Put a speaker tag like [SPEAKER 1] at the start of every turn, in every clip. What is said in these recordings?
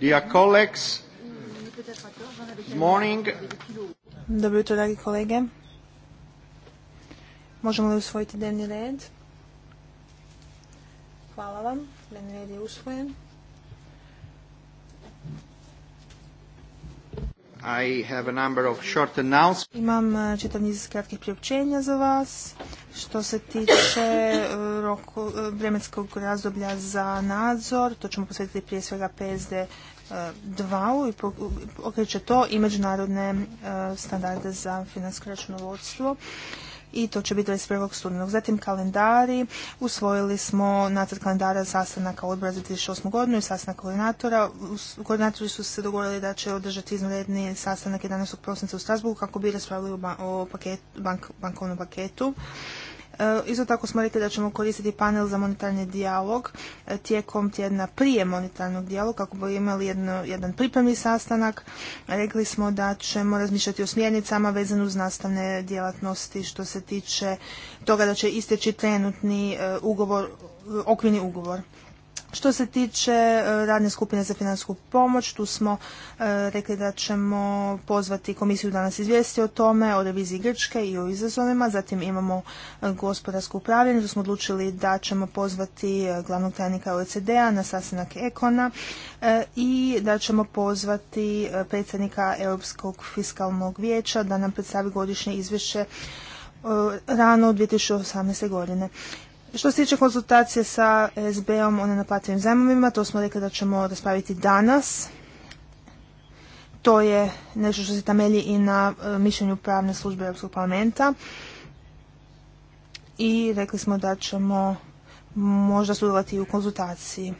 [SPEAKER 1] Dear colleagues, morning. Dobro jutro, dragi kolege. Možemo li usvojiti dnevni red? Hvala vam. Dnevni red je usvojen. a number of Imam čitav niz kratkih priopćenja za vas. Što se tiče e, roku, e, vremenskog razdoblja za nadzor, to ćemo posvetiti prije svega PSD 2-u i okreće to i međunarodne e, standarde za finansko računovodstvo i to će biti 21. studenog. Zatim kalendari, usvojili smo nacrt kalendara sastanaka odbora za 2008. godinu i sastanak koordinatora. Koordinatori su se dogovorili da će održati izvanredni sastanak 11. prosinca u Strasburgu kako bi raspravili o paket, bankovnom paketu. E, isto tako smo rekli da ćemo koristiti panel za monetarni dijalog e, tijekom tjedna prije monetarnog dijaloga kako bi imali jedno, jedan pripremni sastanak. Rekli smo da ćemo razmišljati o smjernicama vezano uz nastavne djelatnosti što se tiče toga da će isteći trenutni e, ugovor, okvirni ugovor. Što se tiče e, radne skupine za financijsku pomoć, tu smo e, rekli da ćemo pozvati komisiju da nas izvijesti o tome, o reviziji Grčke i o izazovima. Zatim imamo e, gospodarsko upravljanje, tu smo odlučili da ćemo pozvati glavnog tajnika OECD-a na sastanak Ekona i da ćemo pozvati predsjednika Europskog fiskalnog vijeća da nam predstavi godišnje izvješće rano 2018. godine. Što se tiče konzultacije sa SB-om o nenaplativim zajmovima, to smo rekli da ćemo raspraviti danas. To je nešto što se temelji i na e, mišljenju pravne službe Europskog parlamenta. I rekli smo da ćemo možda sudjelovati i u konzultaciji.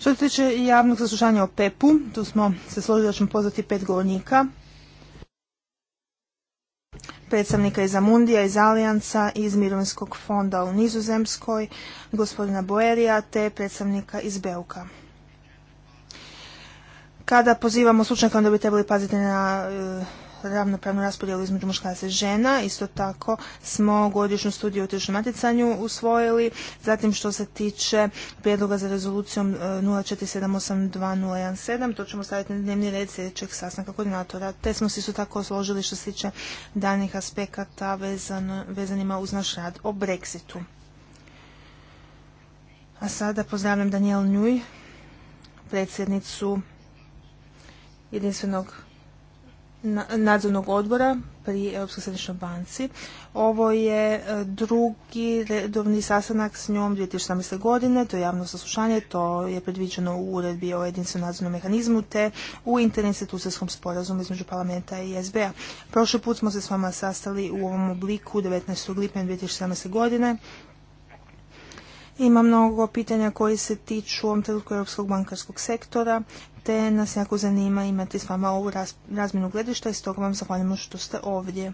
[SPEAKER 1] Što se tiče javnog saslušanja o PEP-u, tu smo se složili da ćemo pozvati pet govornika predstavnika iz Amundija, iz Alijanca, iz Mirovinskog fonda u Nizozemskoj, gospodina Boerija, te predstavnika iz Beuka. Kada pozivamo slučajnika, onda bi trebali paziti na e, Dakle, ravnopravnu raspodjelu između muškaraca i žena. Isto tako smo godišnju studiju o tržišnom natjecanju usvojili. Zatim što se tiče prijedloga za rezolucijom 04782017, e, to ćemo staviti na dnevni red sljedećeg sastanka koordinatora. Te smo se isto tako složili što se tiče danih aspekata vezan, vezanima uz naš rad o Brexitu. A sada pozdravljam Daniel Njuj, predsjednicu jedinstvenog nadzornog odbora pri Europskoj središnjoj banci. Ovo je e, drugi redovni sastanak s njom 2017. godine, to je javno saslušanje, to je predviđeno u uredbi o jedinstvenom nadzornom mehanizmu te u interinstitucijskom sporazumu između parlamenta i SBA. Prošli put smo se s vama sastali u ovom obliku 19. lipnja 2017. godine. Ima mnogo pitanja koji se tiču u ovom trenutku europskog bankarskog sektora te nas jako zanima imati s vama ovu razminu gledišta i stoga vam zahvaljujem što ste ovdje.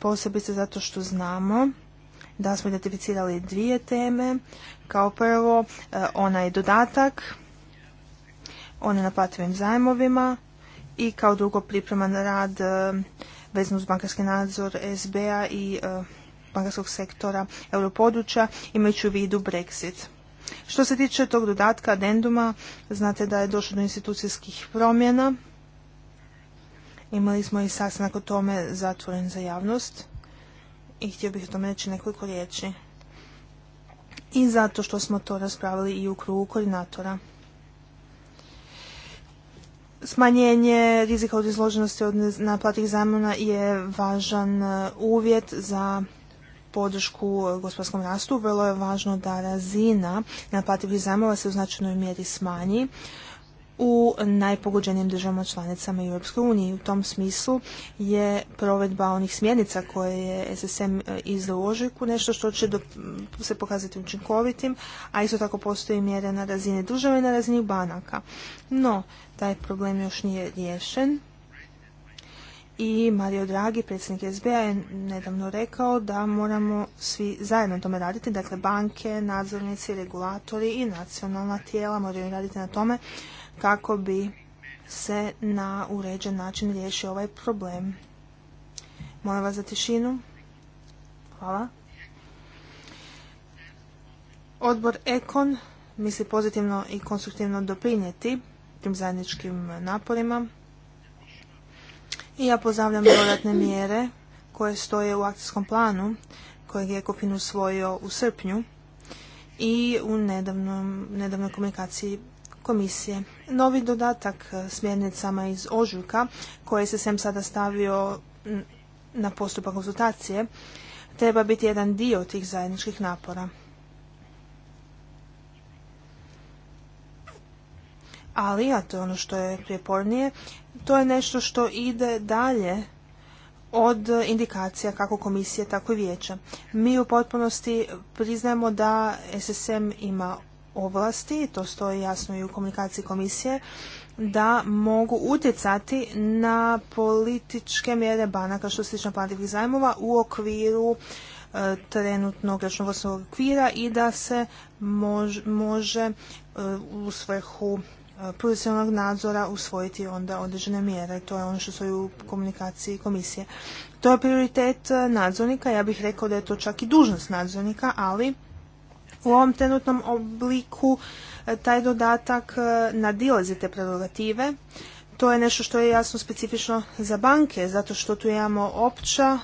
[SPEAKER 1] Posebice zato što znamo da smo identificirali dvije teme. Kao prvo, e, onaj dodatak, one naplativim zajmovima i kao drugo pripreman rad e, vezano uz bankarski nadzor SBA i e, bankarskog sektora europodručja imajući u vidu Brexit. Što se tiče tog dodatka adenduma, znate da je došlo do institucijskih promjena. Imali smo i sastanak o tome zatvoren za javnost i htio bih o tome reći nekoliko riječi. I zato što smo to raspravili i u krugu koordinatora. Smanjenje rizika od izloženosti od naplatih zamjena je važan uh, uvjet za podršku gospodarskom rastu, vrlo je važno da razina naplativih zajmova se u značajnoj mjeri smanji u najpogođenijim državama članicama Europske unije. U tom smislu je provedba onih smjernica koje je SSM e, izdao u ožujku nešto što će se pokazati učinkovitim, a isto tako postoji mjere na razini države i na razini banaka. No, taj problem još nije riješen i Mario Draghi, predsjednik SBA, je nedavno rekao da moramo svi zajedno tome raditi, dakle banke, nadzornici, regulatori i nacionalna tijela moraju raditi na tome kako bi se na uređen način riješio ovaj problem. Molim vas za tišinu. Hvala. Odbor Ekon misli pozitivno i konstruktivno doprinijeti tim zajedničkim naporima i ja pozdravljam dodatne mjere koje stoje u akcijskom planu kojeg je kopin usvojio u srpnju i u nedavnoj komunikaciji komisije. Novi dodatak smjernicama iz ožujka koje se sem sada stavio na postupak konzultacije treba biti jedan dio tih zajedničkih napora. Ali, a to je ono što je prijepornije, to je nešto što ide dalje od indikacija kako komisije, tako i vijeća. Mi u potpunosti priznajemo da SSM ima ovlasti, to stoji jasno i u komunikaciji komisije, da mogu utjecati na političke mjere banaka što se tiče zajmova u okviru e, trenutnog računovodstvenog okvira i da se može e, u svrhu profesionalnog nadzora usvojiti onda određene mjere. To je ono što stoji u komunikaciji komisije. To je prioritet eh, nadzornika, ja bih rekao da je to čak i dužnost nadzornika, ali u ovom trenutnom obliku eh, taj dodatak eh, nadilazi te prerogative. To je nešto što je jasno specifično za banke, zato što tu imamo opća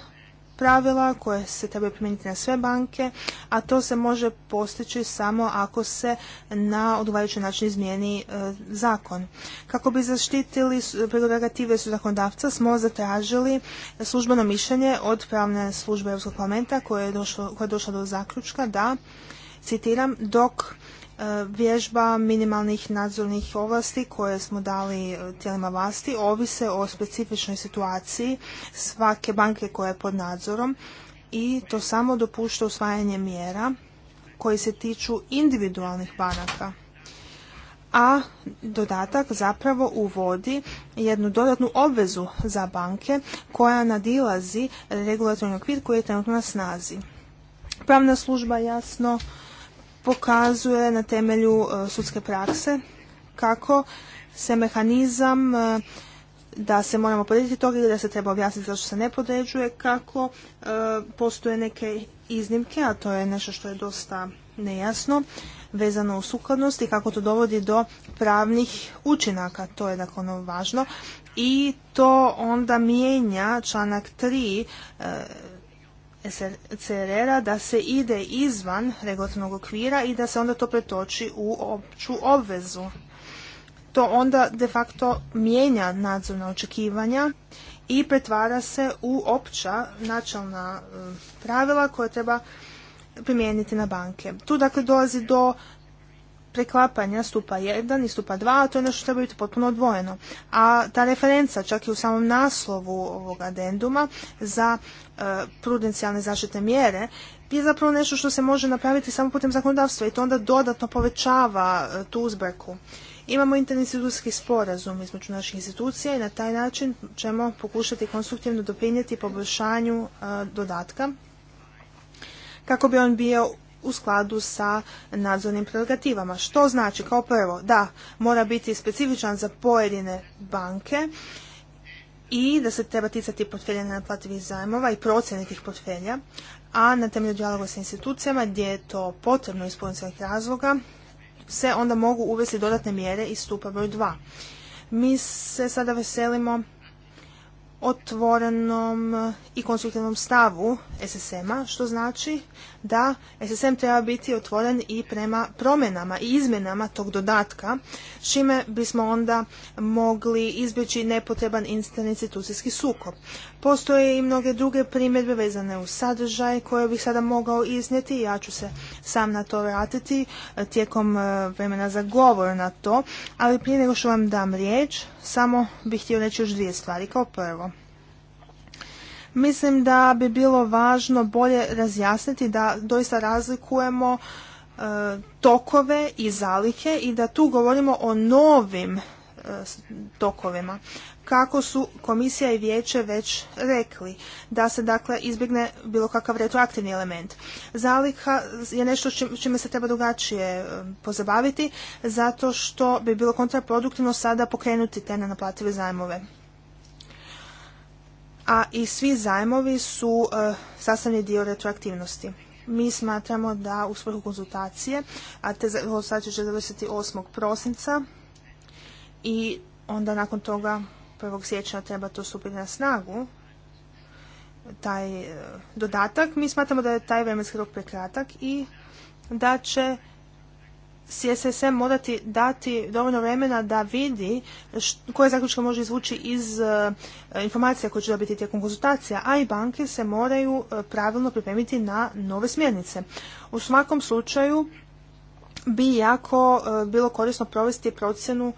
[SPEAKER 1] pravila koje se trebaju primijeniti na sve banke, a to se može postići samo ako se na odgovarajući način izmijeni e, zakon. Kako bi zaštitili prerogative su zakonodavca smo zatražili službeno mišljenje od pravne službe Europskog parlamenta koja je došla do zaključka da, citiram, dok E, vježba minimalnih nadzornih ovlasti koje smo dali e, tijelima vlasti ovise o specifičnoj situaciji svake banke koja je pod nadzorom i to samo dopušta usvajanje mjera koji se tiču individualnih banaka. A dodatak zapravo uvodi jednu dodatnu obvezu za banke koja nadilazi regulatorni okvir koji je trenutno na snazi. Pravna služba jasno pokazuje na temelju e, sudske prakse kako se mehanizam e, da se moramo podrediti toga ili da se treba objasniti zašto se ne podređuje, kako e, postoje neke iznimke, a to je nešto što je dosta nejasno, vezano u sukladnost i kako to dovodi do pravnih učinaka, to je dakle ono važno. I to onda mijenja članak 3 CRR-a da se ide izvan regulatornog okvira i da se onda to pretoči u opću obvezu. To onda de facto mijenja nadzorna očekivanja i pretvara se u opća načelna e, pravila koje treba primijeniti na banke. Tu dakle dolazi do preklapanja stupa 1 i stupa 2, a to je nešto što treba biti potpuno odvojeno. A ta referenca, čak i u samom naslovu ovog adenduma za e, prudencijalne zaštite mjere, je zapravo nešto što se može napraviti samo putem zakonodavstva i to onda dodatno povećava e, tu uzbrku. Imamo interinstitucijski sporazum između naših institucija i na taj način ćemo pokušati konstruktivno doprinijeti poboljšanju e, dodatka kako bi on bio u skladu sa nadzornim prerogativama. Što znači kao prvo da mora biti specifičan za pojedine banke i da se treba ticati portfelja nenaplativih zajmova i procjene tih portfelja, a na temelju dijaloga sa institucijama gdje je to potrebno iz svojih razloga se onda mogu uvesti dodatne mjere iz stupa broj 2. Mi se sada veselimo otvorenom i konstruktivnom stavu SSM-a, što znači da SSM treba biti otvoren i prema promjenama i izmjenama tog dodatka, čime bismo onda mogli izbjeći nepotreban institucijski sukob. Postoje i mnoge druge primjedbe vezane u sadržaj koje bih sada mogao iznijeti i ja ću se sam na to vratiti e, tijekom e, vremena za govor na to, ali prije nego što vam dam riječ, samo bih htio reći još dvije stvari. Kao prvo, Mislim da bi bilo važno bolje razjasniti da doista razlikujemo e, tokove i zalihe i da tu govorimo o novim e, tokovima. Kako su komisija i vijeće već rekli, da se dakle izbjegne bilo kakav retroaktivni element. Zaliha je nešto čime se treba drugačije e, pozabaviti, zato što bi bilo kontraproduktivno sada pokrenuti te nenaplative zajmove a i svi zajmovi su e, sastavni dio retroaktivnosti. Mi smatramo da u svrhu konzultacije, a te konzultacije će završiti 8. prosinca i onda nakon toga 1. siječnja treba to stupiti na snagu, taj e, dodatak. Mi smatramo da je taj vremenski rok prekratak i da će CSSM morati dati dovoljno vremena da vidi koje zaključke može izvući iz e, informacija koje će dobiti tijekom konzultacija, a i banke se moraju e, pravilno pripremiti na nove smjernice. U svakom slučaju bi jako e, bilo korisno provesti procjenu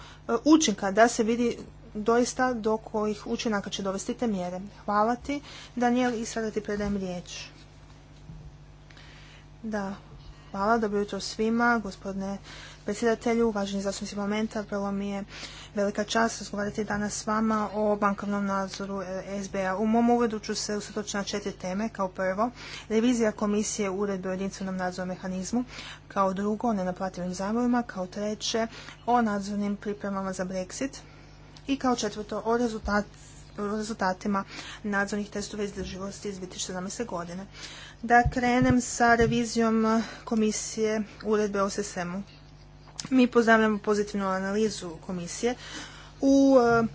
[SPEAKER 1] učinka da se vidi doista do kojih učinaka će dovesti te mjere. Hvala ti, Daniel, i sada ti predajem riječ. Da, Hvala, dobro jutro svima, gospodine predsjedatelju, uvaženi zastupnici momenta, prvo mi je velika čast razgovarati danas s vama o bankovnom nadzoru SBA. U mom uvodu ću se usutočiti na četiri teme. Kao prvo, revizija komisije uredbe o jedinstvenom nadzornom mehanizmu. Kao drugo, o nenaplativim zajmovima. Kao treće, o nadzornim pripremama za Brexit. I kao četvrto, o rezultatima nadzornih testova izdrživosti iz 2017. godine da krenem sa revizijom eh, komisije uredbe o SSM-u. Mi pozdravljamo pozitivnu analizu komisije u eh,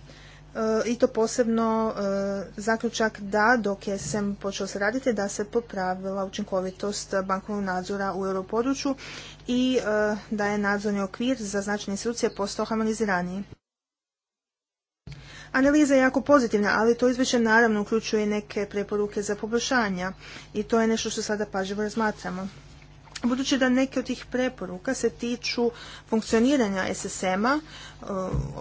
[SPEAKER 1] eh, i to posebno zaključak da dok je SEM počeo se raditi da se popravila učinkovitost bankovnog nadzora u europodručju i da je nadzorni okvir za značajne institucije postao harmoniziraniji. Analiza je jako pozitivna, ali to izvješće naravno uključuje neke preporuke za poboljšanja i to je nešto što sada pažljivo razmatramo. Budući da neke od tih preporuka se tiču funkcioniranja SSM-a e,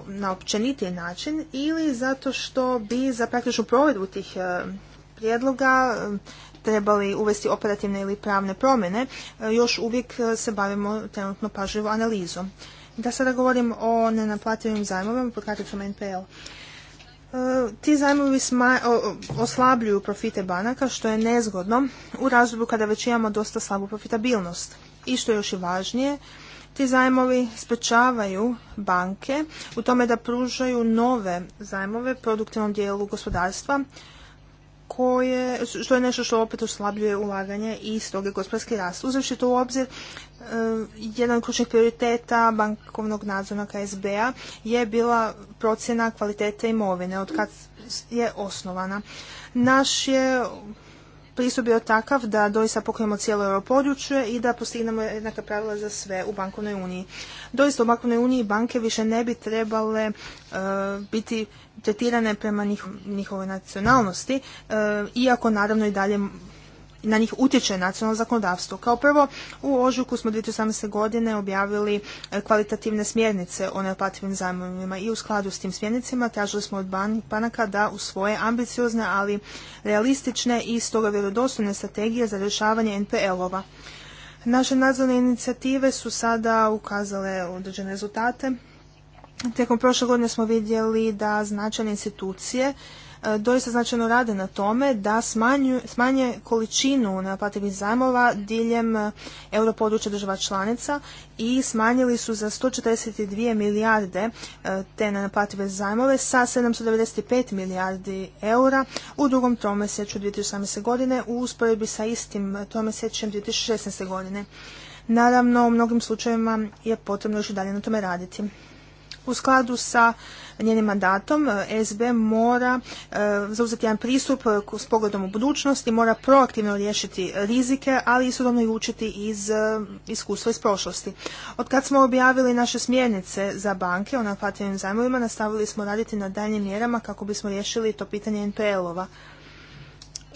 [SPEAKER 1] na općenitiji način ili zato što bi za praktičnu provedbu tih e, prijedloga e, trebali uvesti operativne ili pravne promjene, još uvijek se bavimo trenutno pažljivo analizom. Da sada govorim o nenaplativim zajmovima pod karticom NPL ti zajmovi oslabljuju profite banaka što je nezgodno u razdoblju kada već imamo dosta slabu profitabilnost. I što je još i važnije, ti zajmovi sprečavaju banke u tome da pružaju nove zajmove produktivnom dijelu gospodarstva koje, što je nešto što opet oslabljuje ulaganje i stoge gospodarski rast. Uzavši to u obzir, e, jedan od ključnih prioriteta bankovnog nadzora KSB-a je bila procjena kvalitete imovine od kad je osnovana. Naš je pristup bio takav da doista pokrijemo cijelo područje i da postignemo jednaka pravila za sve u bankovnoj uniji doista u bankovnoj uniji banke više ne bi trebale e, biti tretirane prema njihovoj nacionalnosti, e, iako naravno i dalje na njih utječe nacionalno zakonodavstvo. Kao prvo, u ožujku smo 2018. godine objavili e, kvalitativne smjernice o neoplativim zajmovima i u skladu s tim smjernicima tražili smo od banaka da u svoje ambiciozne, ali realistične i stoga vjerodostojne strategije za rješavanje NPL-ova. Naše nadzorne inicijative su sada ukazale određene rezultate. Tijekom prošle godine smo vidjeli da značajne institucije E, doista značajno rade na tome da smanje količinu naplativih zajmova diljem e, europodručja država članica i smanjili su za 142 milijarde e, te naplative zajmove sa 795 milijardi eura u drugom tromesečju 2018. godine u usporedbi sa istim tromesečjem 2016. godine. Naravno, u mnogim slučajevima je potrebno još i dalje na tome raditi. U skladu sa njenim mandatom e, SB mora e, zauzeti jedan pristup e, s pogledom u budućnosti, mora proaktivno riješiti rizike, ali istodobno i učiti iz iskustva iz prošlosti. Od kad smo objavili naše smjernice za banke o naplativim zajmovima, nastavili smo raditi na daljnjim mjerama kako bismo riješili to pitanje NPL-ova.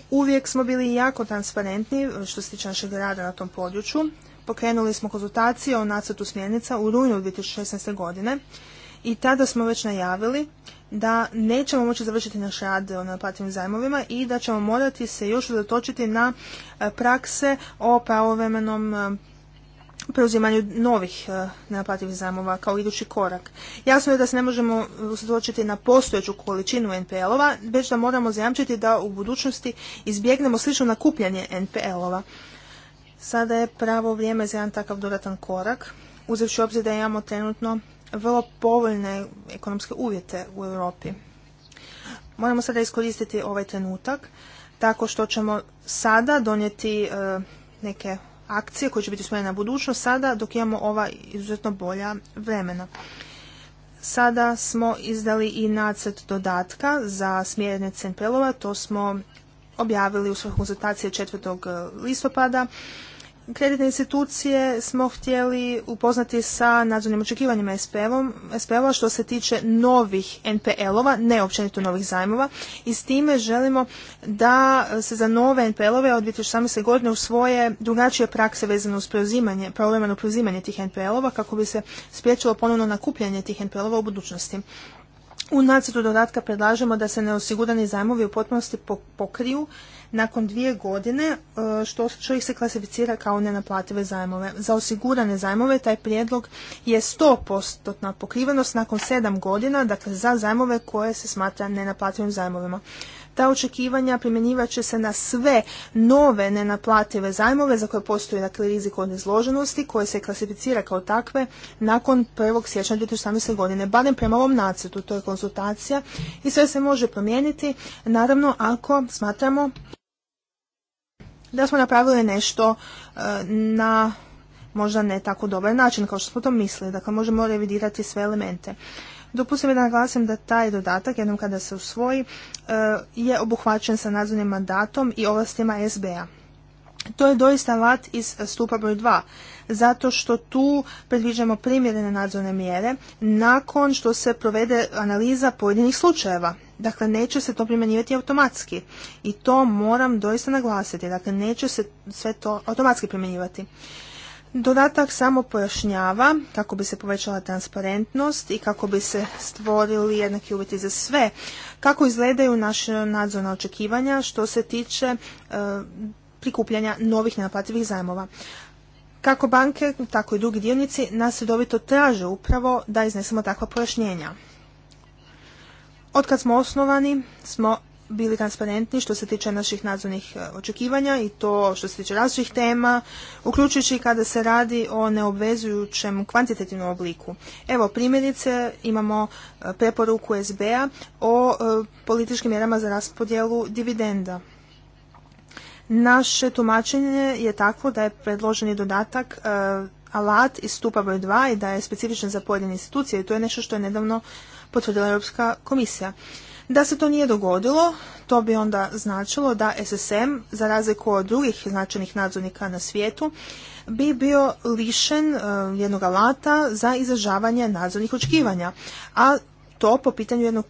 [SPEAKER 1] Uvijek smo bili jako transparentni što se tiče našeg rada na tom području. Pokrenuli smo konzultacije o nacrtu smjernica u rujnu 2016. godine i tada smo već najavili da nećemo moći završiti naš rad na ono, platnim zajmovima i da ćemo morati se još zatočiti na e, prakse o pravovremenom e, preuzimanju novih e, nenaplativih zajmova kao idući korak. Jasno je da se ne možemo usredočiti na postojeću količinu NPL-ova, već da moramo zajamčiti da u budućnosti izbjegnemo slično nakupljanje NPL-ova. Sada je pravo vrijeme za jedan takav dodatan korak, uzevši obzir da imamo trenutno vrlo povoljne ekonomske uvjete u Europi. Moramo sada iskoristiti ovaj trenutak tako što ćemo sada donijeti e, neke akcije koje će biti usmjerene na budućnost sada dok imamo ova izuzetno bolja vremena. Sada smo izdali i nacrt dodatka za smjernice npl to smo objavili u svrhu konzultacije 4. E, listopada kreditne institucije smo htjeli upoznati sa nadzornim očekivanjima SPV-a što se tiče novih NPL-ova, ne novih zajmova i s time želimo da se za nove NPL-ove od 2018. godine usvoje drugačije prakse vezane uz preuzimanje, pravovremeno preuzimanje tih NPL-ova kako bi se spriječilo ponovno nakupljanje tih NPL-ova u budućnosti. U nacrtu dodatka predlažemo da se neosigurani zajmovi u potpunosti pokriju nakon dvije godine e, što, ih se klasificira kao nenaplative zajmove. Za osigurane zajmove taj prijedlog je 100% pokrivenost nakon sedam godina, dakle za zajmove koje se smatra nenaplativim zajmovima. Ta očekivanja primjenjivat će se na sve nove nenaplative zajmove za koje postoji dakle, rizik od izloženosti koje se klasificira kao takve nakon 1. siječnja 2018. godine. Barem prema ovom nacetu, to je konsultacija i sve se može promijeniti, naravno ako smatramo da smo napravili nešto e, na možda ne tako dobar način kao što smo to mislili. Dakle, možemo revidirati sve elemente. Dopustim, da naglasim da taj dodatak, jednom kada se usvoji, e, je obuhvaćen sa nadzornim mandatom i ovlastima SBA. To je doista alat iz stupa broj 2, zato što tu predviđamo primjerene nadzorne mjere nakon što se provede analiza pojedinih slučajeva. Dakle, neće se to primjenjivati automatski. I to moram doista naglasiti. Dakle, neće se sve to automatski primjenjivati. Dodatak samo pojašnjava kako bi se povećala transparentnost i kako bi se stvorili jednaki uvjeti za sve, kako izgledaju naše nadzorna očekivanja što se tiče e, prikupljanja novih nenaplativih zajmova. Kako banke, tako i drugi dionici nas redovito traže upravo da iznesemo takva pojašnjenja. Od kad smo osnovani smo bili transparentni što se tiče naših nadzornih e, očekivanja i to što se tiče različitih tema, uključujući kada se radi o neobvezujućem kvantitativnom obliku. Evo primjerice imamo e, preporuku SB-a o e, političkim mjerama za raspodjelu dividenda. Naše tumačenje je takvo da je predloženi dodatak alat iz stupa broj 2 i da je specifičan za pojedine institucije i to je nešto što je nedavno potvrdila Europska komisija. Da se to nije dogodilo, to bi onda značilo da SSM, za razliku od drugih značajnih nadzornika na svijetu, bi bio lišen e, jednog alata za izražavanje nadzornih očekivanja, a to po pitanju jedne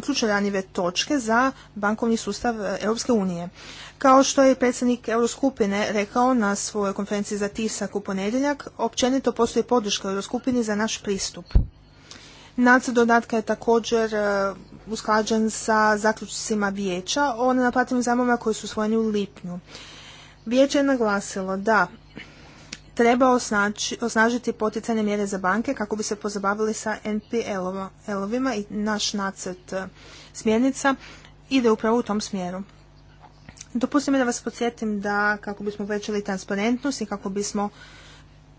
[SPEAKER 1] ključne ranjive točke za bankovni sustav e, Europske unije. Kao što je predsjednik Euroskupine rekao na svojoj konferenciji za tisak u ponedjeljak, općenito postoji podrška Euroskupini za naš pristup. Nacrt dodatka je također e, usklađen sa zaključcima vijeća o nenaplativim zajmovima koji su usvojeni u lipnju. Vijeće je naglasilo da treba osnažiti poticanje mjere za banke kako bi se pozabavili sa NPL-ovima i naš nacrt e, smjernica ide upravo u tom smjeru. Dopustite da vas podsjetim da kako bismo uvećali transparentnost i kako bismo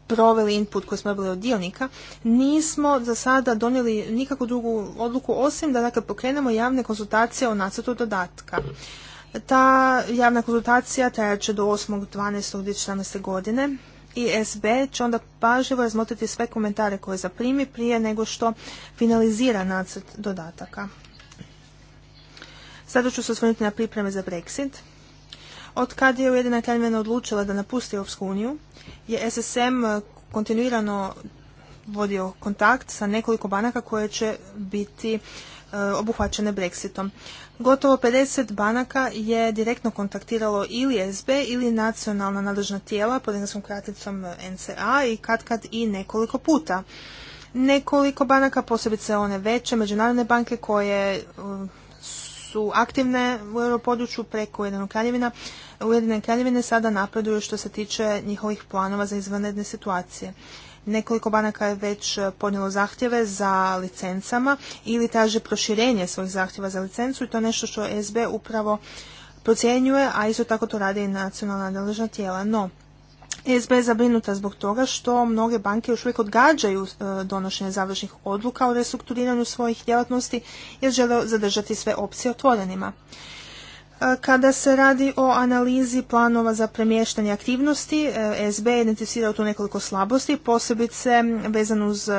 [SPEAKER 1] proveli input koji smo dobili od dionika, nismo za sada donijeli nikakvu drugu odluku osim da dakle, pokrenemo javne konzultacije o nacrtu dodatka. Ta javna konsultacija trajat će do 8.12.2017. godine i SB će onda pažljivo razmotriti sve komentare koje zaprimi prije nego što finalizira nacrt dodataka. Sada ću se osvrnuti na pripreme za Brexit. Od kad je Ujedina Kraljevina odlučila da napusti Europsku uniju, je SSM eh, kontinuirano vodio kontakt sa nekoliko banaka koje će biti eh, obuhvaćene Brexitom. Gotovo 50 banaka je direktno kontaktiralo ili SB ili nacionalna nadležna tijela pod engleskom kraticom eh, NCA i kad kad i nekoliko puta. Nekoliko banaka, posebice one veće međunarodne banke koje su aktivne u europodručju preko Ujedinog kraljevina, Ujedine kraljevine sada napreduju što se tiče njihovih planova za izvanredne situacije. Nekoliko banaka je već podnijelo zahtjeve za licencama ili traže proširenje svojih zahtjeva za licencu i to je nešto što SB upravo procjenjuje, a isto tako to rade i nacionalna nadležna tijela. No, ESB je zabrinuta zbog toga što mnoge banke još uvijek odgađaju e, donošenje završnih odluka o restrukturiranju svojih djelatnosti jer žele zadržati sve opcije otvorenima. E, kada se radi o analizi planova za premještanje aktivnosti, e, SB je identificirao tu nekoliko slabosti, posebice vezan uz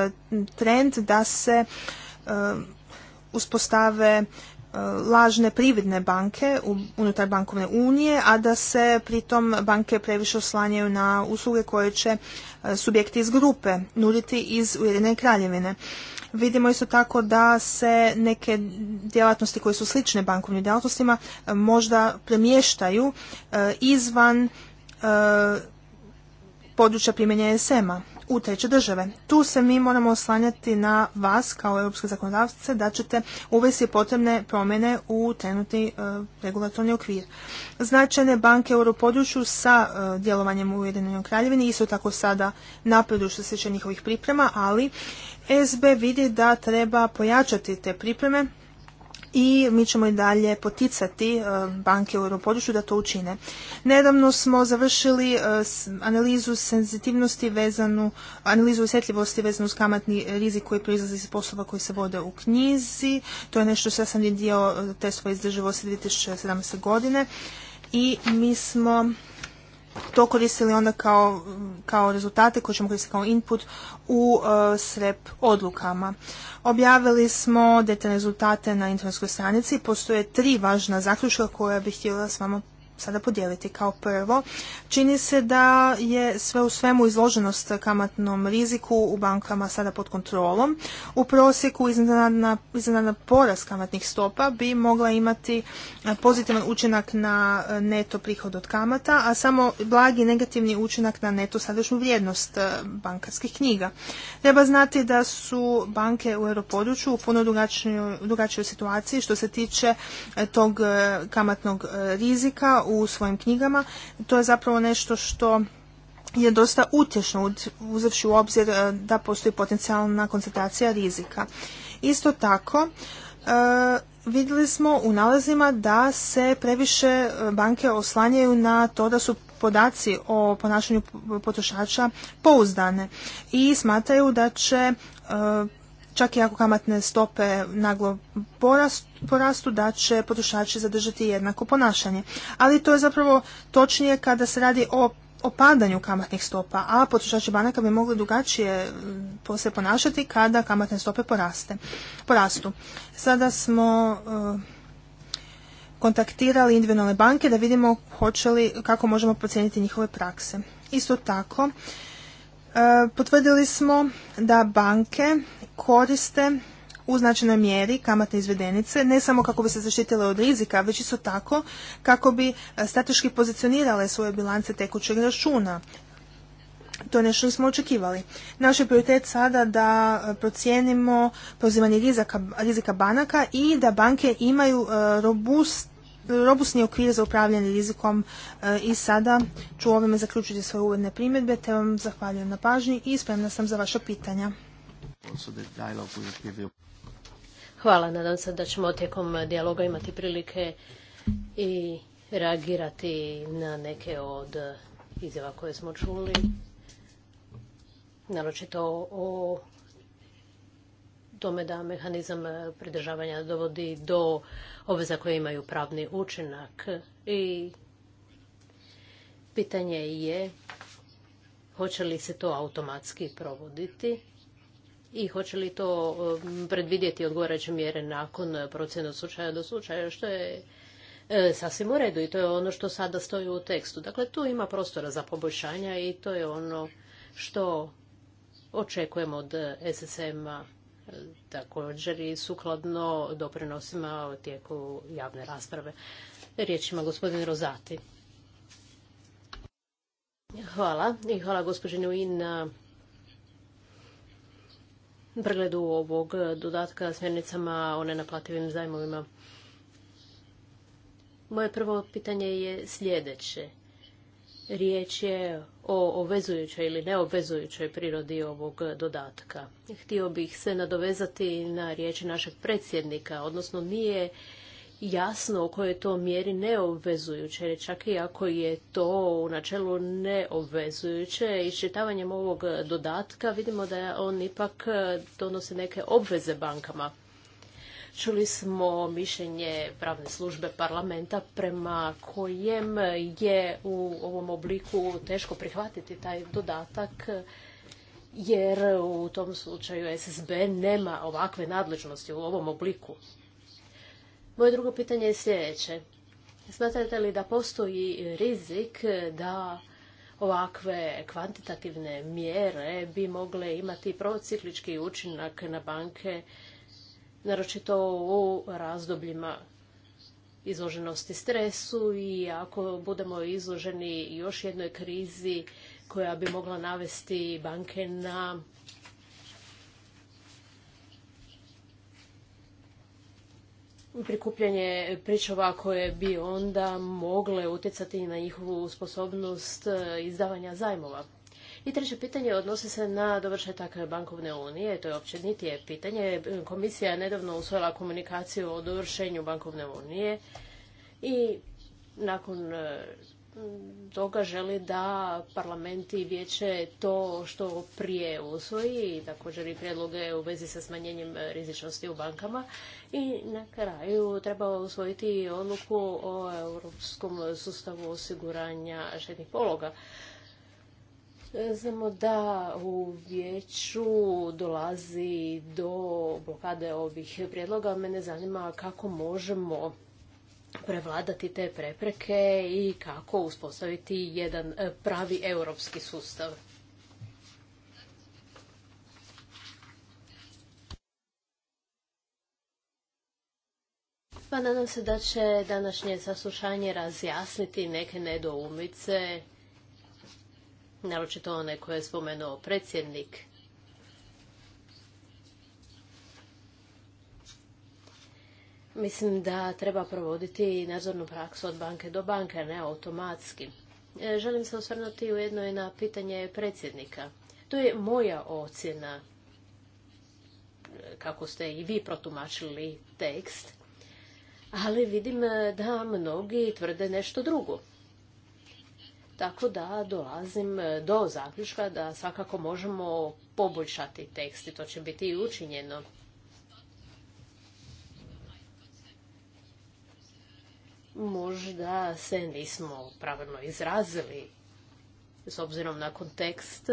[SPEAKER 1] trend da se uspostave lažne prividne banke unutar bankovne unije, a da se pritom banke previše oslanjaju na usluge koje će e, subjekti iz grupe nuditi iz Ujedine kraljevine. Vidimo isto tako da se neke djelatnosti koje su slične bankovnim djelatnostima e, možda premještaju e, izvan područja primjenja SM-a u treće države. Tu se mi moramo oslanjati na vas kao europske zakonodavce da ćete uvesti potrebne promjene u trenutni e, regulatorni okvir. Značajne banke u europodručju sa e, djelovanjem u Ujedinjenoj kraljevini isto tako sada napredu što se tiče njihovih priprema, ali SB vidi da treba pojačati te pripreme i mi ćemo i dalje poticati e, banke u europodručju da to učine. Nedavno smo završili e, analizu senzitivnosti vezanu, analizu osjetljivosti vezanu uz kamatni rizik koji proizlazi iz poslova koji se vode u knjizi. To je nešto što sam dio e, testova izdrživosti 2017. godine i mi smo to koristili onda kao, kao rezultate koje ćemo koristiti kao input u uh, SREP odlukama. Objavili smo detaljne rezultate na internetskoj stranici. Postoje tri važna zaključka koja bih htjela s vama sada podijeliti. Kao prvo, čini se da je sve u svemu izloženost kamatnom riziku u bankama sada pod kontrolom. U prosjeku iznenadna, iznenadna porast kamatnih stopa bi mogla imati e, pozitivan učinak na e, neto prihod od kamata, a samo blagi negativni učinak na neto sadašnju vrijednost e, bankarskih knjiga. Treba znati da su banke u europodručju u puno drugačijoj situaciji što se tiče tog kamatnog rizika u svojim knjigama. To je zapravo nešto što je dosta utješno uzavši u obzir e, da postoji potencijalna koncentracija rizika. Isto tako, e, vidjeli smo u nalazima da se previše e, banke oslanjaju na to da su podaci o ponašanju potrošača pouzdane i smatraju da će čak i ako kamatne stope naglo porastu, da će potrošači zadržati jednako ponašanje. Ali to je zapravo točnije kada se radi o opadanju kamatnih stopa, a potrošači banaka bi mogli drugačije mm, se ponašati kada kamatne stope poraste, porastu. Sada smo e, kontaktirali individualne banke da vidimo hoće kako možemo procijeniti njihove prakse. Isto tako, E, potvrdili smo da banke koriste u značajnoj mjeri kamatne izvedenice, ne samo kako bi se zaštitile od rizika, već isto tako kako bi e, strateški pozicionirale svoje bilance tekućeg računa. To je nešto smo očekivali. Naš je prioritet sada da e, procijenimo prozivanje rizika banaka i da banke imaju robust robusni okvir za upravljanje rizikom e, i sada ću ovime zaključiti svoje uvodne primjedbe te vam zahvaljujem na pažnji i spremna sam za vaša pitanja.
[SPEAKER 2] Hvala, nadam se da ćemo tijekom dijaloga imati prilike i reagirati na neke od izjava koje smo čuli, naročito o tome da mehanizam e, pridržavanja dovodi do obveza koje imaju pravni učinak. I pitanje je hoće li se to automatski provoditi i hoće li to e, predvidjeti odgovarajuće mjere nakon procjene od slučaja do slučaja, što je e, sasvim u redu i to je ono što sada stoji u tekstu. Dakle, tu ima prostora za poboljšanja i to je ono što očekujemo od SSM-a također i sukladno doprinosima u tijeku javne rasprave. Riječ ima gospodin Rozati. Hvala i hvala gospođinu i na pregledu ovog dodatka smjernicama o nenaplativim zajmovima. Moje prvo pitanje je sljedeće. Riječ je o obvezujućoj ili neobvezujućoj prirodi ovog dodatka. Htio bih se nadovezati na riječi našeg predsjednika, odnosno nije jasno u kojoj to mjeri neobvezujuće, jer čak i ako je to u načelu neobvezujuće, iščitavanjem ovog dodatka vidimo da on ipak donosi neke obveze bankama. Čuli smo mišljenje pravne službe parlamenta prema kojem je u ovom obliku teško prihvatiti taj dodatak jer u tom slučaju SSB nema ovakve nadležnosti u ovom obliku. Moje drugo pitanje je sljedeće. Smatrate li da postoji rizik da ovakve kvantitativne mjere bi mogle imati prociklički učinak na banke naročito u razdobljima izloženosti stresu i ako budemo izloženi još jednoj krizi koja bi mogla navesti banke na prikupljanje pričova koje bi onda mogle utjecati na njihovu sposobnost izdavanja zajmova. I treće pitanje odnosi se na dovršetak bankovne unije. To je općenitije pitanje. Komisija je nedavno usvojila komunikaciju o dovršenju bankovne unije i nakon e, toga želi da parlament i vijeće to što prije usvoji i također i prijedloge u vezi sa smanjenjem e, rizičnosti u bankama i na kraju treba usvojiti odluku o europskom sustavu osiguranja štednih pologa. Znamo da u vijeću dolazi do blokade ovih prijedloga. Mene zanima kako možemo prevladati te prepreke i kako uspostaviti jedan e, pravi europski sustav. Pa nadam se da će današnje saslušanje razjasniti neke nedoumice naročito one koje je spomenuo predsjednik. Mislim da treba provoditi nadzornu praksu od banke do banke, ne automatski. E, želim se osvrnuti ujedno i na pitanje predsjednika. To je moja ocjena, e, kako ste i vi protumačili tekst, ali vidim e, da mnogi tvrde nešto drugo. Tako da dolazim e, do zaključka da svakako možemo poboljšati tekst i to će biti i učinjeno. Možda se nismo pravilno izrazili s obzirom na kontekst,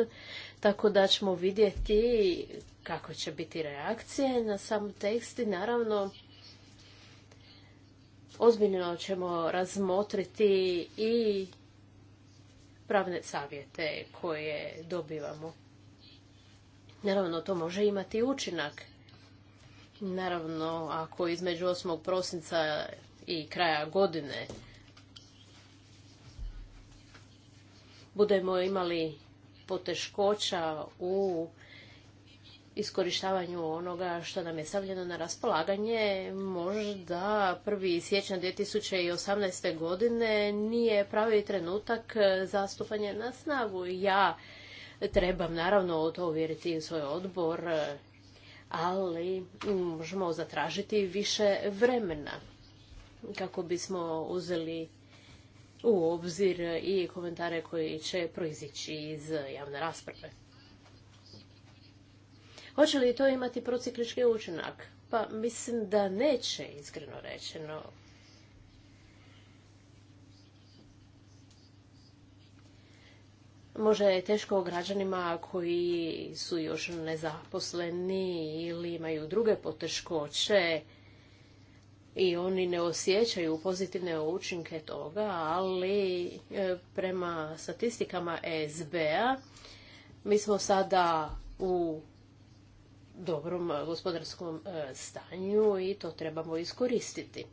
[SPEAKER 2] tako da ćemo vidjeti kako će biti reakcije na sam tekst i naravno ozbiljno ćemo razmotriti i pravne savjete koje dobivamo. Naravno, to može imati učinak. Naravno, ako između 8. prosinca i kraja godine budemo imali poteškoća u iskorištavanju onoga što nam je stavljeno na raspolaganje, možda prvi sjećan 2018. godine nije pravi trenutak za stupanje na snagu. Ja trebam naravno to uvjeriti u svoj odbor, ali možemo zatražiti više vremena kako bismo uzeli u obzir i komentare koji će proizići iz javne rasprave. Hoće li to imati prociklički učinak? Pa mislim da neće, iskreno rečeno. Može je teško građanima koji su još nezaposleni ili imaju druge poteškoće i oni ne osjećaju pozitivne učinke toga, ali e, prema statistikama ESB-a mi smo sada u dobrom eh, gospodarskom eh, stanju i to trebamo iskoristiti.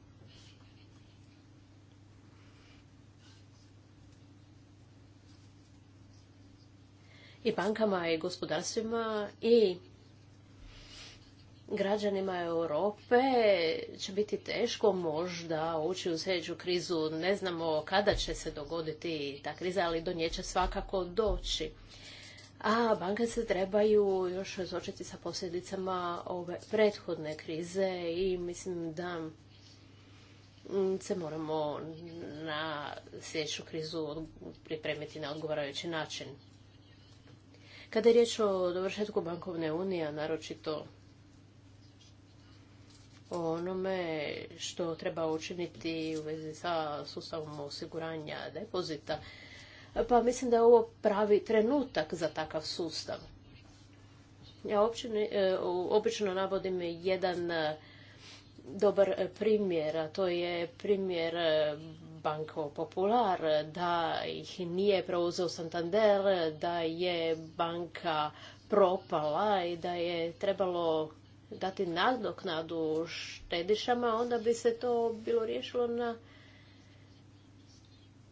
[SPEAKER 2] I bankama i gospodarstvima i građanima Europe će biti teško možda ući u sljedeću krizu. Ne znamo kada će se dogoditi ta kriza, ali do nje će svakako doći a banke se trebaju još suočiti sa posljedicama ove prethodne krize i mislim da mm, se moramo na sljedeću krizu pripremiti na odgovarajući način. Kada je riječ o dovršetku bankovne unije, naročito o onome što treba učiniti u vezi sa sustavom osiguranja depozita, pa mislim da je ovo pravi trenutak za takav sustav. Ja općine, e, obično navodim jedan e, dobar primjer, a to je primjer e, Banko Popular, da ih nije preuzeo Santander, da je banka propala i da je trebalo dati nadoknadu štedišama, onda bi se to bilo riješilo na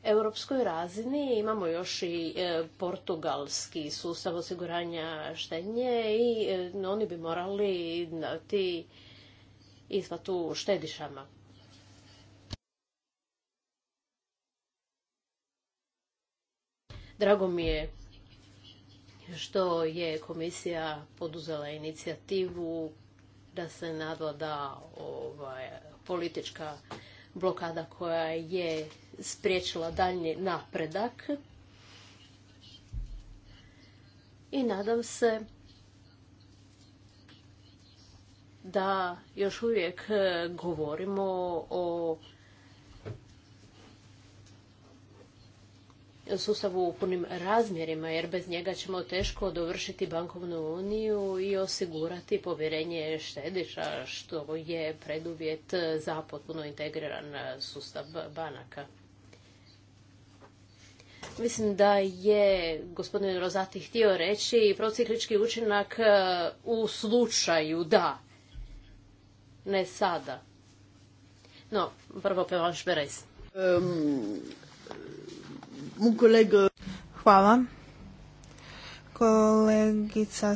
[SPEAKER 2] europskoj razini. Imamo još i e, portugalski sustav osiguranja štednje i e, oni bi morali dati isplatu štedišama. Drago mi je što je komisija poduzela inicijativu da se nadvada ovaj, politička blokada koja je spriječila daljnji napredak. I nadam se da još uvijek e, govorimo o sustavu u punim razmjerima, jer bez njega ćemo teško dovršiti bankovnu uniju i osigurati povjerenje štediša, što je preduvjet za potpuno integriran sustav banaka. Mislim da je gospodin Rozati htio reći prociklički učinak e, u slučaju da, ne sada. No, prvo pevaš berez.
[SPEAKER 1] Euh, Hvala.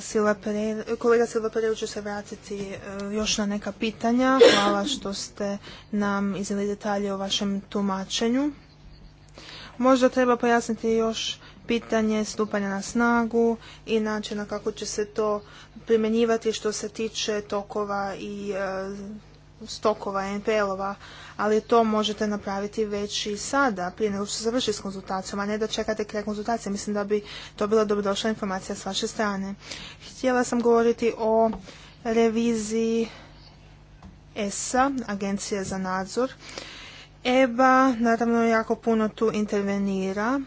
[SPEAKER 1] Silva e, kolega Silva Pereira ću se vratiti e, još na neka pitanja. Hvala što ste nam iznijeli detalje o vašem tumačenju. Možda treba pojasniti još pitanje stupanja na snagu i načina kako će se to primjenjivati što se tiče tokova i e, stokova NPL-ova, ali to možete napraviti već i sada, prije nego što se završi s konzultacijom, a ne da čekate kraj konzultacije. Mislim da bi to bila dobrodošla informacija s vaše strane. Htjela sam govoriti o reviziji ESA, Agencije za nadzor. EBA naravno jako puno tu intervenira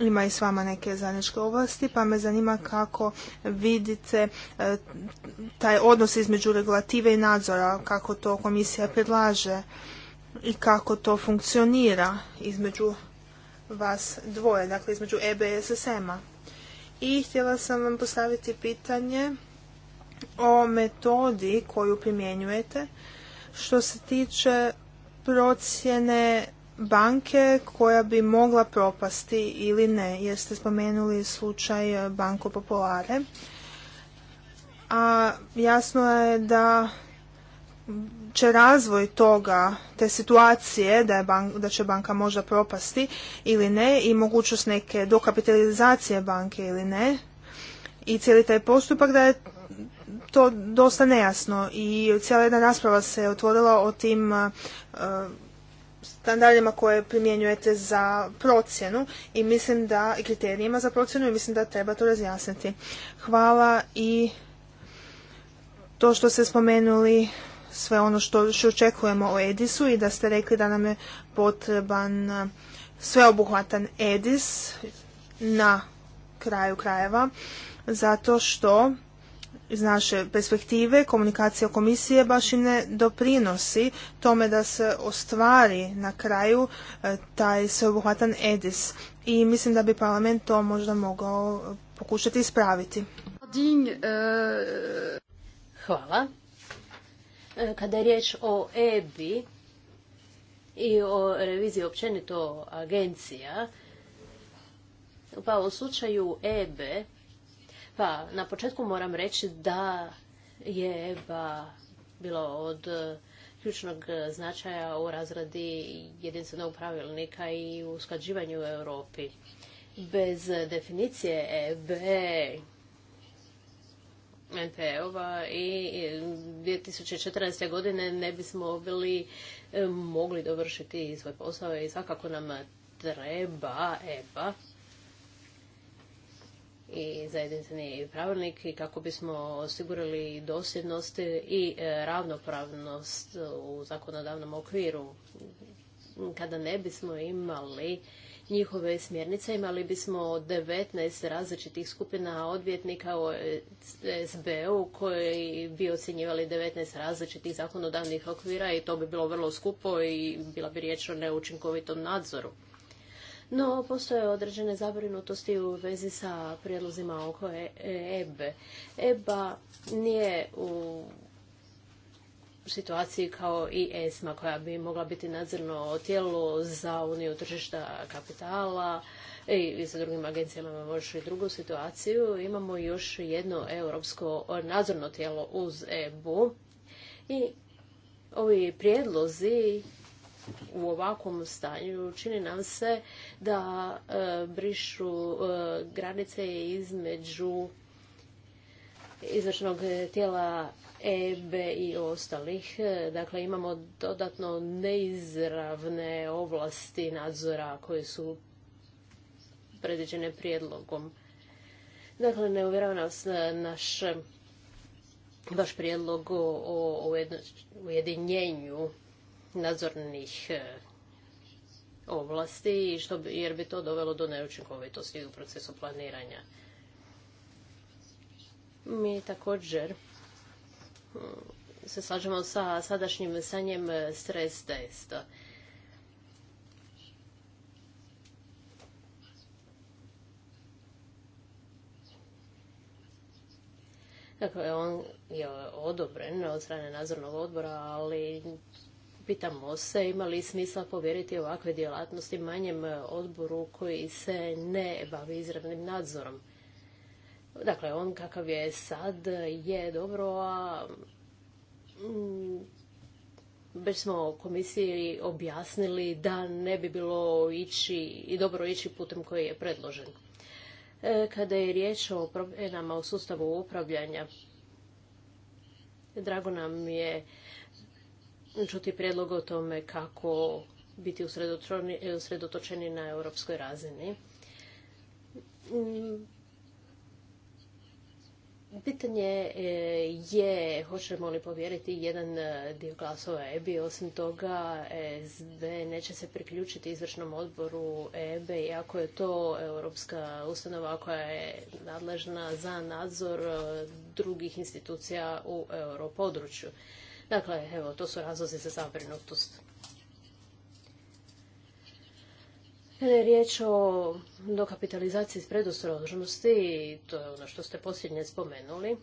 [SPEAKER 1] ima i s vama neke zajedničke ovlasti, pa me zanima kako vidite e, taj odnos između regulative i nadzora, kako to komisija predlaže i kako to funkcionira između vas dvoje, dakle između EBE i a I htjela sam vam postaviti pitanje o metodi koju primjenjujete što se tiče procjene banke koja bi mogla propasti ili ne, jer ste spomenuli slučaj e, Banko Popolare. A jasno je da će razvoj toga, te situacije da, je da će banka možda propasti ili ne i mogućnost neke dokapitalizacije banke ili ne i cijeli taj postupak da je to dosta nejasno i cijela jedna rasprava se otvorila o tim e, standardima koje primjenjujete za procjenu i mislim da i kriterijima za procjenu i mislim da treba to razjasniti. Hvala i to što ste spomenuli sve ono što, što očekujemo o Edisu i da ste rekli da nam je potreban sveobuhvatan Edis na kraju krajeva zato što iz naše perspektive komunikacija komisije baš i ne doprinosi tome da se ostvari na kraju e, taj sveobuhvatan EDIS i mislim da bi parlament to možda mogao pokušati ispraviti.
[SPEAKER 2] E, Hvala. E, kada je riječ o EBI i o reviziji općenito agencija, pa u slučaju EBE pa, na početku moram reći da je EBA bilo od e, ključnog značaja u razradi jedinstvenog pravilnika i usklađivanju u Europi. Bez definicije EB npo va i 2014. E, godine ne bismo bili e, mogli dovršiti svoj posao i svakako nam treba EBA i za jedinstveni pravilnik i kako bismo osigurali dosljednost i e, ravnopravnost u zakonodavnom okviru. Kada ne bismo imali njihove smjernice, imali bismo 19 različitih skupina odvjetnika u SBU koji bi ocjenjivali 19 različitih zakonodavnih okvira i to bi bilo vrlo skupo i bila bi riječ o neučinkovitom nadzoru no postoje određene zabrinutosti u vezi sa prijedlozima oko EBE. EBA e nije u situaciji kao i ESMA koja bi mogla biti nadzorno tijelo za uniju tržišta kapitala i sa drugim agencijama imamo još i drugu situaciju. Imamo još jedno europsko nadzorno tijelo uz EBU i ovi prijedlozi u ovakvom stanju čini nam se da e, brišu e, granice između izvršnog tijela EB i ostalih. E, dakle, imamo dodatno neizravne ovlasti nadzora koje su predviđene prijedlogom. Dakle, ne uvjerava nas naš vaš prijedlog o ujedinjenju nadzornih e, ovlasti jer bi to dovelo do neučinkovitosti u procesu planiranja. Mi također mm, se slažemo sa sadašnjim sanjem e, stres testa. Dakle, on je odobren od strane nadzornog odbora, ali Pitamo se ima li smisla povjeriti ovakve djelatnosti manjem e, odboru koji se ne bavi izravnim nadzorom. Dakle, on kakav je sad je dobro, a mm, već smo komisiji objasnili da ne bi bilo ići i dobro ići putem koji je predložen. E, kada je riječ o promjenama u sustavu upravljanja, drago nam je čuti prijedlog o tome kako biti usredotočeni na europskoj razini. Mm, pitanje e, je hoćemo li povjeriti jedan e, dio glasova EBI, osim toga e SB neće se priključiti izvršnom odboru EBE, iako je to europska ustanova koja je nadležna za nadzor drugih institucija u europodručju. Dakle, evo, to su razlozi za zabrinutost. Kada je riječ o dokapitalizaciji s predostrožnosti, to je ono što ste posljednje spomenuli,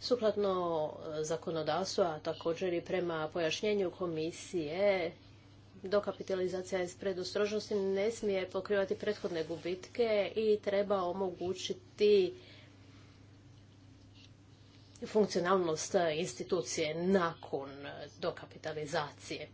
[SPEAKER 2] Sukladno zakonodavstvu, a također i prema pojašnjenju komisije, dokapitalizacija iz predostrožnosti ne smije pokrivati prethodne gubitke i treba omogućiti funkcionalnost institucije nakon dokapitalizacije.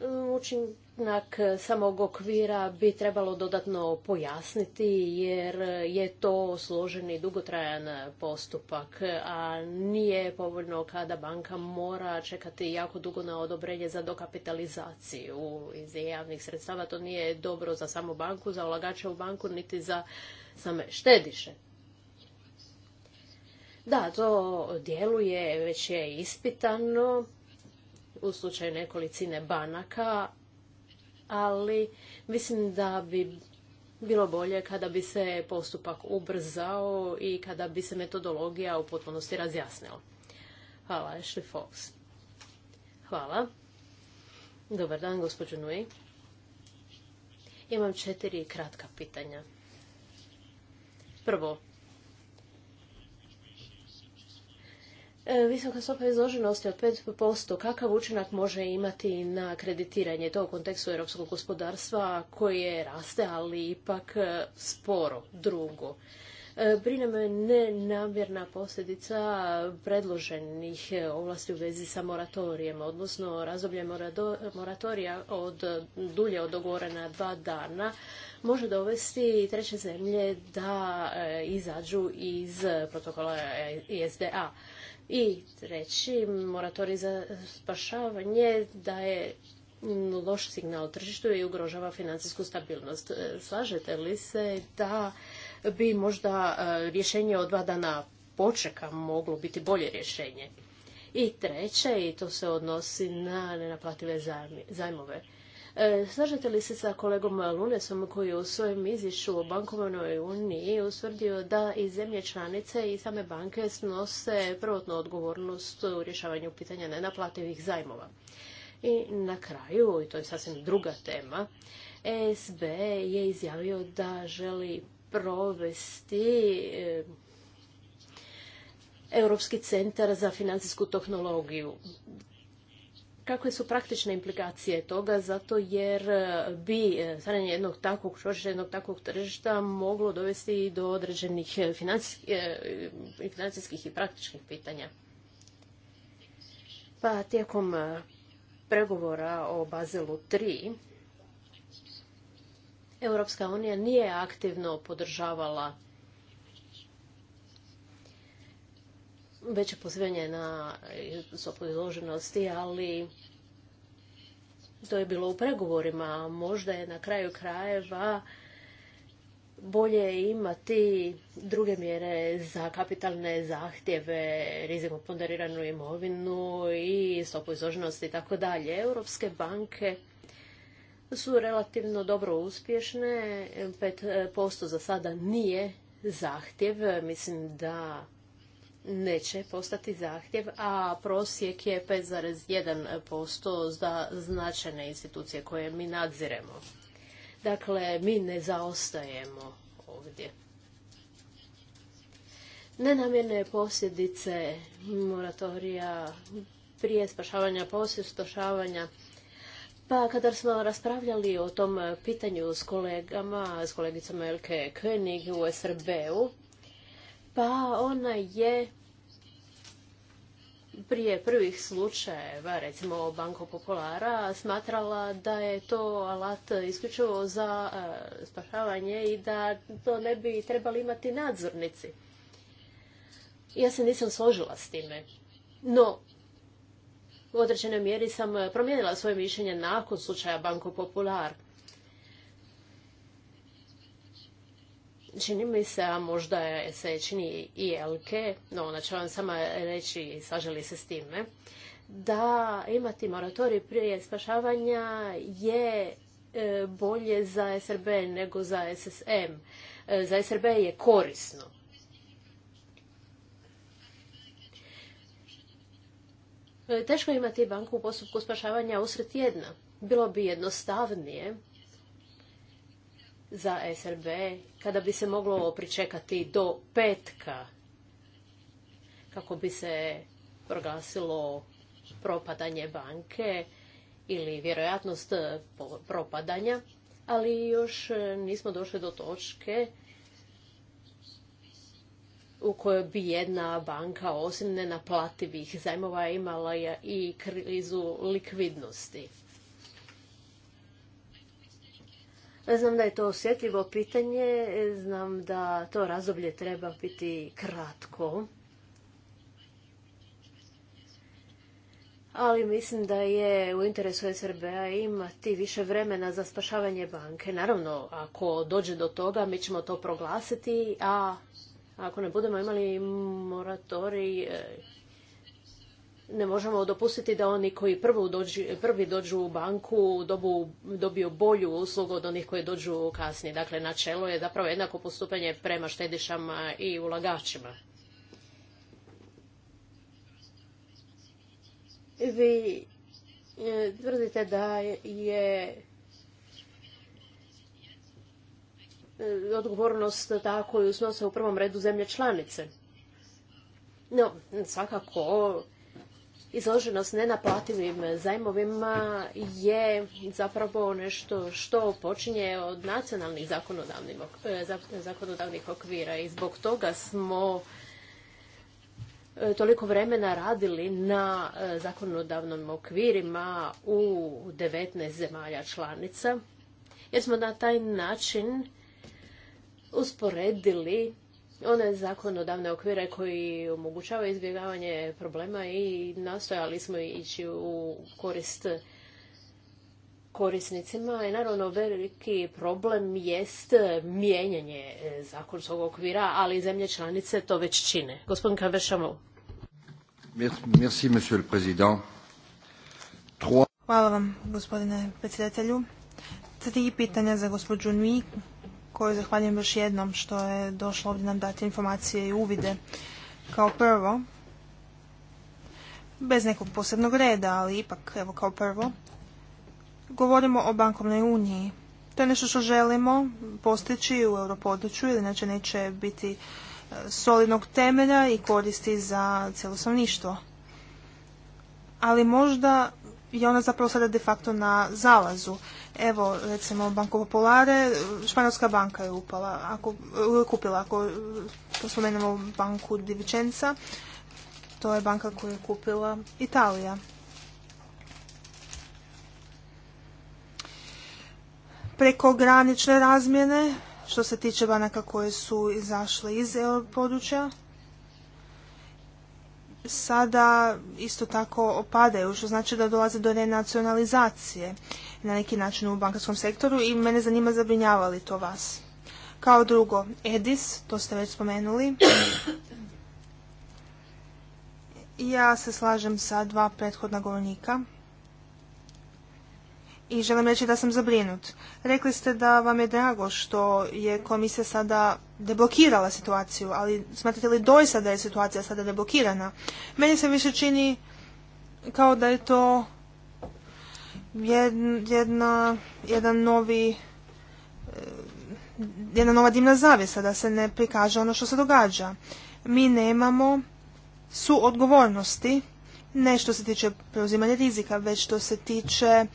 [SPEAKER 2] Mm, učinak eh, samog okvira bi trebalo dodatno pojasniti jer eh, je to složeni, i dugotrajan postupak, a nije povoljno kada banka mora čekati jako dugo na odobrenje za dokapitalizaciju iz javnih sredstava. To nije dobro za samu banku, za ulagače u banku, niti za same štediše. Da, to djeluje, već je ispitano u slučaju nekolicine banaka, ali mislim da bi bilo bolje kada bi se postupak ubrzao i kada bi se metodologija u potpunosti razjasnila. Hvala, Ashley Fox. Hvala. Dobar dan, gospođo Nui. Imam četiri kratka pitanja. Prvo, E, visoka stopa izloženosti od 5%, kakav učinak može imati na kreditiranje to kontekstu europskog gospodarstva koje raste, ali ipak e, sporo drugo? E, brine me nenamjerna posljedica predloženih ovlasti u vezi sa moratorijem, odnosno razdoblje moratorija od dulje od na dva dana može dovesti treće zemlje da izađu iz protokola ISDA. I treći, moratori za spašavanje da je loš signal tržištu i ugrožava financijsku stabilnost. E, slažete li se da bi možda e, rješenje od dva dana počeka moglo biti bolje rješenje? I treće, i to se odnosi na nenaplative zajmove. E, slažete li se sa kolegom Lunesom koji je u svojem izvješću o bankovnoj uniji usvrdio da i zemlje članice i same banke snose prvotnu odgovornost u rješavanju pitanja nenaplativih zajmova? I na kraju, i to je sasvim druga tema, ESB je izjavio da želi provesti e, Europski centar za financijsku tehnologiju kakve su praktične implikacije toga, zato jer e, bi e, stvaranje jednog takvog jednog takvog tržišta moglo dovesti do određenih e, financijskih i praktičnih pitanja. Pa tijekom pregovora o Bazelu 3, Europska unija nije aktivno podržavala veće pozivanje na stopu izloženosti, ali to je bilo u pregovorima. Možda je na kraju krajeva bolje imati druge mjere za kapitalne zahtjeve, rizikom ponderiranu imovinu i stopu izloženosti i tako dalje. Europske banke su relativno dobro uspješne, 5% za sada nije zahtjev. Mislim da neće postati zahtjev, a prosjek je 5,1% za značajne institucije koje mi nadziremo. Dakle, mi ne zaostajemo ovdje. Nenamjerne posljedice moratorija prije spašavanja, poslije pa kada smo raspravljali o tom pitanju s kolegama, s kolegicama Elke König u SRB-u, pa ona je prije prvih slučajeva, recimo Banko Populara, smatrala da je to alat isključivo za e, spašavanje i da to ne bi trebali imati nadzornici. Ja se nisam složila s time. No, u određenoj mjeri sam promijenila svoje mišljenje nakon slučaja Banko Popular. Čini mi se, a možda se čini i Elke, no ona će vam sama reći, saželi se s time, da imati moratorij prije spašavanja je e, bolje za SRB nego za SSM. E, za SRB je korisno. E, teško je imati banku u postupku spašavanja usred tjedna. Bilo bi jednostavnije za SRB kada bi se moglo pričekati do petka kako bi se proglasilo propadanje banke ili vjerojatnost eh, propadanja, ali još eh, nismo došli do točke u kojoj bi jedna banka osim nenaplativih zajmova imala i krizu likvidnosti. Znam da je to osjetljivo pitanje, znam da to razoblje treba biti kratko. ali mislim da je u interesu SRBA imati više vremena za spašavanje banke. Naravno, ako dođe do toga, mi ćemo to proglasiti, a ako ne budemo imali moratorij e, ne možemo dopustiti da oni koji prvi dođu u banku dobiju bolju uslugu od onih koji dođu kasnije. Dakle, načelo je zapravo jednako postupanje prema štedišama i ulagačima.
[SPEAKER 1] Vi
[SPEAKER 2] e, tvrdite da je e, odgovornost ta koju snose u prvom redu zemlje članice. No, svakako izloženost nenaplativim zajmovima je zapravo nešto što počinje od nacionalnih zakonodavnih e, okvira i zbog toga smo e, toliko vremena radili na e, zakonodavnom okvirima u 19 zemalja članica, jer smo na taj način usporedili one zakonodavne okvire koji omogućava izbjegavanje problema i nastojali smo ići u korist korisnicima i naravno veliki problem jest mijenjanje e, zakonskog okvira, ali zemlje članice to već čine. Gospodin Kavešamo.
[SPEAKER 1] Merci, Hvala vam, gospodine predsjedatelju. Tri pitanja za gospođu Nui koju zahvaljujem još jednom što je došlo ovdje nam dati informacije i uvide. Kao prvo, bez nekog posebnog reda, ali ipak, evo kao prvo, govorimo o bankovnoj uniji. To je nešto što želimo postići u europodručju, ili inače neće biti e, solidnog temelja i koristi za cijelo Ali možda je ona zapravo sada de facto na zalazu. Evo, recimo, Banko Popolare, Španjolska banka je upala, ako, kupila, ako spomenemo banku Divičenca, to je banka koju je kupila Italija. Preko granične razmjene, što se tiče banaka koje su izašle iz područja, sada isto tako opadaju, što znači da dolaze do renacionalizacije na neki način u bankarskom sektoru i mene zanima zabrinjava li to vas. Kao drugo, EDIS, to ste već spomenuli. Ja se slažem sa dva prethodna govornika i želim reći da sam zabrinut. Rekli ste da vam je drago što je komisija sada deblokirala situaciju, ali smatrate li doista da je situacija sada deblokirana? Meni se više čini kao da je to jedna, jedan novi eh, jedna nova dimna zavjesa da se ne prikaže ono što se događa. Mi nemamo su odgovornosti ne što se tiče preuzimanja rizika, već što se tiče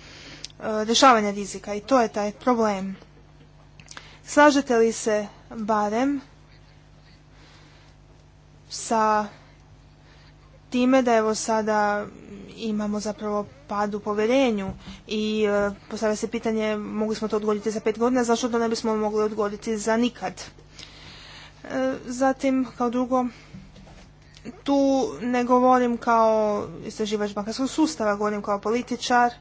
[SPEAKER 1] rješavanja e, rizika i to je taj problem. Slažete li se barem sa time da evo sada imamo zapravo pad u povjerenju i e, postavlja se pitanje mogli smo to odgoditi za pet godina, zašto to ne bismo mogli odgoditi za nikad? E, zatim, kao drugo, tu ne govorim kao istraživač bankarskog sustava, govorim kao političar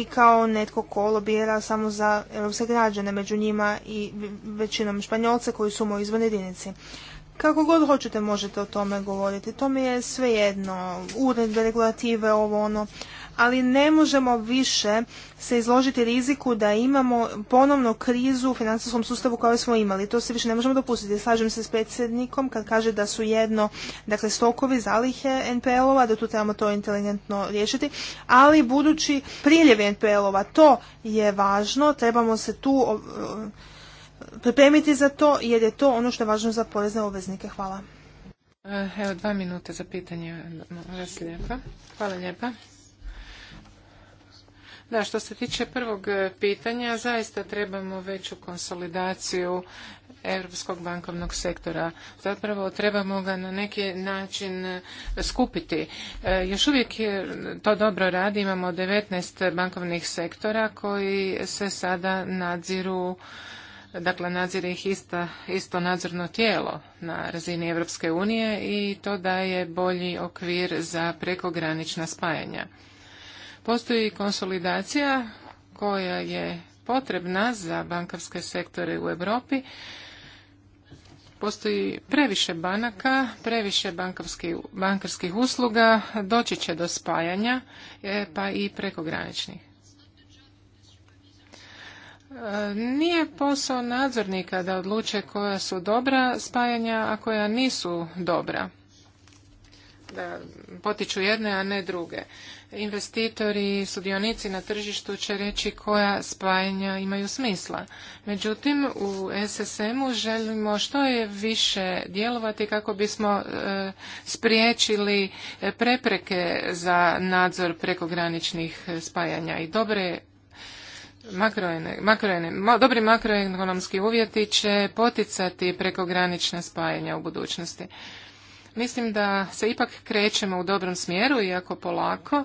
[SPEAKER 1] i kao netko ko lobira samo za europske građane, među njima i većinom Španjolce koji su u izvan jedinici. Kako god hoćete možete o tome govoriti, to mi je svejedno, uredbe, regulative, ovo ono, ali ne možemo više se izložiti riziku da imamo ponovno krizu u financijskom sustavu koju smo imali. To se više ne možemo dopustiti. Slažem se s predsjednikom kad kaže da su jedno, dakle, stokovi, zalihe NPL-ova, da tu trebamo to inteligentno riješiti, ali budući priljevi NPL-ova, to je važno, trebamo se tu pripremiti za to, jer je to ono što je važno za porezne obveznike. Hvala.
[SPEAKER 3] E, evo dva minute za pitanje. Hvala Hvala lijepa. Da, što se tiče prvog e, pitanja, zaista trebamo veću konsolidaciju europskog bankovnog sektora. Zapravo trebamo ga na neki način e, skupiti. E, još uvijek to dobro radi, imamo 19 bankovnih sektora koji se sada nadziru dakle nadzire ih ista, isto nadzorno tijelo na razini Europske unije i to daje bolji okvir za prekogranična spajanja. Postoji konsolidacija koja je potrebna za bankarske sektore u Europi. Postoji previše banaka, previše bankarskih, bankarskih usluga, doći će do spajanja e, pa i prekograničnih. Nije posao nadzornika da odluče koja su dobra spajanja, a koja nisu dobra. Da potiču jedne, a ne druge investitori i sudionici na tržištu će reći koja spajanja imaju smisla. Međutim, u SSM-u želimo što je više djelovati kako bismo e, spriječili e, prepreke za nadzor prekograničnih spajanja i dobre Makroene, dobri makroekonomski uvjeti će poticati prekogranična spajanja u budućnosti. Mislim da se ipak krećemo u dobrom smjeru, iako polako,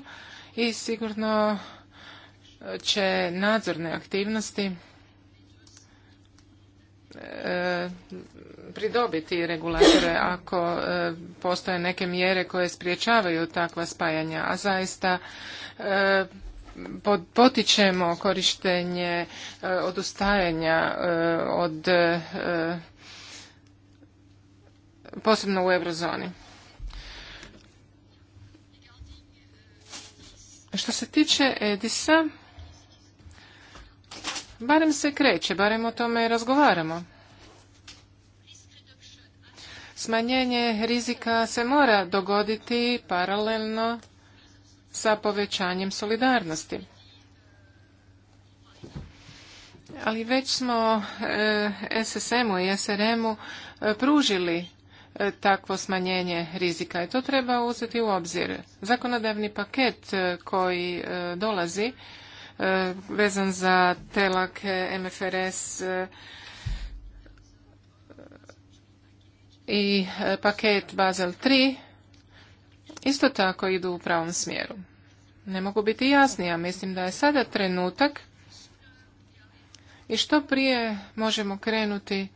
[SPEAKER 3] i sigurno e, će nadzorne aktivnosti e, pridobiti regulatore ako e, postoje neke mjere koje spriječavaju takva spajanja, a zaista potičemo korištenje odustajanja od posebno u eurozoni. Što se tiče Edisa, barem se kreće, barem o tome razgovaramo. Smanjenje rizika se mora dogoditi paralelno sa povećanjem solidarnosti. Ali već smo eh, SSM-u i SRM-u eh, pružili E, takvo smanjenje rizika i to treba uzeti u obzir. Zakonodavni paket e, koji e, dolazi vezan za telak, MFRS i paket Basel 3 isto tako idu u pravom smjeru. Ne mogu biti jasnija, mislim da je sada trenutak i što prije možemo krenuti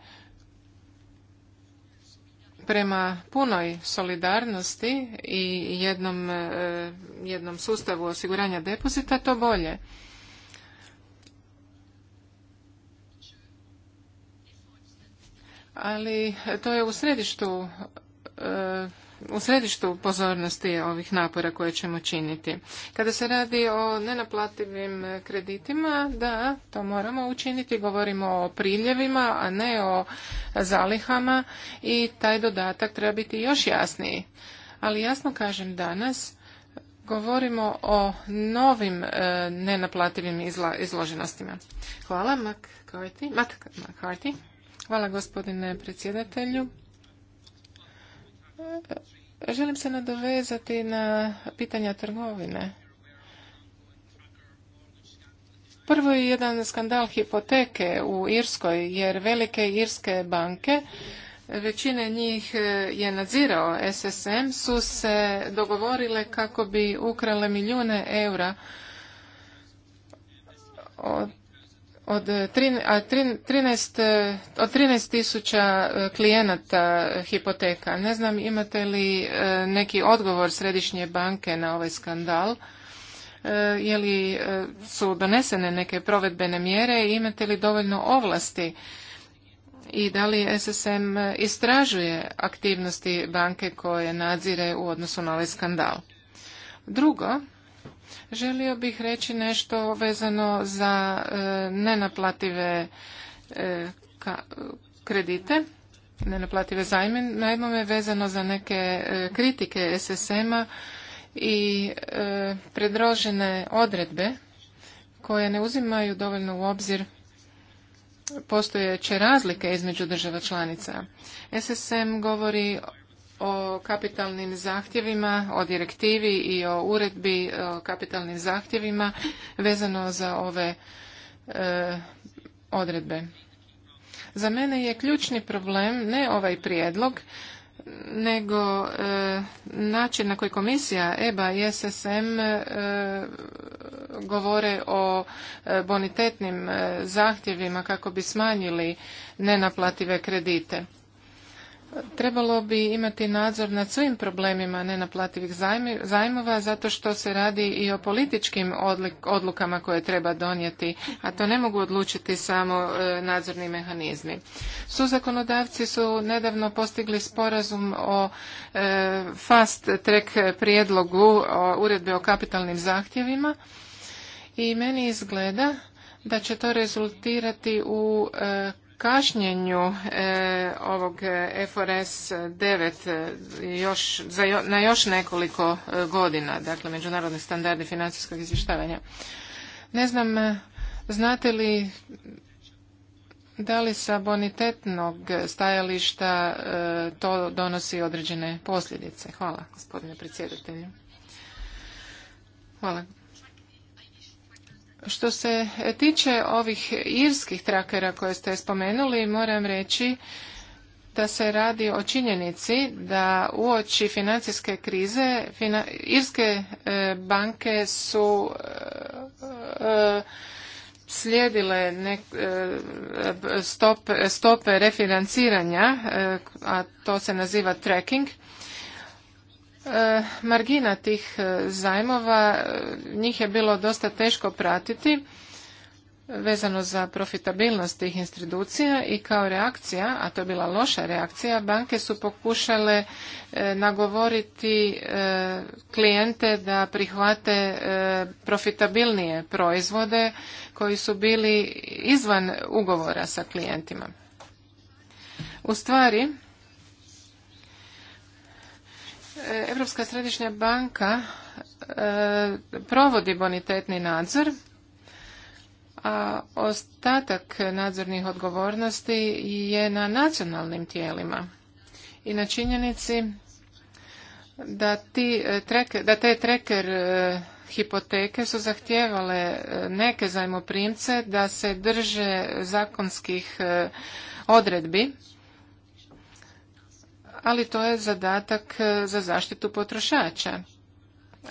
[SPEAKER 3] prema punoj solidarnosti i jednom, e, jednom sustavu osiguranja depozita to bolje. Ali to je u središtu e, u središtu pozornosti ovih napora koje ćemo činiti. Kada se radi o nenaplativim kreditima, da, to moramo učiniti. Govorimo o priljevima, a ne o zalihama i taj dodatak treba biti još jasniji. Ali jasno kažem danas, govorimo o novim e, nenaplativim izloženostima. Hvala, mak Hvala gospodine predsjedatelju. Želim se nadovezati na pitanja trgovine. Prvo je jedan skandal hipoteke u Irskoj, jer velike irske banke, većine njih e, je nadzirao SSM, su se dogovorile kako bi ukrale milijune eura od od 13, e, e, od tisuća e, klijenata hipoteka. Ne znam imate li neki odgovor Središnje banke na ovaj skandal. Je li su donesene neke provedbene mjere i imate li dovoljno ovlasti i da li SSM istražuje aktivnosti banke koje nadzire u odnosu na ovaj skandal. Drugo, Želio bih reći nešto vezano za e, nenaplative e, kredite, nenaplative zajme. Najednom je vezano za neke e, kritike SSM-a i predrožene odredbe koje ne uzimaju dovoljno u obzir postojeće razlike između država članica. SSM govori o kapitalnim zahtjevima, o direktivi i o uredbi o kapitalnim zahtjevima vezano za ove e, odredbe. Za mene je ključni problem ne ovaj prijedlog, nego e, način na koji komisija EBA i SSM e, govore o bonitetnim zahtjevima kako bi smanjili nenaplative kredite trebalo bi imati nadzor nad svim problemima nenaplativih zajmova zato što se radi i o političkim odlukama koje treba donijeti, a to ne mogu odlučiti samo e, nadzorni mehanizmi. Suzakonodavci su nedavno postigli sporazum o e, fast track prijedlogu o uredbe o kapitalnim zahtjevima i meni izgleda da će to rezultirati u e, kašnjenju e, ovog e, FRS 9 e, još, na još nekoliko godina, dakle međunarodni standarde financijskog izvještavanja. Ne znam, znate li da li sa bonitetnog stajališta to donosi određene posljedice? Hvala, gospodine predsjedatelju. Hvala, što se tiče ovih irskih trakera koje ste spomenuli, moram reći da se radi o činjenici da uoči financijske krize irske e, banke su e, e, slijedile stope refinanciranja, a to se naziva tracking E, margina tih e, zajmova, e, njih je bilo dosta teško pratiti vezano za profitabilnost tih institucija i kao reakcija, a to je bila loša reakcija, banke su pokušale nagovoriti klijente da prihvate profitabilnije proizvode koji su bili izvan ugovora sa klijentima. U stvari, Europska središnja banka e, provodi bonitetni nadzor, a ostatak nadzornih odgovornosti je na nacionalnim tijelima i na činjenici da, ti, e, da te treker e, hipoteke su zahtijevale neke zajmoprimce da se drže zakonskih odredbi ali to je zadatak e, za zaštitu potrošača.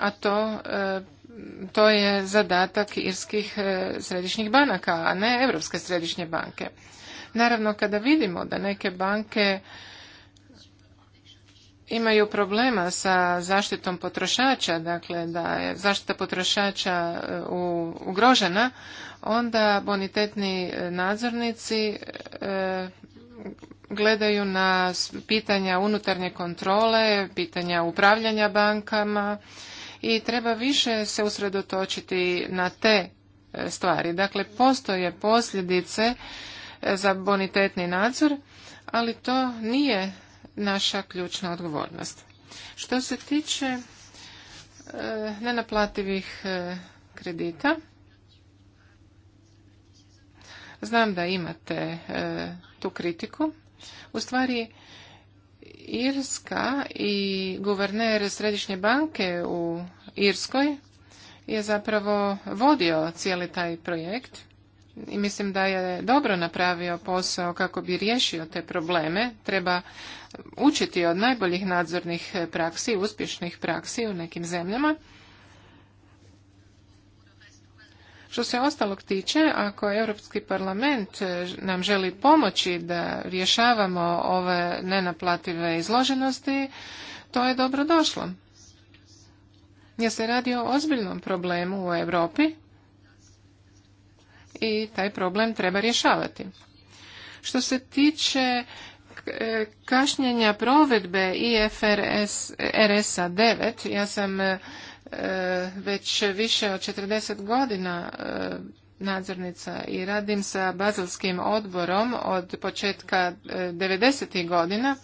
[SPEAKER 3] A to e, to je zadatak irskih e, središnjih banaka, a ne Europske središnje banke. Naravno, kada vidimo da neke banke imaju problema sa zaštitom potrošača, dakle da je zaštita potrošača ugrožena, onda bonitetni nadzornici gledaju na pitanja unutarnje kontrole, pitanja upravljanja bankama i treba više se usredotočiti na te e, stvari. Dakle, postoje posljedice e, za bonitetni nadzor, ali to nije naša ključna odgovornost. Što se tiče e, nenaplativih kredita, znam da imate tu kritiku. U stvari, Irska i guverner Središnje banke u Irskoj je zapravo vodio cijeli taj projekt i mislim da je dobro napravio posao kako bi riješio te probleme. Treba učiti od najboljih nadzornih praksi, uspješnih praksi u nekim zemljama Što se ostalog tiče, ako Europski parlament e, nam želi pomoći da rješavamo ove nenaplative izloženosti, to je dobro došlo. Jer se radi o ozbiljnom problemu u Europi i taj problem treba rješavati. Što se tiče e, kašnjenja provedbe IFRS-a 9, ja sam e, E, već više od 40 godina e, nadzornica i radim sa bazelskim odborom od početka 90. E, godina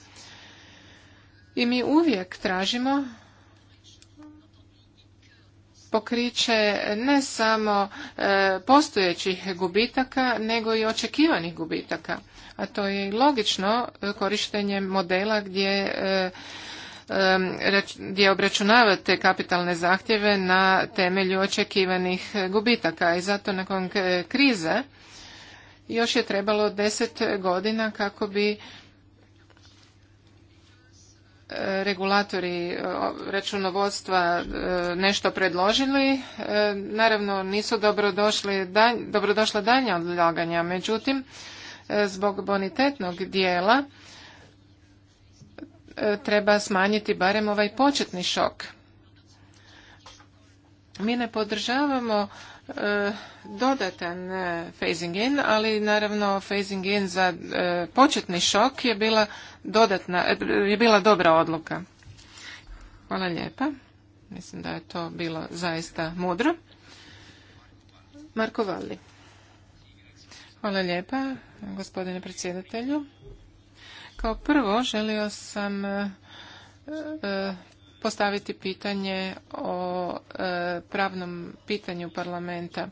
[SPEAKER 3] i mi uvijek tražimo pokriće ne samo postojećih gubitaka nego i očekivanih gubitaka a to je i logično korištenje modela gdje gdje obračunavate kapitalne zahtjeve na temelju očekivanih gubitaka i zato nakon krize još je trebalo deset godina kako bi eh, regulatori eh, računovodstva eh, nešto predložili. Naravno nisu dobrodošli dobrodošla danja odlaganja, međutim zbog bonitetnog dijela E, treba smanjiti barem ovaj početni šok. Mi ne podržavamo e, dodatan e, phasing in, ali naravno phasing in za početni šok je bila dodatna, je bila dobra odluka. Hvala lijepa. Mislim da je to bilo zaista mudro. Marko Valli. Hvala lijepa, gospodine predsjedatelju. Kao prvo želio sam e, e, postaviti pitanje o e, pravnom pitanju parlamenta.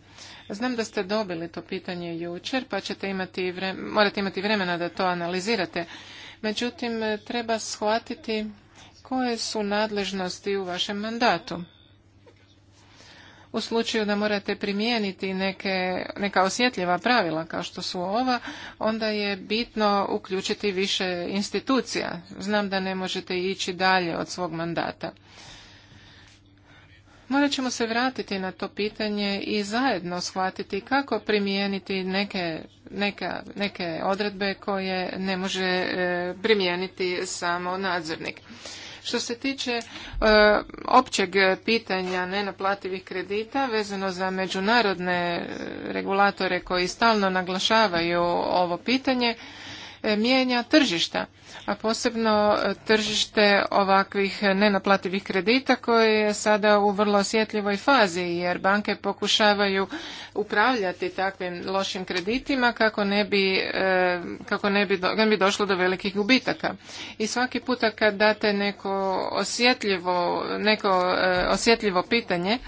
[SPEAKER 3] Znam da ste dobili to pitanje jučer, pa ćete imati morate imati vremena da to analizirate. Međutim, treba shvatiti koje su nadležnosti u vašem mandatu u slučaju da morate primijeniti neke, neka osjetljiva pravila kao što su ova, onda je bitno uključiti više institucija. Znam da ne možete ići dalje od svog mandata. Morat ćemo se vratiti na to pitanje i zajedno shvatiti kako primijeniti neke, neke odredbe koje ne može e, primijeniti samo nadzornik. Što se tiče e, općeg pitanja nenaplativih kredita vezano za međunarodne e, regulatore koji stalno naglašavaju ovo pitanje, E, mijenja tržišta, a posebno e, tržište ovakvih nenaplativih kredita koje je sada u vrlo osjetljivoj fazi jer banke pokušavaju upravljati takvim lošim kreditima kako ne bi, e, kako ne bi, došlo do velikih gubitaka. I svaki puta kad date neko osjetljivo, neko osjetljivo pitanje,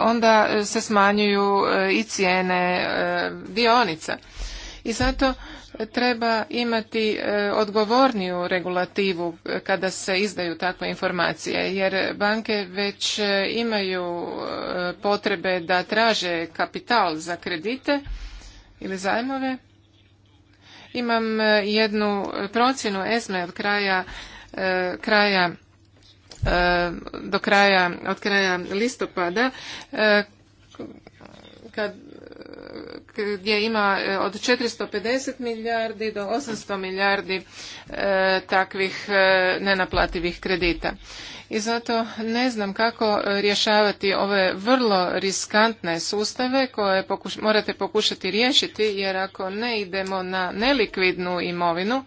[SPEAKER 3] onda se smanjuju i cijene dionica. I zato treba imati e, odgovorniju regulativu e, kada se izdaju takve informacije jer banke već e, imaju potrebe da traže kapital za kredite ili zajmove imam jednu procjenu esme od kraja kraja do kraja od kraja listopada kad gdje ima e, od 450 milijardi do 800 milijardi e, takvih e, nenaplativih kredita. I zato ne znam kako rješavati ove vrlo riskantne sustave koje morate pokušati riješiti jer ako ne idemo na nelikvidnu imovinu,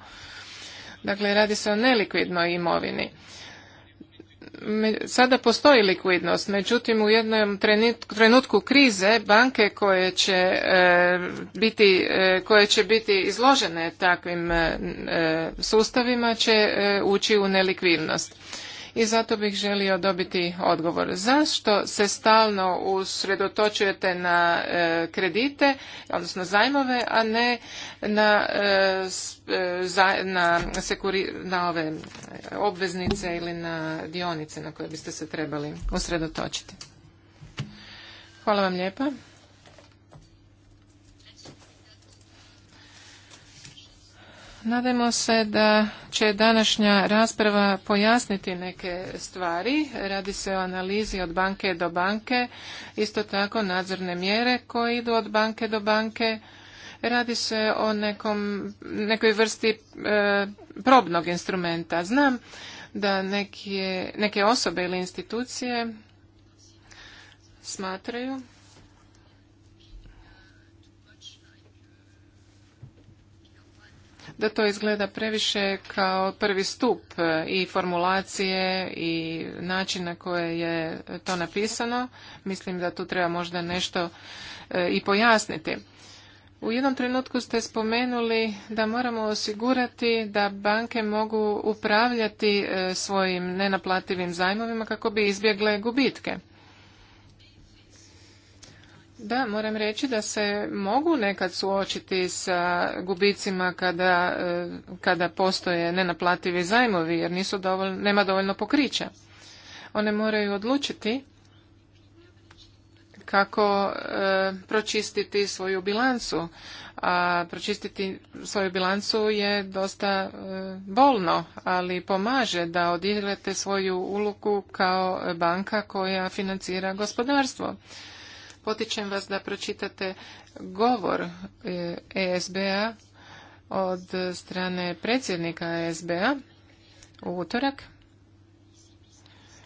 [SPEAKER 3] dakle radi se o nelikvidnoj imovini sada postoji likvidnost, međutim u jednom trenutku krize banke koje će e, biti, e, koje će biti izložene takvim e, sustavima će ući u nelikvidnost i zato bih želio dobiti odgovor. Zašto se stalno usredotočujete na e, kredite, odnosno zajmove, a ne na, e, e, na, na ove obveznice ili na dionice na koje biste se trebali usredotočiti? Hvala vam lijepa. Nadamo se da će današnja rasprava pojasniti neke stvari. Radi se o analizi od banke do banke, isto tako nadzorne mjere koje idu od banke do banke. Radi se o nekom, nekoj vrsti e, probnog instrumenta. Znam da neke, neke osobe ili institucije smatraju da to izgleda previše kao prvi stup e, i formulacije i način na koje je to napisano. Mislim da tu treba možda nešto e, i pojasniti. U jednom trenutku ste spomenuli da moramo osigurati da banke mogu upravljati e, svojim nenaplativim zajmovima kako bi izbjegle gubitke. Da, moram reći da se mogu nekad suočiti sa gubicima kada, e, kada postoje nenaplativi zajmovi jer nisu dovoljno, nema dovoljno pokrića. One moraju odlučiti kako e, pročistiti svoju bilancu. A pročistiti svoju bilancu je dosta e, bolno, ali pomaže da odigrate svoju uluku kao banka koja financira gospodarstvo. Potičem vas da pročitate govor ESBA e od strane predsjednika esb u utorak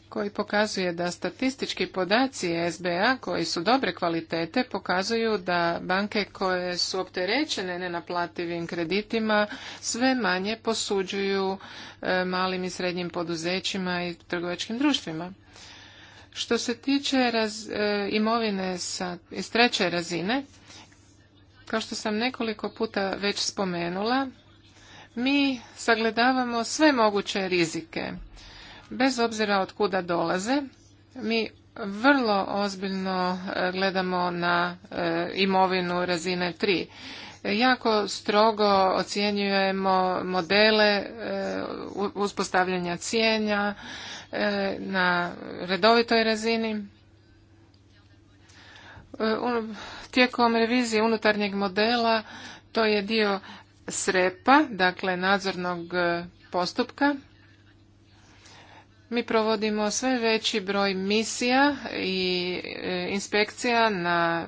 [SPEAKER 3] koji pokazuje da statistički podaci e SBA koji su dobre kvalitete pokazuju da banke koje su opterećene nenaplativim kreditima sve manje posuđuju e, malim i srednjim poduzećima i trgovačkim društvima. Što se tiče e, imovine sa, iz treće razine, kao što sam nekoliko puta već spomenula, mi sagledavamo sve moguće rizike. Bez obzira od kuda dolaze, mi vrlo ozbiljno e, gledamo na e, imovinu razine 3. Jako strogo ocjenjujemo modele uspostavljanja cijenja, E, na redovitoj razini. E, tijekom revizije unutarnjeg modela to je dio srepa, dakle nadzornog e, postupka. Mi provodimo sve veći broj misija i inspekcija na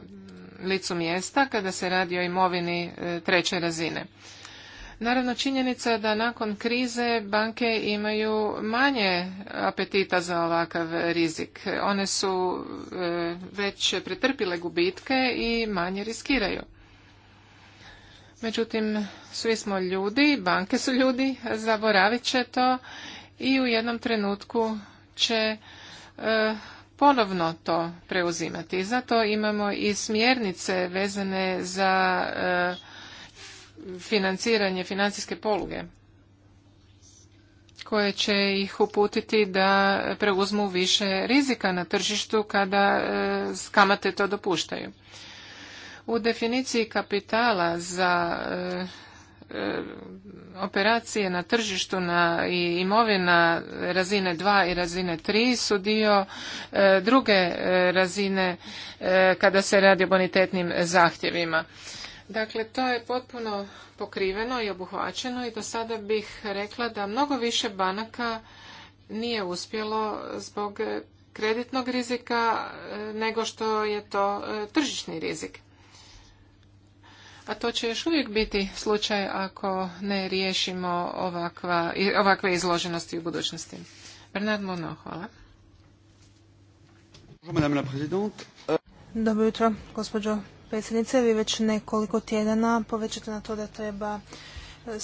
[SPEAKER 3] licu mjesta kada se radi o imovini treće razine. Naravno, činjenica je da nakon krize banke imaju manje apetita za ovakav rizik. One su e, već pretrpile gubitke i manje riskiraju. Međutim, svi smo ljudi, banke su ljudi, zaboravit će to i u jednom trenutku će e, ponovno to preuzimati. Zato imamo i smjernice vezane za e, financiranje financijske poluge koje će ih uputiti da preuzmu više rizika na tržištu kada e, kamate to dopuštaju. U definiciji kapitala za e, e, operacije na tržištu na i imovina razine 2 i razine 3 su dio druge razine kada se radi o bonitetnim zahtjevima. Dakle, to je potpuno pokriveno i obuhvaćeno i do sada bih rekla da mnogo više banaka nije uspjelo zbog kreditnog rizika e, nego što je to e, tržišni rizik. A to će još uvijek biti slučaj ako ne riješimo ovakva, ovakve izloženosti u budućnosti. Bernard Mono, hvala.
[SPEAKER 1] Dobro jutro, gospođo predsjednice, vi već nekoliko tjedana povećate na to da treba e,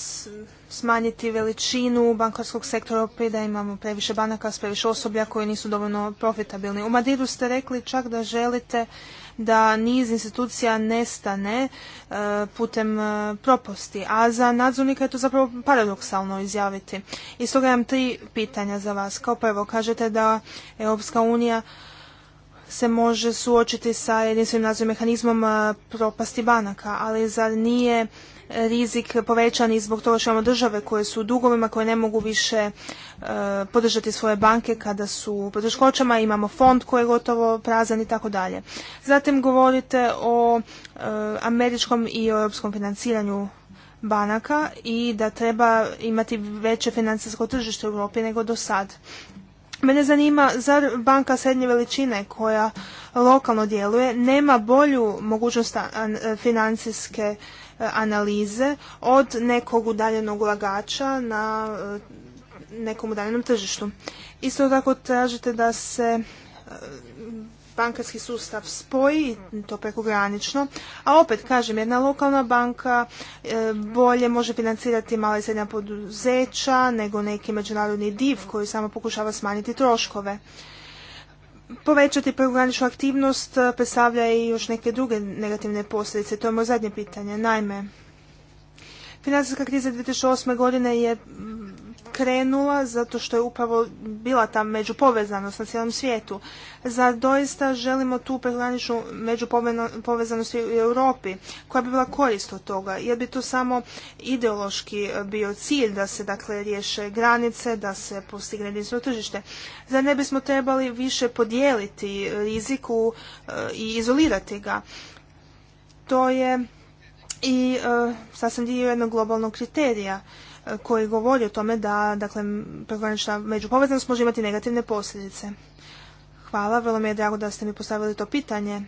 [SPEAKER 1] smanjiti veličinu bankarskog sektora opet da imamo previše banaka s previše osoblja koji nisu dovoljno profitabilni. U Madridu ste rekli čak da želite da niz institucija nestane e, putem e, proposti, a za nadzornika je to zapravo paradoksalno izjaviti. I stoga imam tri pitanja za vas. Kao prvo, kažete da Europska unija se može suočiti sa jedinstvenim nadzornim mehanizmom propasti banaka, ali zar nije rizik povećan i zbog toga što imamo države koje su u dugovima, koje ne mogu više e, podržati svoje banke kada su u imamo fond koji je gotovo prazan i tako dalje. Zatim govorite o e, američkom i europskom financiranju banaka i da treba imati veće financijsko tržište u Europi nego do sad. Mene zanima, zar banka srednje veličine koja lokalno djeluje nema bolju mogućnost financijske analize od nekog udaljenog ulagača na e, nekom udaljenom tržištu. Isto tako tražite da se e, bankarski sustav spoji, to prekogranično, a opet kažem, jedna lokalna banka e, bolje može financirati mala i srednja poduzeća nego neki međunarodni div koji samo pokušava smanjiti troškove. Povećati prekograničnu aktivnost e, predstavlja i još neke druge negativne posljedice. To je moje zadnje pitanje. Naime, financijska kriza 2008. godine je krenula zato što je upravo bila ta međupovezanost na cijelom svijetu. za doista želimo tu prekograničnu međupovezanost u Europi koja bi bila korist od toga? Jer bi to samo ideološki e, bio cilj da se dakle riješe granice, da se postigne jedinstveno tržište. Zar ne bismo trebali više podijeliti riziku e, i izolirati ga? To je i sa e, sasvim dio jednog globalnog kriterija koji govori o tome da dakle, prekogranična međupovezanost može imati negativne posljedice. Hvala, vrlo mi je drago da ste mi postavili to pitanje,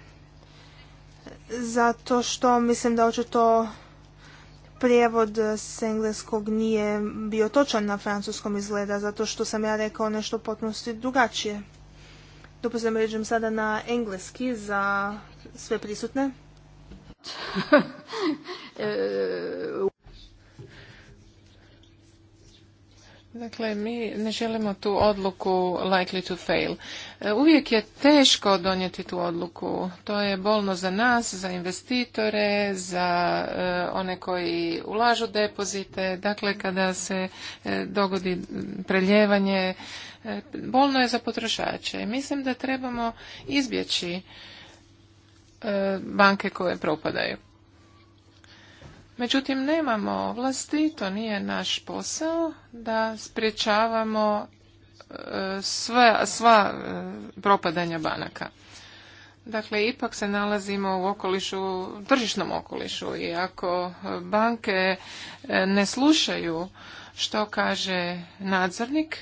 [SPEAKER 1] zato što mislim da očito prijevod s engleskog nije bio točan na francuskom izgleda, zato što sam ja rekao nešto potpunosti drugačije. Dopustite mi ređem sada na engleski za sve prisutne. E,
[SPEAKER 3] Dakle, mi ne želimo tu odluku likely to fail. E, uvijek je teško donijeti tu odluku. To je bolno za nas, za investitore, za e, one koji ulažu depozite. Dakle, kada se e, dogodi preljevanje, bolno je za potrošače. Mislim da trebamo izbjeći banke koje propadaju. Međutim, nemamo ovlasti, to nije naš posao, da spriječavamo e, sva, sva e, propadanja banaka. Dakle, ipak se nalazimo u okolišu, tržišnom okolišu i ako banke e, ne slušaju što kaže nadzornik,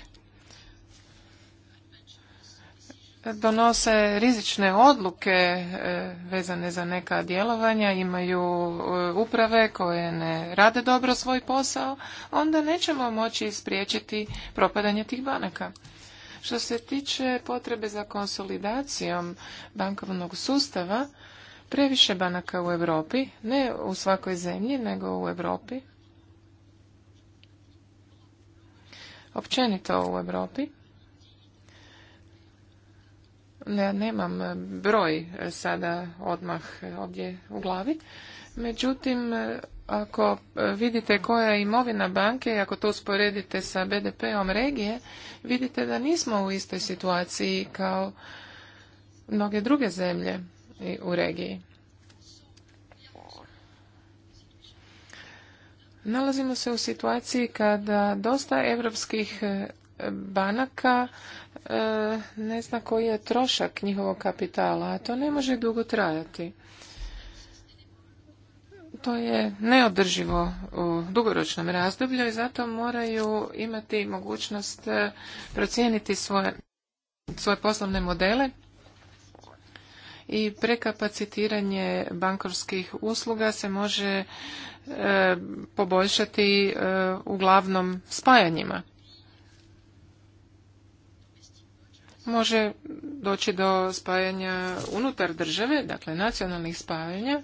[SPEAKER 3] donose rizične odluke e, vezane za neka djelovanja, imaju e, uprave koje ne rade dobro svoj posao, onda nećemo moći spriječiti propadanje tih banaka. Što se tiče potrebe za konsolidacijom bankovnog sustava, previše banaka u Europi, ne u svakoj zemlji, nego u Europi. Općenito u Europi nemam e, broj e, sada odmah e, ovdje u glavi. Međutim, ako vidite koja je imovina banke i ako to usporedite sa BDP-om regije, vidite da nismo u istoj situaciji kao mnoge druge zemlje u regiji. Nalazimo se u situaciji kada dosta evropskih banaka E, ne zna koji je trošak njihovog kapitala, a to ne može dugo trajati. To je neodrživo u dugoročnom razdoblju i zato moraju imati mogućnost e, procijeniti svoje, svoje poslovne modele i prekapacitiranje bankarskih usluga se može e, poboljšati uglavnom spajanjima. može doći do spajanja unutar države, dakle nacionalnih spajanja.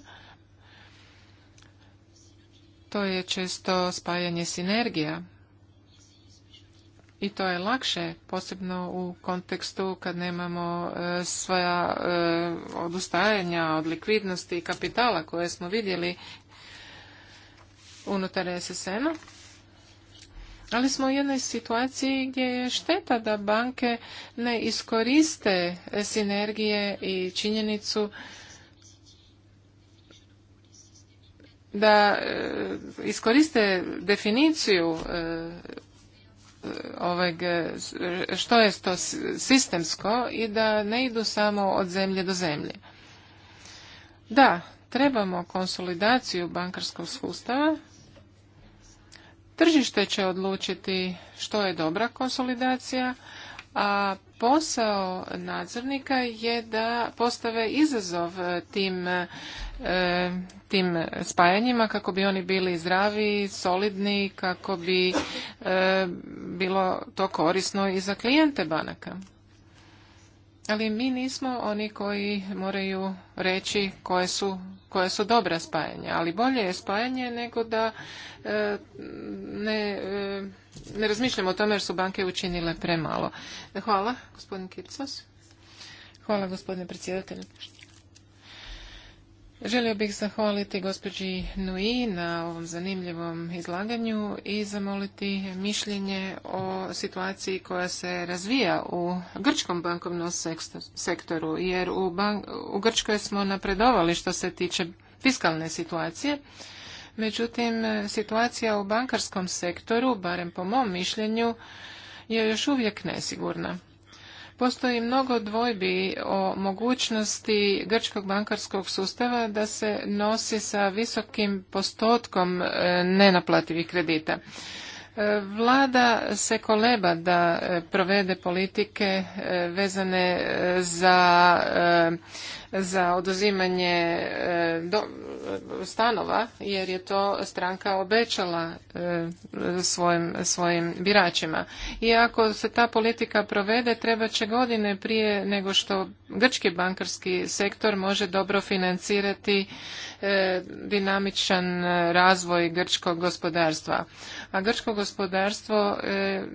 [SPEAKER 3] To je često spajanje sinergija i to je lakše, posebno u kontekstu kad nemamo e, svoja e, odustajanja od likvidnosti i kapitala koje smo vidjeli unutar SSN-a ali smo u jednoj situaciji gdje je šteta da banke ne iskoriste sinergije i činjenicu da e, iskoriste definiciju e, ovog e, što je to sistemsko i da ne idu samo od zemlje do zemlje. Da, trebamo konsolidaciju bankarskog sustava, Tržište će odlučiti što je dobra konsolidacija, a posao nadzornika je da postave izazov tim, e, tim spajanjima kako bi oni bili zdravi, solidni, kako bi e, bilo to korisno i za klijente banaka ali mi nismo oni koji moraju reći koje su, koje su dobra spajanja. Ali bolje je spajanje nego da e, ne, e, ne razmišljamo o tome jer su banke učinile premalo. Hvala, gospodin Kircos. Hvala, gospodine predsjedatelju. Želio bih zahvaliti gospođi Nui na ovom zanimljivom izlaganju i zamoliti mišljenje o situaciji koja se razvija u grčkom bankovnom sektoru, jer u, u Grčkoj smo napredovali što se tiče fiskalne situacije. Međutim, situacija u bankarskom sektoru, barem po mom mišljenju, je još uvijek nesigurna. Postoji mnogo dvojbi o mogućnosti grčkog bankarskog sustava da se nosi sa visokim postotkom e, nenaplativih kredita. E, Vlada se koleba da e, provede politike vezane za za oduzimanje e, e, stanova jer je to stranka obećala e, svojim, svojim biračima. I ako se ta politika provede treba će godine prije nego što grčki bankarski sektor može dobro financirati dinamičan razvoj grčkog gospodarstva. A grčko gospodarstvo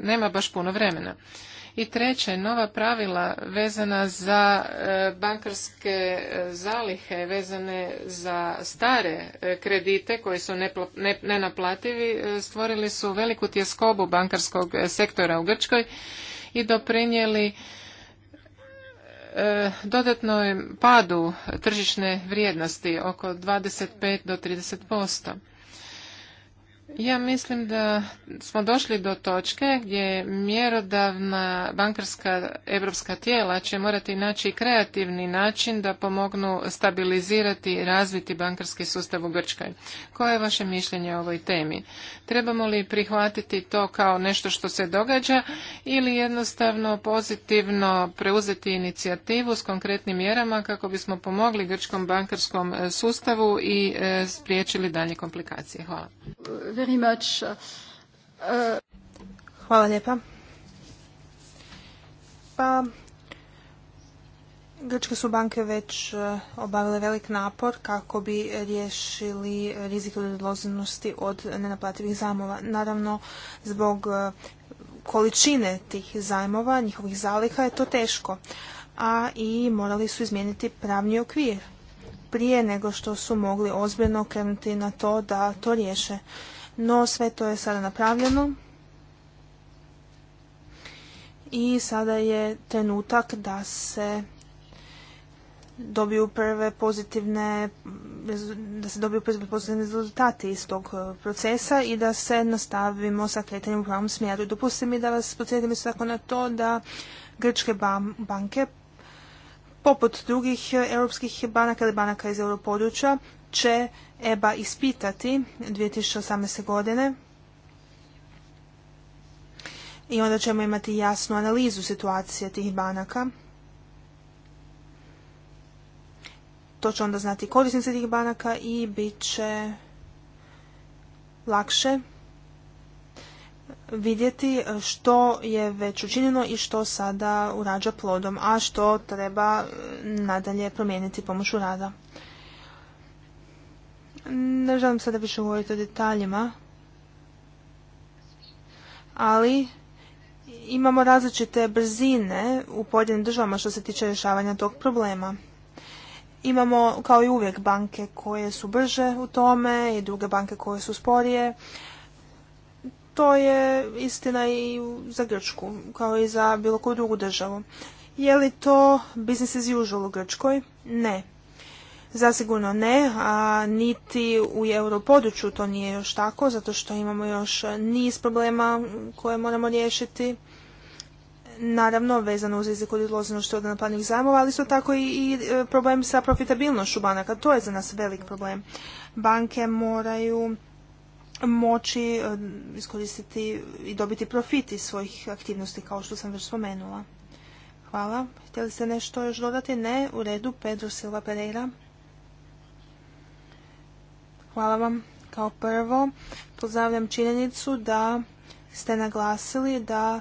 [SPEAKER 3] nema baš puno vremena. I treće, nova pravila vezana za e, bankarske e, zalihe, vezane za stare e, kredite koji su nenaplativi, stvorili su veliku tjeskobu bankarskog sektora u Grčkoj i doprinijeli dodatnom padu tržišne vrijednosti oko 25 do 30 ja mislim da smo došli do točke gdje mjerodavna bankarska europska tijela će morati naći kreativni način da pomognu stabilizirati i razviti bankarski sustav u Grčkoj. Koje je vaše mišljenje o ovoj temi? Trebamo li prihvatiti to kao nešto što se događa ili jednostavno pozitivno preuzeti inicijativu s konkretnim mjerama kako bismo pomogli grčkom bankarskom sustavu i e, spriječili dalje komplikacije? Hvala
[SPEAKER 2] very much. Uh,
[SPEAKER 1] Hvala lijepa. Pa, Grčke su banke već uh, obavile velik napor kako bi riješili rizik odloženosti od nenaplativih zajmova. Naravno, zbog uh, količine tih zajmova, njihovih zaliha je to teško, a i morali su izmijeniti pravni okvir prije nego što su mogli ozbiljno krenuti na to da to riješe. No sve to je sada napravljeno i sada je trenutak da se dobiju prve pozitivne da se dobiju prve pozitivne rezultate iz tog e, procesa i da se nastavimo sa kretanjem u pravom smjeru. Dopustim mi da vas podsjetim isto tako na to da grčke banke poput drugih e, europskih banaka ili banaka iz europodručja će EBA ispitati 2018. godine i onda ćemo imati jasnu analizu situacije tih banaka. To će onda znati korisnici tih banaka i bit će lakše vidjeti što je već učinjeno i što sada urađa plodom, a što treba eh, nadalje promijeniti pomoću rada. Ne želim sada više govoriti o detaljima, ali imamo različite brzine u pojedinim državama što se tiče rješavanja tog problema. Imamo kao i uvijek banke koje su brže u tome i druge banke koje su sporije. To je istina i za Grčku, kao i za bilo koju drugu državu. Je li to business as usual u Grčkoj? Ne. Zasigurno ne, a niti u europodručju to nije još tako, zato što imamo još niz problema koje moramo riješiti. Naravno, vezano uz izliku od od napadnih zajmova, ali isto tako i e, problem sa profitabilnošću banaka. To je za nas velik problem. Banke moraju moći e, iskoristiti i dobiti profit iz svojih aktivnosti, kao što sam već spomenula. Hvala. Htjeli ste nešto još dodati? Ne. U redu. Pedro Silva Pereira. Hvala vam. Kao prvo, pozdravljam činjenicu da ste naglasili da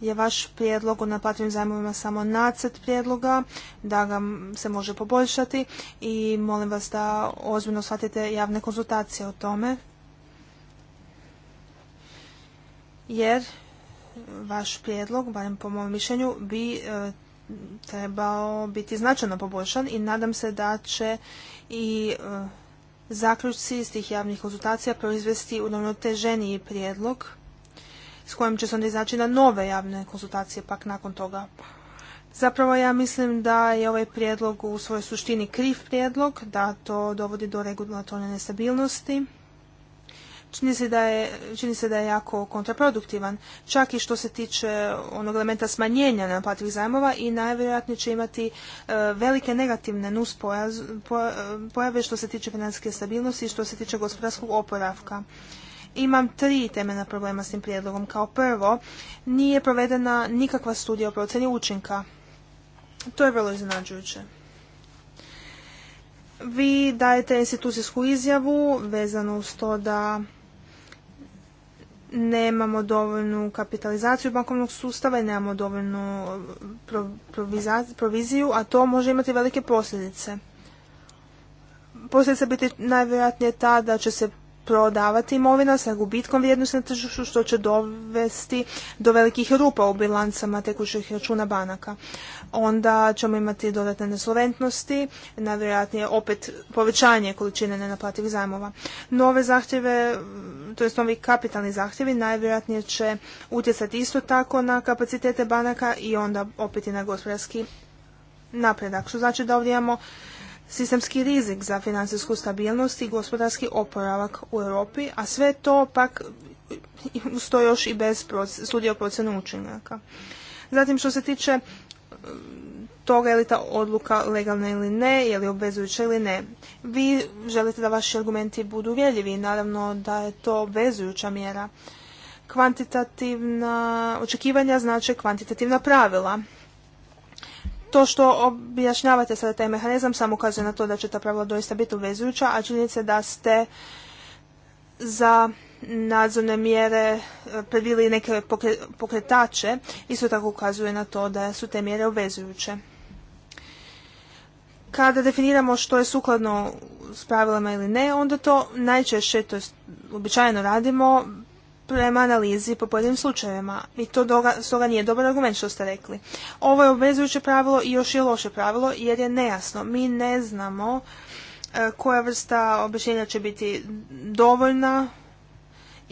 [SPEAKER 1] je vaš prijedlog o naplativim zajmovima samo nacrt prijedloga, da ga se može poboljšati i molim vas da ozbiljno shvatite javne konzultacije o tome. Jer vaš prijedlog, barem po mom mišljenju, bi e, trebao biti značajno poboljšan i nadam se da će i e, zaključci iz tih javnih konzultacija proizvesti uravnoteženiji prijedlog s kojim će se onda izaći na nove javne konzultacije pak nakon toga. Zapravo ja mislim da je ovaj prijedlog u svojoj suštini kriv prijedlog, da to dovodi do regulatorne nestabilnosti čini se da je, se da je jako kontraproduktivan, čak i što se tiče onog elementa smanjenja naplativih zajmova i najvjerojatnije će imati e, velike negativne nus e, pojave što se tiče financijske stabilnosti i što se tiče gospodarskog oporavka. Imam tri temena problema s tim prijedlogom. Kao prvo, nije provedena nikakva studija o procjeni učinka. To je vrlo iznenađujuće vi dajete institucijsku izjavu vezanu uz to da nemamo dovoljnu kapitalizaciju bankovnog sustava i nemamo dovoljnu eh, proviziju, a to može imati velike posljedice. Posljedica biti najvjerojatnije ta da će se prodavati imovina sa gubitkom vrijednosti na tržištu što će dovesti do velikih rupa u bilancama tekućih računa banaka onda ćemo imati dodatne nesolventnosti, najvjerojatnije opet povećanje količine nenaplativih zajmova. Nove zahtjeve, mm, to jest novi kapitalni zahtjevi, najvjerojatnije će utjecati isto tako na kapacitete banaka i onda opet i na gospodarski napredak. Što znači da ovdje imamo sistemski rizik za financijsku stabilnost i gospodarski oporavak u Europi, a sve to pak stoji još i bez studija o procjenu učinaka. Zatim što se tiče toga je li ta odluka legalna ili ne, je li obvezujuća ili ne. Vi želite da vaši argumenti budu uvjerljivi, naravno da je to obvezujuća mjera. Kvantitativna očekivanja znači kvantitativna pravila. To što objašnjavate sada taj mehanizam samo ukazuje na to da će ta pravila doista biti obvezujuća, a činjenica da ste za nadzorne mjere e, predvili neke pokretače, isto tako ukazuje na to da su te mjere obvezujuće. Kada definiramo što je sukladno s pravilama ili ne, onda to najčešće, to običajno radimo, prema analizi po pojedinim slučajevima. I to stoga nije dobar argument što ste rekli. Ovo je obvezujuće pravilo i još je loše pravilo jer je nejasno. Mi ne znamo e, koja vrsta objašnjenja će biti dovoljna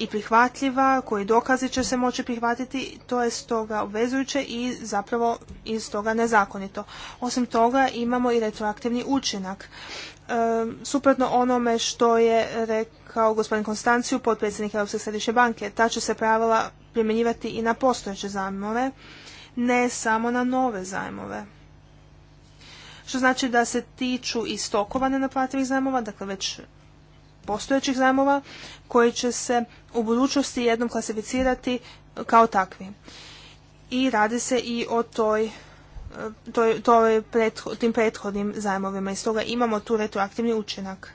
[SPEAKER 1] i prihvatljiva, koji dokazi će se moći prihvatiti, to je stoga obvezujuće i zapravo iz toga nezakonito. Osim toga imamo i retroaktivni učinak. E, suprotno onome što je rekao gospodin Konstanciju, potpredsjednik Europske središnje banke, ta će se pravila primjenjivati i na postojeće zajmove, ne samo na nove zajmove što znači da se tiču i stokova nenaplativih zajmova, dakle već postojećih zajmova koji će se u budućnosti jednom klasificirati kao takvi. I radi se i o toj, e, toj, je tim prethodnim zajmovima i stoga imamo tu retroaktivni učinak.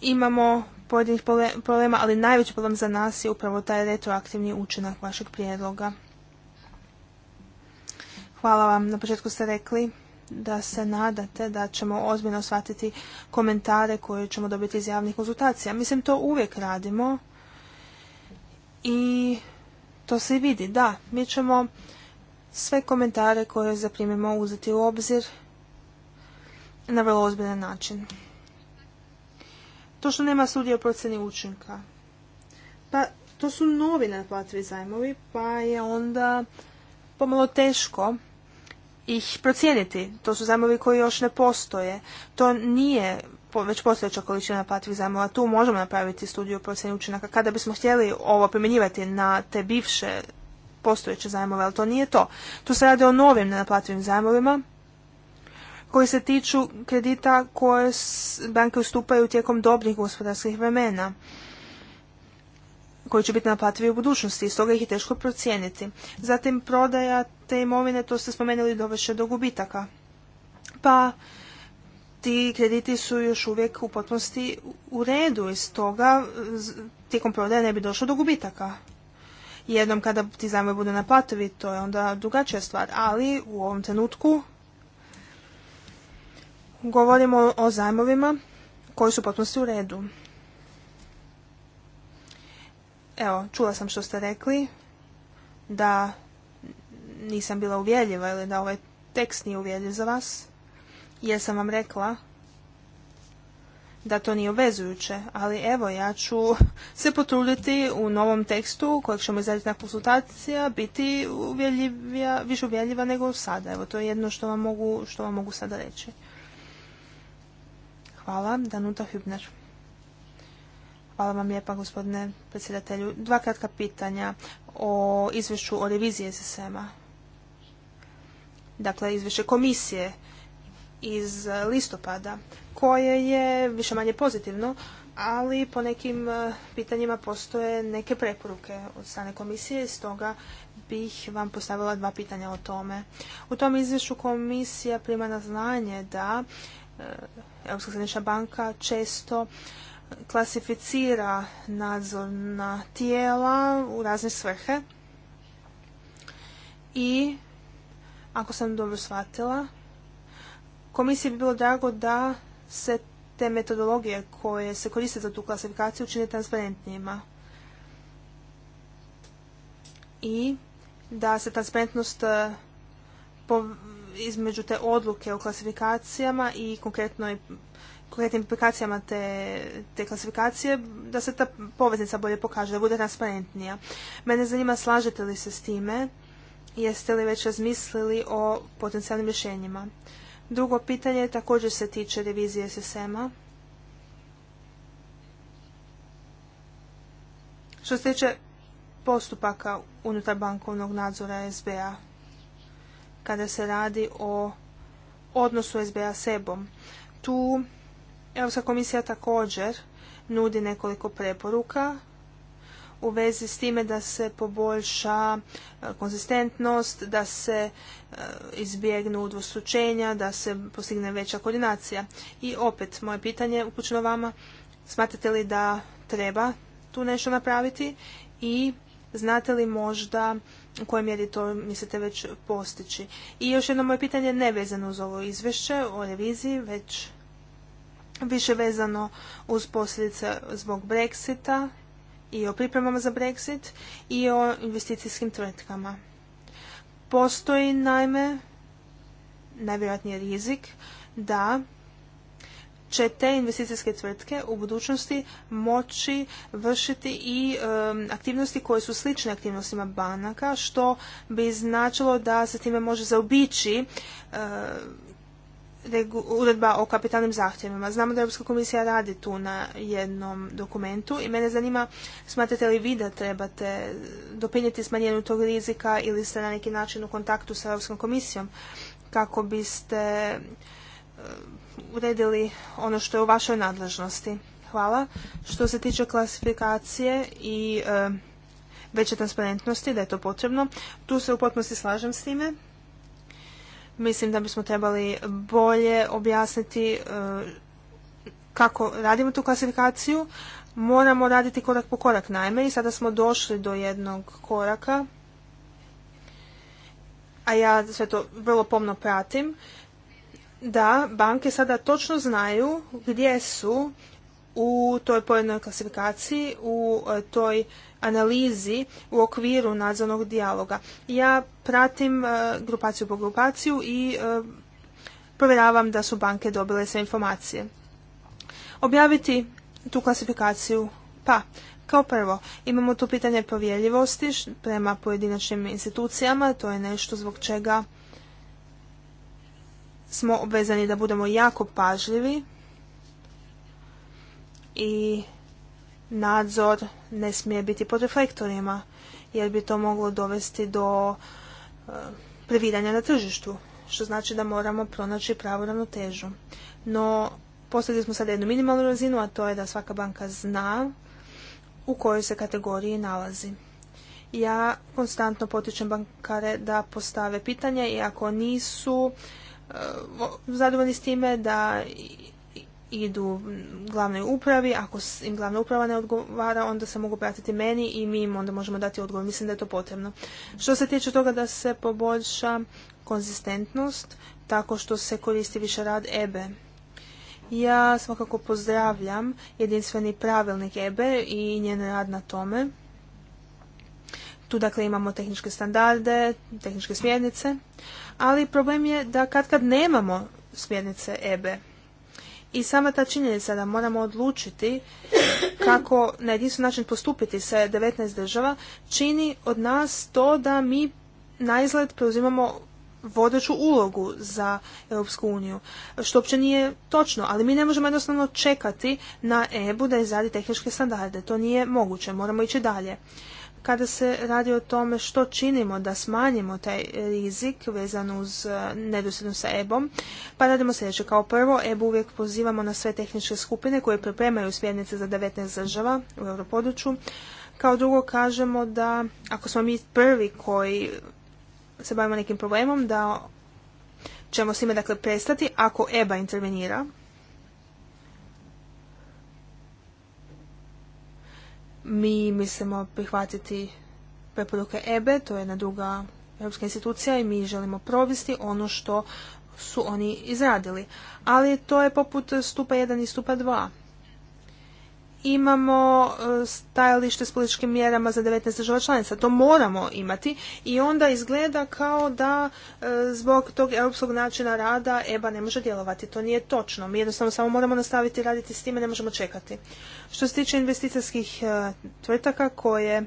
[SPEAKER 1] Imamo pojedinih problema, ali najveći problem za nas je upravo taj retroaktivni učinak vašeg prijedloga. Hvala vam. Na početku ste rekli da se nadate da ćemo ozbiljno shvatiti komentare koje ćemo dobiti iz javnih konzultacija. Mislim, to uvijek radimo i to se vidi. Da, mi ćemo sve komentare koje zaprimimo uzeti u obzir na vrlo ozbiljan način. To što nema studija o procjeni učinka. Pa, to su novi naplativi zajmovi, pa je onda pomalo teško ih procijeniti. To su zajmovi koji još ne postoje. To nije već postojeća količina naplativih zajmova. Tu možemo napraviti studiju procjene učinaka kada bismo htjeli ovo primjenjivati na te bivše postojeće zajmove, ali to nije to. Tu se radi o novim nenaplativim zajmovima koji se tiču kredita koje banke ustupaju tijekom dobrih gospodarskih vremena koji će biti naplativi u budućnosti i stoga ih je teško procijeniti. Zatim prodaja te imovine, to ste spomenuli, doveše do gubitaka. Pa ti krediti su još uvijek u potpunosti u redu i stoga tijekom prodaje ne bi došlo do gubitaka. Jednom kada ti zajmovi budu naplativi, to je onda drugačija stvar, ali u ovom trenutku govorimo o zajmovima koji su u potpunosti u redu. Evo, čula sam što ste rekli, da nisam bila uvjeljiva ili da ovaj tekst nije uvjerljiv za vas, jer sam vam rekla da to nije obvezujuće, ali evo ja ću se potruditi u novom tekstu kojeg ćemo izraditi na konsultacija biti uvjerljivija, više uvjeljiva nego sada. Evo to je jedno što vam mogu, što vam mogu sada reći. Hvala, Danuta Hübner. Hvala vam lijepa gospodine predsjedatelju. Dva kratka pitanja o izvješću o reviziji SSM-a. Dakle, izvješće komisije iz listopada koje je više manje pozitivno, ali po nekim e, pitanjima postoje neke preporuke od strane komisije, stoga bih vam postavila dva pitanja o tome. U tom izvješću komisija prima na znanje da e, Europska središnja banka često klasificira nadzorna tijela u razne svrhe i ako sam dobro shvatila komisiji bi bilo drago da se te metodologije koje se koriste za tu klasifikaciju učine transparentnijima i da se transparentnost e, između te odluke o klasifikacijama i konkretnoj konkretnim implikacijama te, te klasifikacije, da se ta poveznica bolje pokaže, da bude transparentnija. Mene zanima slažete li se s time, jeste li već razmislili o potencijalnim rješenjima. Drugo pitanje također se tiče revizije SSM-a. Što se tiče postupaka unutar bankovnog nadzora SBA, kada se radi o odnosu SBA sebom, tu Europska komisija također nudi nekoliko preporuka u vezi s time da se poboljša e, konzistentnost, da se e, izbjegnu udvostručenja, da se postigne veća koordinacija. I opet, moje pitanje upućeno vama, smatrate li da treba tu nešto napraviti i znate li možda u kojoj mjeri to mislite već postići. I još jedno moje pitanje ne vezano uz ovo izvješće o reviziji, već više vezano uz posljedice zbog Brexita i o pripremama za Brexit i o investicijskim tvrtkama. Postoji naime najvjerojatniji rizik da će te investicijske tvrtke u budućnosti moći vršiti i aktivnosti koje su slične aktivnostima banaka, što bi značilo da se time može zaobići uredba o kapitalnim zahtjevima. Znamo da Europska komisija radi tu na jednom dokumentu i mene zanima smatrate li vi da trebate doprinijeti smanjenju tog rizika ili ste na neki način u kontaktu sa Europskom komisijom kako biste eh, uredili ono što je u vašoj nadležnosti. Hvala. Što se tiče klasifikacije i eh, veće transparentnosti, da je to potrebno, tu se u potpunosti slažem s time. Mislim da bismo trebali bolje objasniti e, kako radimo tu klasifikaciju. Moramo raditi korak po korak naime i sada smo došli do jednog koraka, a ja sve to vrlo pomno pratim, da banke sada točno znaju gdje su u toj pojednoj klasifikaciji, u e, toj analizi u okviru nadzornog dijaloga. Ja pratim e, grupaciju po grupaciju i e, provjeravam da su banke dobile sve informacije. Objaviti tu klasifikaciju pa kao prvo, imamo tu pitanje povjerljivosti prema pojedinačnim institucijama, to je nešto zbog čega smo obvezani da budemo jako pažljivi i nadzor ne smije biti pod reflektorima, jer bi to moglo dovesti do e, previranja na tržištu, što znači da moramo pronaći pravu ravnotežu. No, postavili smo sad jednu minimalnu razinu, a to je da svaka banka zna u kojoj se kategoriji nalazi. Ja konstantno potičem bankare da postave pitanja i ako nisu e, zadovoljni s time da idu glavnoj upravi, ako im glavna uprava ne odgovara, onda se mogu pratiti meni i mi im onda možemo dati odgovor. Mislim da je to potrebno. Što se tiče toga da se poboljša konzistentnost tako što se koristi više rad EBE. Ja svakako pozdravljam jedinstveni pravilnik EBE i njen rad na tome. Tu dakle imamo tehničke standarde, tehničke smjernice, ali problem je da kad kad nemamo smjernice EBE. I sama ta činjenica da moramo odlučiti kako na jedinstven način postupiti sa 19 država čini od nas to da mi izgled preuzimamo vodeću ulogu za Europsku uniju, što uopće nije točno, ali mi ne možemo jednostavno čekati na EBU da izradi tehničke standarde, to nije moguće, moramo ići dalje kada se radi o tome što činimo da smanjimo taj rizik vezan uz e, nedosljednu sa EBOM, pa radimo sljedeće. Kao prvo, EBU uvijek pozivamo na sve tehničke skupine koje pripremaju smjernice za 19 država u europodručju. Kao drugo, kažemo da ako smo mi prvi koji se bavimo nekim problemom, da ćemo s time dakle prestati ako EBA intervenira Mi mislimo prihvatiti preporuke EBE, e, to je jedna druga europska institucija i mi želimo provesti ono što su oni izradili. Ali to je poput stupa 1 i stupa dva imamo e, stajalište s političkim mjerama za 19 država članica. To moramo imati i onda izgleda kao da e, zbog tog europskog načina rada EBA ne može djelovati. To nije točno. Mi jednostavno samo moramo nastaviti raditi s time, ne možemo čekati. Što se tiče investicijskih e, tvrtaka koje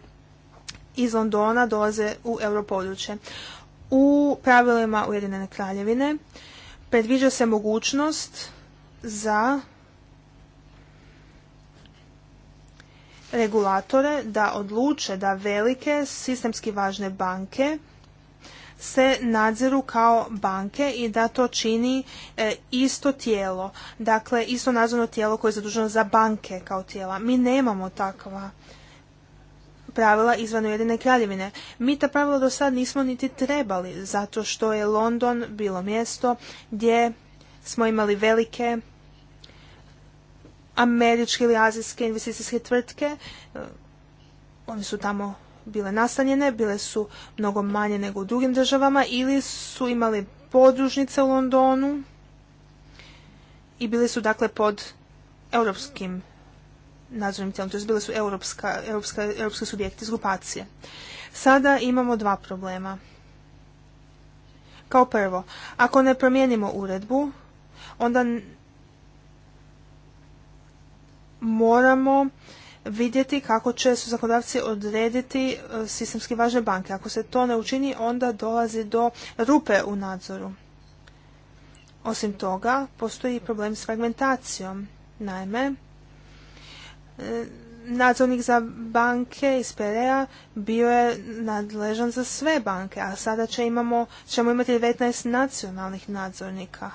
[SPEAKER 1] iz Londona dolaze u europodručje. U pravilima Ujedinjene kraljevine predviđa se mogućnost za regulatore da odluče da velike sistemski važne banke se nadziru kao banke i da to čini e, isto tijelo, dakle isto nadzorno tijelo koje je zaduženo za banke kao tijela. Mi nemamo takva pravila izvan Ujedine kraljevine. Mi ta pravila do sad nismo niti trebali, zato što je London bilo mjesto gdje smo imali velike američke ili azijske investicijske tvrtke. E, Oni su tamo bile nastanjene, bile su mnogo manje nego u drugim državama ili su imali podružnice u Londonu i bili su dakle pod europskim nadzornim tijelom, to je bili su europske europski subjekti iz Sada imamo dva problema. Kao prvo, ako ne promijenimo uredbu, onda moramo vidjeti kako će su zakonodavci odrediti e, sistemski važne banke. Ako se to ne učini, onda dolazi do rupe u nadzoru. Osim toga, postoji problem s fragmentacijom. Naime, e, nadzornik za banke iz Perea bio je nadležan za sve banke, a sada ćemo imati 19 nacionalnih nadzornika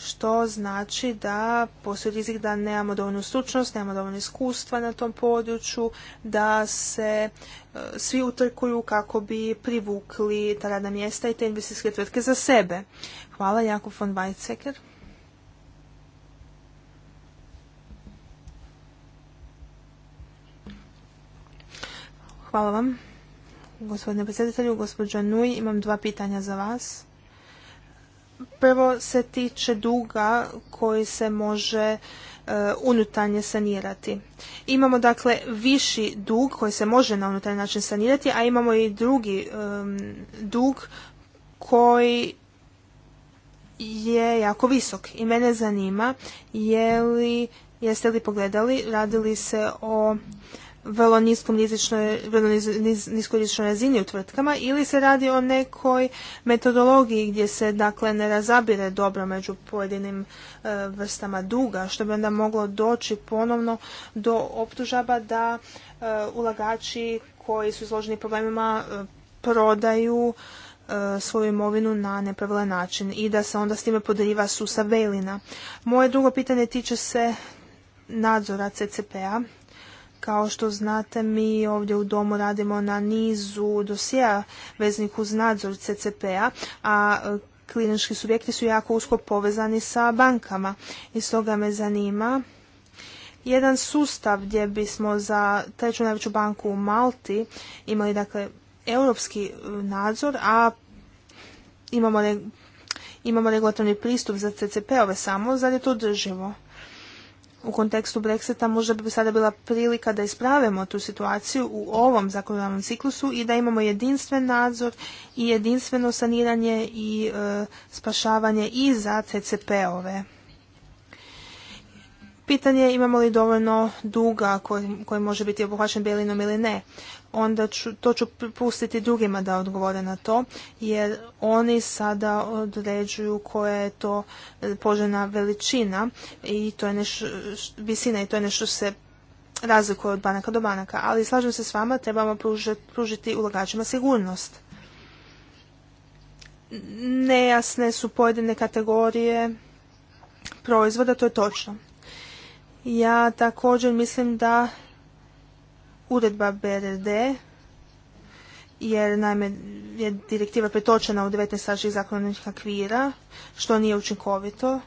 [SPEAKER 1] što znači da postoji rizik da nemamo dovoljnu stručnost, nemamo dovoljno iskustva na tom području, da se e, svi utrkuju kako bi privukli ta radna mjesta i te investicijske tvrtke za sebe. Hvala, Jakob von Weizsäcker. Hvala vam, gospodine predsjedatelju, gospođa Nui. Imam dva pitanja za vas. Prvo se tiče duga koji se može e, unutarnje sanirati. Imamo dakle viši dug koji se može na unutarnji način sanirati, a imamo i drugi dug koji je jako visok. I mene zanima je li, jeste li pogledali, radili se o vrlo niskom rizičnoj, niskoj rizičnoj razini u tvrtkama ili se radi o nekoj metodologiji gdje se dakle ne razabire dobro među pojedinim e, vrstama duga što bi onda moglo doći ponovno do optužaba da e, ulagači koji su izloženi problemima e, prodaju svoju imovinu na nepravilan način i da se onda s time podriva susa Velina. Moje drugo pitanje tiče se nadzora CCP-a kao što znate, mi ovdje u domu radimo na nizu dosija veznih uz nadzor CCP-a, a e, klinički subjekti su jako usko povezani sa bankama. I stoga me zanima jedan sustav gdje bismo za treću najveću banku u Malti imali dakle europski e, nadzor, a imamo, imamo regulatorni pristup za CCP-ove samo, zar je to drživo? u kontekstu Brexita možda bi sada bila prilika da ispravimo tu situaciju u ovom zakonodavnom ciklusu i da imamo jedinstven nadzor i jedinstveno saniranje i e, spašavanje i za TCP-ove. Pitanje je imamo li dovoljno duga koji, može biti obuhvaćen bjelinom ili ne. Onda to ću pustiti drugima da odgovore na to, jer oni sada određuju koja je to e, poželjna veličina i to je nešto, visina i to je nešto se razlikuje od banaka do banaka. Ali slažem se s vama, trebamo pružiti, pružiti ulagačima sigurnost. Nejasne su pojedine kategorije proizvoda, to je točno. Ja također mislim da uredba BRD, jer naime je direktiva pretočena u 19 sažih zakonodavnih akvira, što nije učinkovito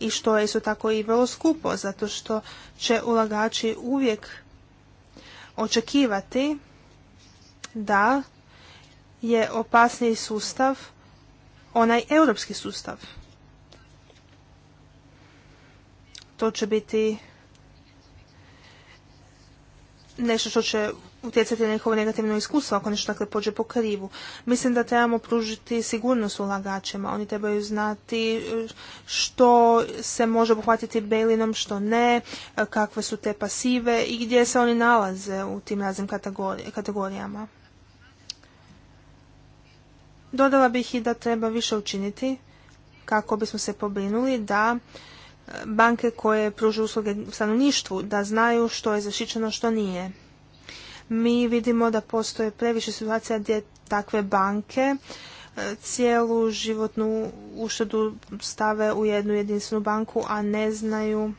[SPEAKER 1] i što je isto tako i vrlo skupo, zato što će ulagači uvijek očekivati da je opasniji sustav onaj europski sustav. to će biti nešto što će utjecati na njihovo negativno iskustvo ako nešto dakle pođe po krivu. Mislim da trebamo pružiti sigurnost ulagačima. Oni trebaju znati e, što se može pohvatiti belinom, što ne, e, kakve su te pasive i gdje se oni nalaze u tim raznim kategorijama. Dodala bih i da treba više učiniti kako bismo se pobrinuli da banke koje pruže usluge stanovništvu da znaju što je zaštićeno, što nije. Mi vidimo da postoje previše situacija gdje takve banke e, cijelu životnu uštedu stave u jednu jedinstvenu banku, a ne znaju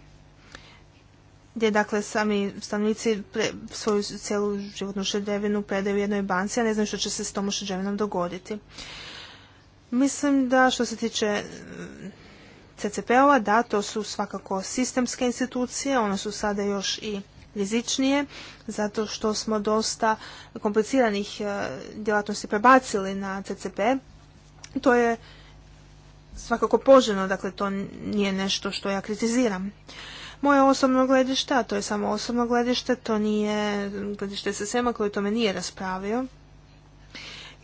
[SPEAKER 1] gdje dakle sami stanovnici svoju cijelu životnu šedevinu predaju jednoj banci, a ne znaju što će se s tom šedevinom dogoditi. Mislim da što se tiče CCP-ova, da, to su svakako sistemske institucije, one su sada još i rizičnije, zato što smo dosta kompliciranih e, djelatnosti prebacili na CCP. To je svakako poželjno, dakle to nije nešto što ja kritiziram. Moje osobno gledište, a to je samo osobno gledište, to nije gledište SSM-a koji tome nije raspravio.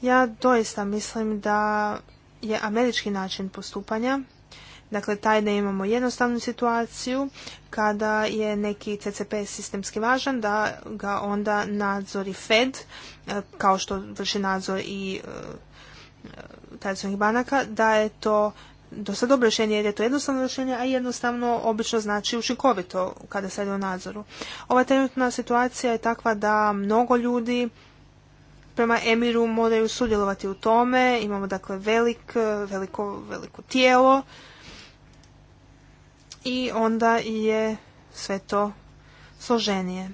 [SPEAKER 1] Ja doista mislim da je američki način postupanja Dakle, taj da imamo jednostavnu situaciju kada je neki CCP sistemski važan, da ga onda nadzori Fed, e, kao što vrši nadzor i e, tradicionalnih banaka, da je to dosta dobro rješenje jer je to jednostavno rješenje, a jednostavno obično znači učinkovito kada se je o nadzoru. Ova trenutna situacija je takva da mnogo ljudi prema Emiru moraju sudjelovati u tome, imamo dakle velik, veliko, veliko tijelo i onda je sve to složenije.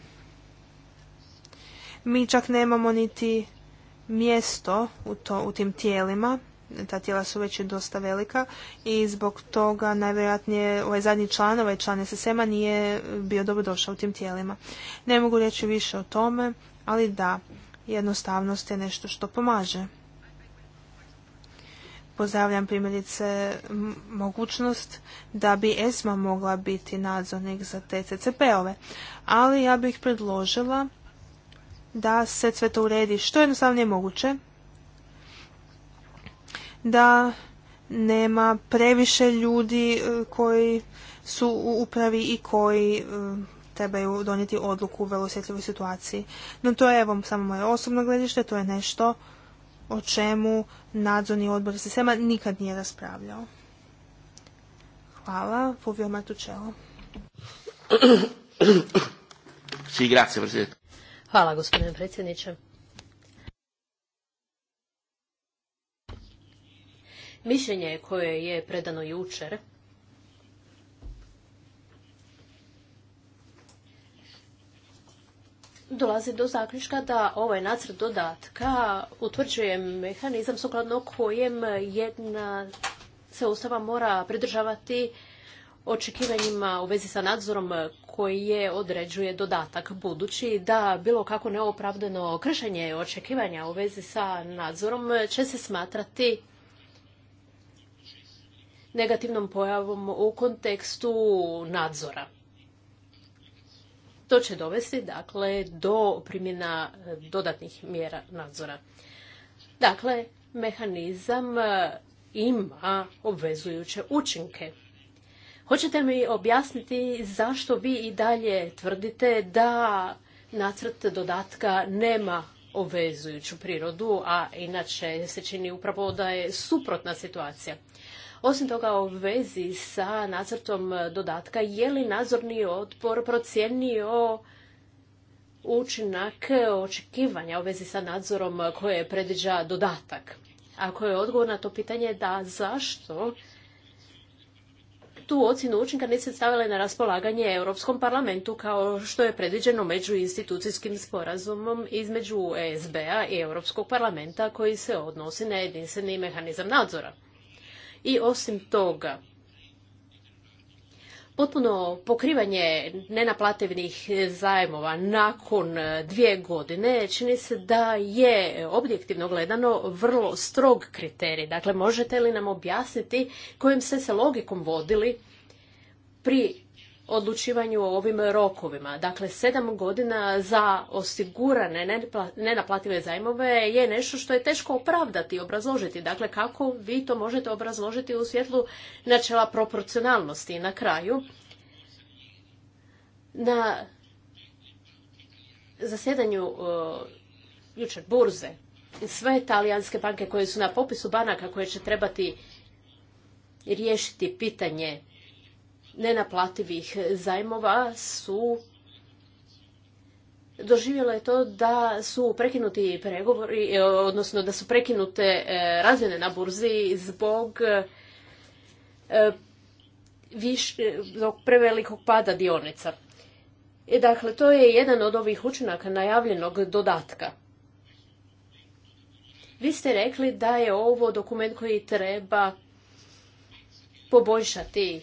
[SPEAKER 1] Mi čak nemamo niti mjesto u, to, u tim tijelima, ta tijela su već dosta velika i zbog toga najvjerojatnije ovaj zadnji član, ovaj član SSM-a nije bio dobro došao u tim tijelima. Ne mogu reći više o tome, ali da, jednostavnost je nešto što pomaže. Pozdravljam primjerice mogućnost da bi ESMA mogla biti nadzornik za te ove ali ja bih predložila da se sve to uredi što jednostavnije moguće, da nema previše ljudi e, koji su u upravi i koji e, trebaju donijeti odluku u velosjetljivoj situaciji. No to je evo samo moje osobno gledište, to je nešto o čemu nadzorni odbor sistema nikad nije raspravljao. Hvala, Fulvio Martučelo. Hvala, gospodine predsjedniče.
[SPEAKER 2] Mišljenje koje je predano jučer dolazi do zaključka da ovaj nacrt dodatka utvrđuje mehanizam sukladno kojem jedna se ustava mora pridržavati očekivanjima u vezi sa nadzorom koji je određuje dodatak, budući da bilo kako neopravdano kršenje očekivanja u vezi sa nadzorom će se smatrati negativnom pojavom u kontekstu nadzora. To će dovesti dakle, do primjena e, dodatnih mjera nadzora. Dakle, mehanizam e, ima obvezujuće učinke. Hoćete mi objasniti zašto vi i dalje tvrdite da nacrt dodatka nema obvezujuću prirodu, a inače se čini upravo da je suprotna situacija. Osim toga u vezi sa nacrtom dodatka, je li nadzorni odbor procijenio učinak očekivanja u vezi sa nadzorom koje predviđa dodatak? Ako je odgovor na to pitanje da zašto tu ocjenu učinka niste stavili na raspolaganje Europskom parlamentu kao što je predviđeno među institucijskim sporazumom između ESB-a i Europskog parlamenta koji se odnosi na jedinstveni mehanizam nadzora. I osim toga, potpuno pokrivanje nenaplativnih zajmova nakon dvije godine čini se da je objektivno gledano vrlo strog kriterij. Dakle, možete li nam objasniti kojim ste se logikom vodili pri odlučivanju o ovim rokovima. Dakle, sedam godina za osigurane nenaplative zajmove je nešto što je teško opravdati obrazložiti. Dakle, kako vi to možete obrazložiti u svjetlu načela proporcionalnosti? na kraju, na zasjedanju jučer burze, sve talijanske banke koje su na popisu banaka koje će trebati riješiti pitanje nenaplativih zajmova su doživjelo je to da su prekinuti pregovori, e, odnosno da su prekinute e, razmjene na burzi zbog e, zbog prevelikog pada dionica. I dakle, to je jedan od ovih učinaka najavljenog dodatka. Vi ste rekli da je ovo dokument koji treba poboljšati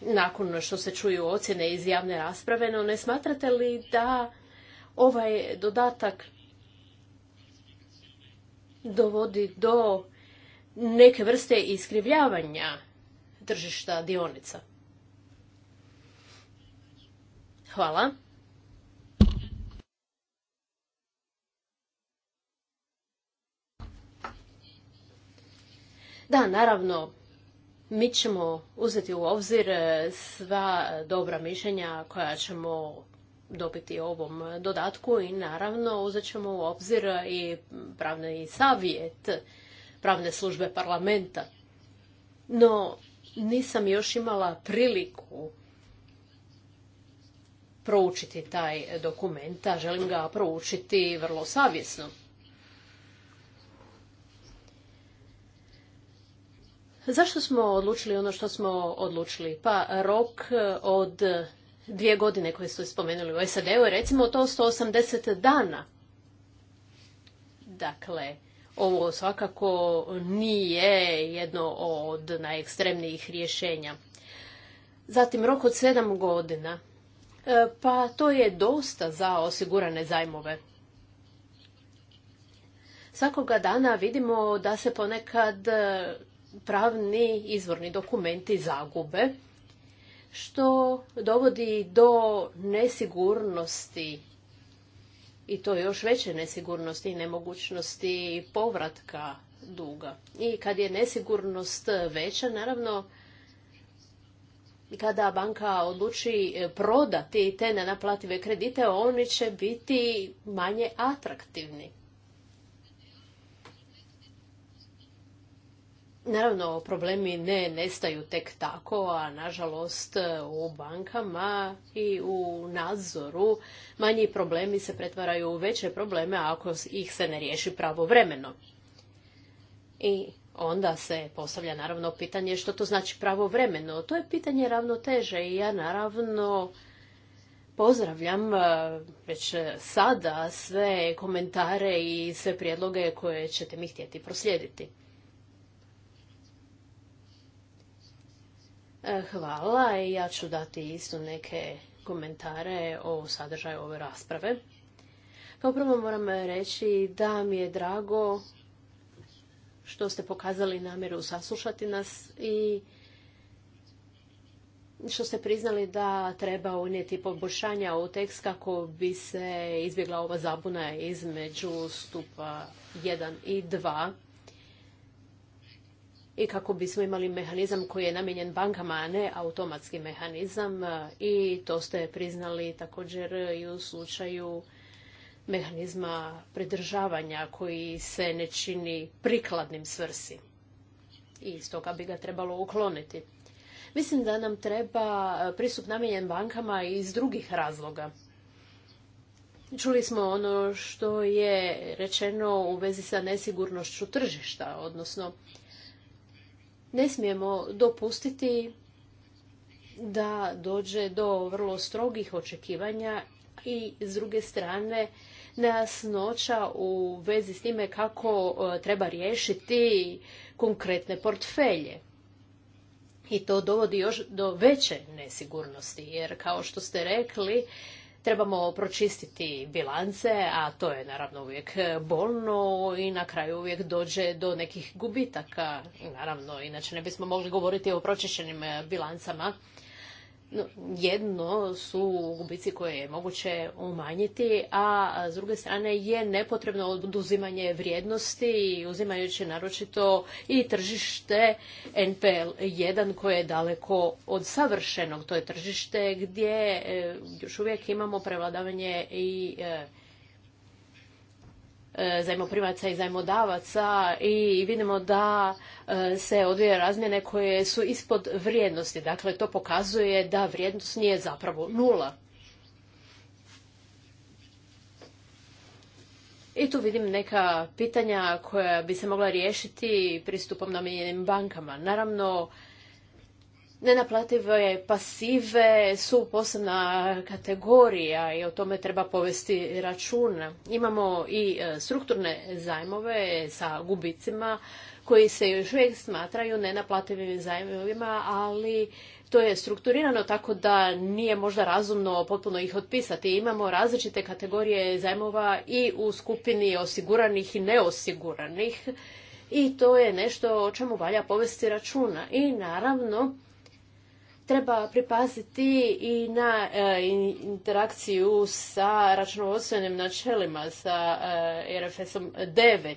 [SPEAKER 2] nakon što se čuju ocjene iz javne rasprave, no ne smatrate li da ovaj dodatak dovodi do neke vrste iskrivljavanja tržišta dionica? Hvala. Da, naravno, mi ćemo uzeti u obzir e, sva dobra mišljenja koja ćemo dobiti ovom dodatku i naravno uzet ćemo u obzir i pravni savjet pravne službe parlamenta. No, nisam još imala priliku proučiti taj dokument, a želim ga proučiti vrlo savjesno. Zašto smo odlučili ono što smo odlučili? Pa rok e, od dvije godine koje ste spomenuli u SAD-u je recimo to 180 dana. Dakle, ovo svakako nije jedno od najekstremnijih rješenja. Zatim rok od sedam godina. E, pa to je dosta za osigurane zajmove. Svakoga dana vidimo da se ponekad pravni izvorni dokumenti zagube, što dovodi do nesigurnosti i to još veće nesigurnosti i nemogućnosti povratka duga. I kad je nesigurnost veća, naravno, kada banka odluči prodati te nenaplative kredite, oni će biti manje atraktivni. Naravno, problemi ne nestaju tek tako, a nažalost u bankama i u nadzoru manji problemi se pretvaraju u veće probleme ako ih se ne riješi pravovremeno. I onda se postavlja naravno pitanje što to znači pravovremeno. To je pitanje ravnoteže i ja naravno pozdravljam e, već sada sve komentare i sve prijedloge koje ćete mi htjeti proslijediti. E, hvala i ja ću dati isto neke komentare o sadržaju ove rasprave. Kao prvo moram reći da mi je drago što ste pokazali namjeru saslušati nas i što ste priznali da treba unijeti poboljšanja u tekst kako bi se izbjegla ova zabuna između stupa 1 i 2 i kako bismo imali mehanizam koji je namijenjen bankama, a ne automatski mehanizam i to ste priznali također i u slučaju mehanizma pridržavanja koji se ne čini prikladnim svrsi. I toga bi ga trebalo ukloniti. Mislim da nam treba pristup namijenjen bankama iz drugih razloga. Čuli smo ono što je rečeno u vezi sa nesigurnošću tržišta, odnosno ne smijemo dopustiti da dođe do vrlo strogih očekivanja i s druge strane nejasnoća u vezi s time kako e, treba riješiti konkretne portfelje. I to dovodi još do veće nesigurnosti, jer kao što ste rekli, trebamo pročistiti bilance, a to je naravno uvijek bolno i na kraju uvijek dođe do nekih gubitaka. Naravno, inače ne bismo mogli govoriti o pročišćenim bilancama jedno su gubici koje je moguće umanjiti, a s druge strane je nepotrebno oduzimanje vrijednosti uzimajući naročito i tržište NPL1 koje je daleko od savršenog. To je tržište gdje e, još uvijek imamo prevladavanje i e, E, zajmoprimaca i zajmodavaca i vidimo da e, se odvije razmjene koje su ispod vrijednosti. Dakle, to pokazuje da vrijednost nije zapravo nula. I tu vidim neka pitanja koja bi se mogla riješiti pristupom namijenjenim bankama. Naravno, Nenaplative pasive su posebna kategorija i o tome treba povesti računa. Imamo i e, strukturne zajmove sa gubicima koji se još uvijek smatraju nenaplativim zajmovima, ali to je strukturirano tako da nije možda razumno potpuno ih otpisati. Imamo različite kategorije zajmova i u skupini osiguranih i neosiguranih i to je nešto o čemu valja povesti računa. I naravno, treba pripaziti i na e, interakciju sa računovodstvenim načelima, sa e, RFS-om 9.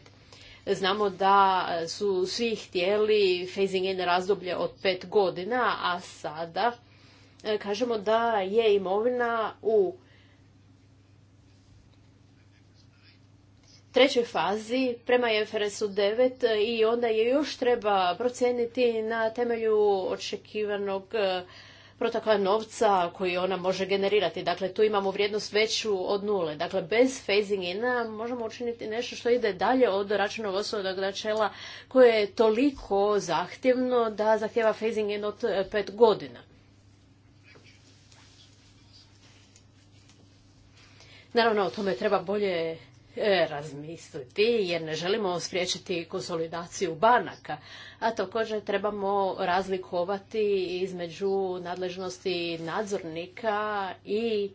[SPEAKER 2] Znamo da su svi htjeli phasing in razdoblje od pet godina, a sada e, kažemo da je imovina u trećoj fazi prema IFRS-u 9 i onda je još treba procijeniti na temelju očekivanog e, protokola novca koji ona može generirati. Dakle, tu imamo vrijednost veću od nule. Dakle, bez phasing ina možemo učiniti nešto što ide dalje od računovodstvenog načela koje je toliko zahtjevno da zahtjeva phasing in od e, pet godina. Naravno, o tome treba bolje E, razmisliti jer ne želimo spriječiti konsolidaciju banaka, a također trebamo razlikovati između nadležnosti nadzornika i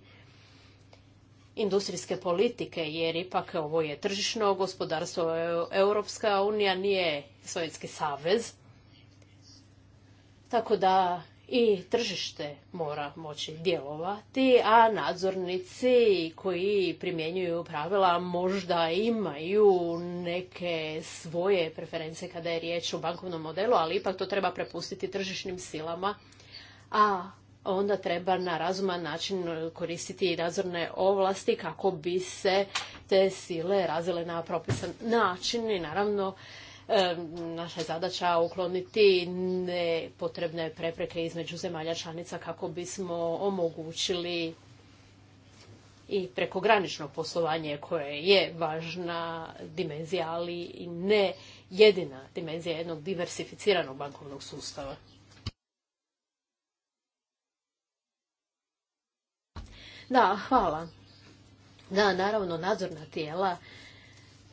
[SPEAKER 2] industrijske politike, jer ipak ovo je tržišno gospodarstvo. Europska unija nije Sovjetski savez. Tako da i tržište mora moći djelovati, a nadzornici koji primjenjuju pravila možda imaju neke svoje preference kada je riječ o bankovnom modelu, ali ipak to treba prepustiti tržišnim silama, a onda treba na razuman način koristiti i nadzorne ovlasti kako bi se te sile razile na propisan način i naravno Naša je zadaća ukloniti nepotrebne prepreke između zemalja članica kako bismo omogućili i prekogranično poslovanje koje je važna dimenzija, ali i ne jedina dimenzija jednog diversificiranog bankovnog sustava. Da, hvala. Da, naravno, nadzorna tijela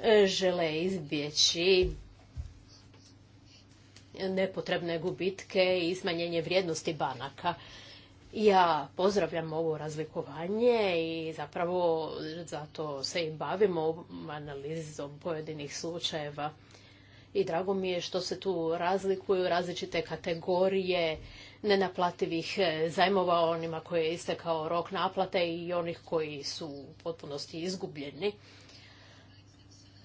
[SPEAKER 2] e, žele izbjeći nepotrebne gubitke i smanjenje vrijednosti banaka. Ja pozdravljam ovo razlikovanje i zapravo zato se i bavimo analizom pojedinih slučajeva. I drago mi je što se tu razlikuju različite kategorije nenaplativih e, zajmova onima koje je istekao rok naplate i onih koji su u potpunosti izgubljeni.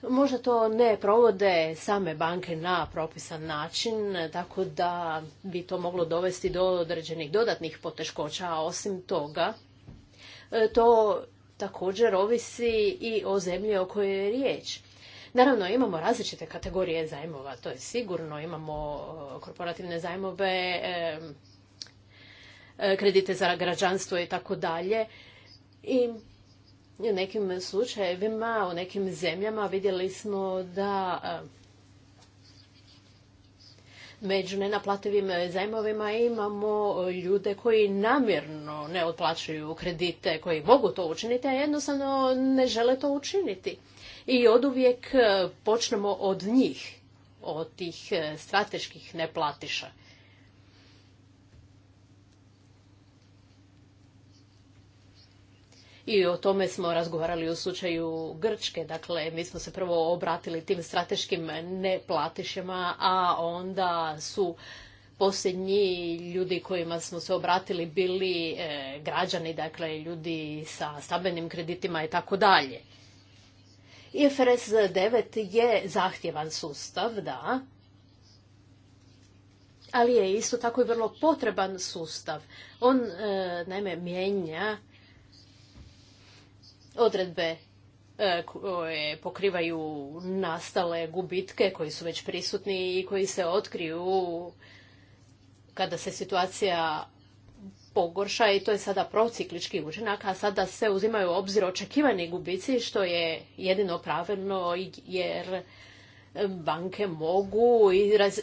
[SPEAKER 2] Možda to ne provode same banke na propisan način, tako da bi to moglo dovesti do određenih dodatnih poteškoća, a osim toga e, to također ovisi i o zemlji o kojoj je riječ. Naravno, imamo različite kategorije zajmova, to je sigurno. Imamo e, korporativne zajmove, e, kredite za građanstvo i tako dalje. I u nekim slučajevima, u nekim zemljama vidjeli smo da e, među nenaplativim zajmovima imamo ljude koji namjerno ne otplaćuju kredite, koji mogu to učiniti, a jednostavno ne žele to učiniti. I od uvijek e, počnemo od njih, od tih e, strateških neplatiša. i o tome smo razgovarali u slučaju Grčke. Dakle, mi smo se prvo obratili tim strateškim neplatišima, a onda su posljednji ljudi kojima smo se obratili bili e, građani, dakle ljudi sa stambenim kreditima i tako dalje. IFRS 9 je zahtjevan sustav, da, ali je isto tako i vrlo potreban sustav. On, e, naime, mijenja odredbe e, koje pokrivaju nastale gubitke koji su već prisutni i koji se otkriju kada se situacija pogorša i to je sada prociklički učinak, a sada se uzimaju u obzir očekivani gubici što je jedino pravilno jer banke mogu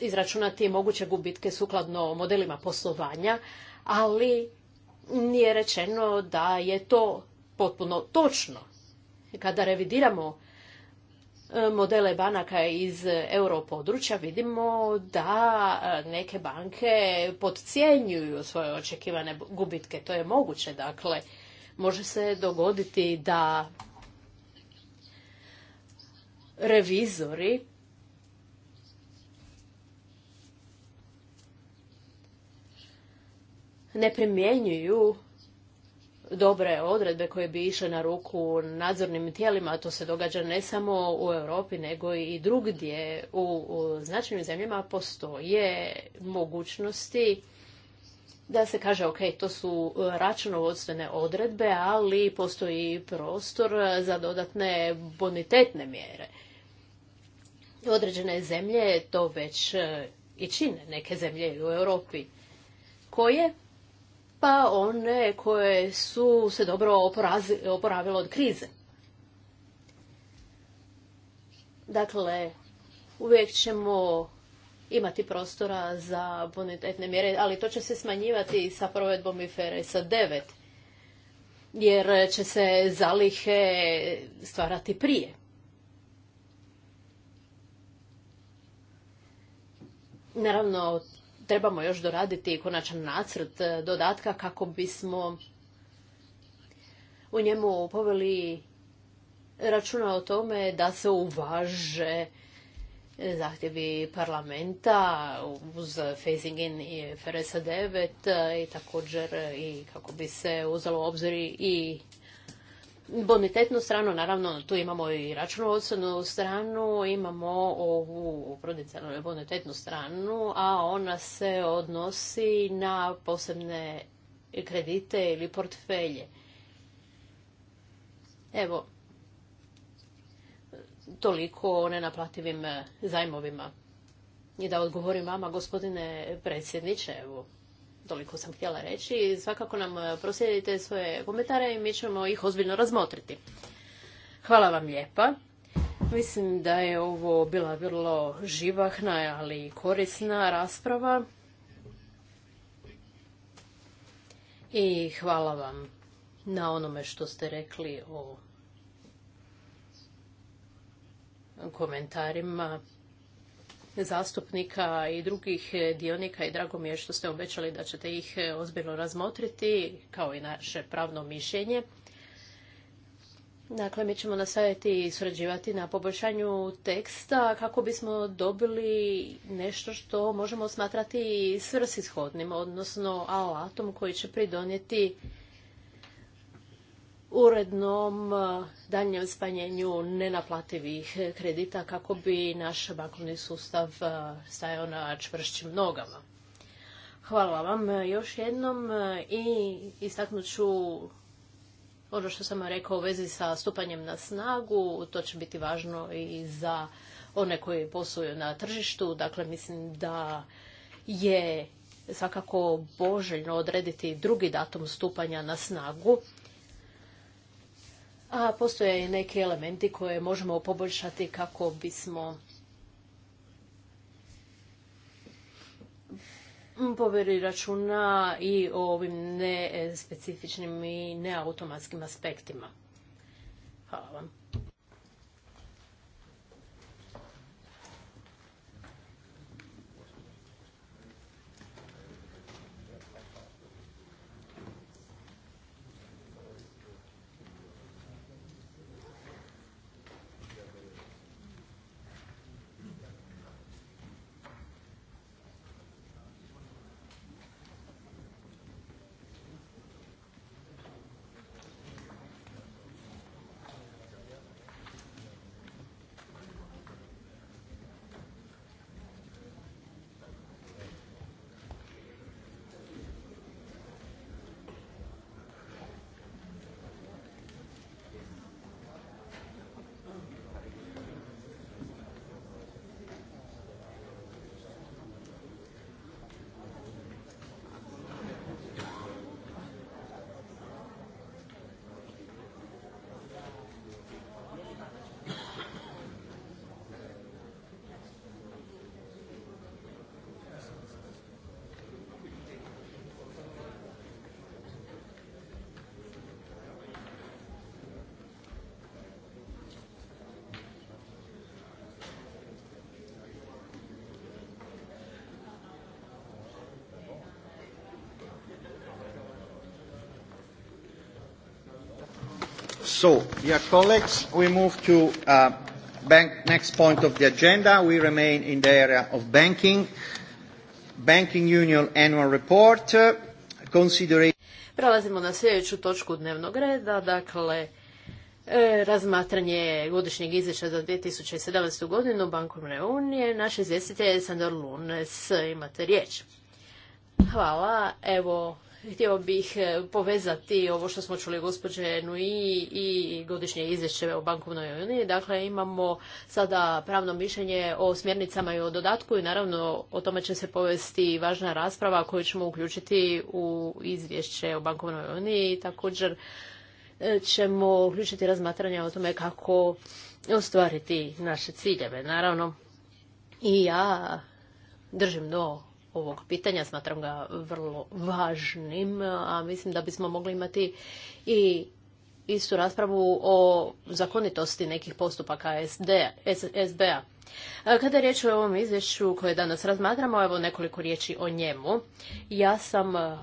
[SPEAKER 2] izračunati moguće gubitke sukladno modelima poslovanja, ali nije rečeno da je to potpuno točno. Kada revidiramo e, modele banaka iz europodručja vidimo da e, neke banke podcjenjuju svoje očekivane gubitke. To je moguće, dakle, može se dogoditi da revizori ne primjenjuju dobre odredbe koje bi išle na ruku nadzornim tijelima, a to se događa ne samo u Europi nego i drugdje u, značajnim zemljama postoje mogućnosti da se kaže ok, to su računovodstvene odredbe, ali postoji prostor za dodatne bonitetne mjere. Određene zemlje to već i čine, neke zemlje u Europi koje pa one koje su se dobro oporavile od krize. Dakle, uvijek ćemo imati prostora za bonitetne mjere, ali to će se smanjivati sa provedbom ifrs sa 9, jer će se zalihe stvarati prije. Naravno, trebamo još doraditi konačan nacrt e, dodatka kako bismo u njemu poveli računa o tome da se uvaže zahtjevi parlamenta uz phasing in i FRS 9 e, i također i kako bi se uzelo u obzir i bonitetnu stranu, naravno tu imamo i računovodstvenu stranu, imamo ovu prudencijalnu bonitetnu stranu, a ona se odnosi na posebne kredite ili portfelje. Evo, toliko o nenaplativim zajmovima. I da odgovorim vama, gospodine predsjedniče, evo, Toliko sam htjela reći. Svakako nam e, proslijedite svoje komentare i mi ćemo ih ozbiljno razmotriti. Hvala vam lijepa. Mislim da je ovo bila vrlo živahna, ali korisna rasprava. I hvala vam na onome što ste rekli o komentarima zastupnika i drugih dionika i drago mi je što ste obećali da ćete ih e, ozbiljno razmotriti, kao i naše pravno mišljenje. Dakle, mi ćemo nastaviti surađivati na poboljšanju teksta kako bismo dobili nešto što možemo smatrati svrsishodnim, odnosno alatom koji će pridonijeti urednom eh, daljnjem spanjenju nenaplativih eh, kredita kako bi naš bankovni sustav eh, stajao na čvršćim nogama. Hvala vam još jednom i istaknut ću ono što sam rekao u vezi sa stupanjem na snagu. To će biti važno i za one koji posluju na tržištu. Dakle, mislim da je svakako boželjno odrediti drugi datum stupanja na snagu a postoje i neki elementi koje možemo poboljšati kako bismo poveri računa i o ovim nespecifičnim i neautomatskim aspektima. Hvala vam.
[SPEAKER 1] So, dear colleagues, we move to uh, next point of the agenda. We remain in the area of banking. Banking Union Annual Report. Uh, considering...
[SPEAKER 2] Prelazimo na sljedeću točku dnevnog reda, dakle e, razmatranje godišnjeg izvješća za 2017. godinu Bankovne unije. Naš izvjestitelj je Sandor Lunes. Imate riječ. Hvala. Evo, Htio bih e, povezati ovo što smo čuli gospođe Nui i godišnje izvješće o bankovnoj uniji. Dakle, imamo sada pravno mišljenje o smjernicama i o dodatku i naravno o tome će se povesti važna rasprava koju ćemo uključiti u izvješće o bankovnoj uniji i također e, ćemo uključiti razmatranja o tome kako ostvariti naše ciljeve. Naravno, i ja držim do ovog pitanja, smatram ga vrlo važnim, a mislim da bismo mogli imati i istu raspravu o zakonitosti nekih postupaka SB-a. E, Kada je riječ o ovom izvješću koje danas razmatramo, evo nekoliko riječi o njemu. Ja sam e,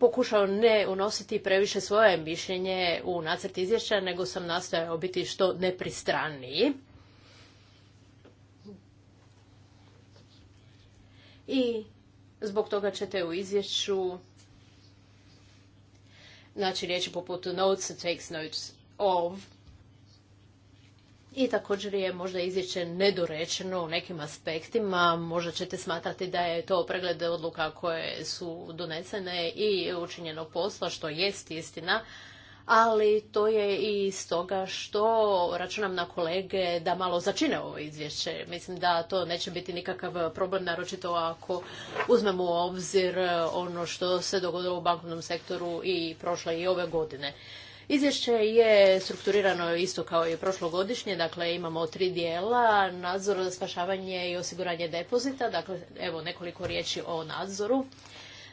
[SPEAKER 2] pokušao ne unositi previše svoje mišljenje u nacrt izvješća, nego sam nastojao biti što nepristraniji. i zbog toga ćete u izvješću znači riječi poput notes takes notes of i također je možda izvješće nedorečeno u nekim aspektima. Možda ćete smatrati da je to pregled odluka koje su donesene i učinjeno posla, što jest istina ali to je i stoga što računam na kolege da malo začine ovo izvješće. Mislim da to neće biti nikakav problem, naročito ako uzmemo u obzir ono što se dogodilo u bankovnom sektoru i prošle i ove godine. Izvješće je strukturirano isto kao i prošlogodišnje, dakle imamo tri dijela, nadzor, spašavanje i osiguranje depozita, dakle evo nekoliko riječi o nadzoru.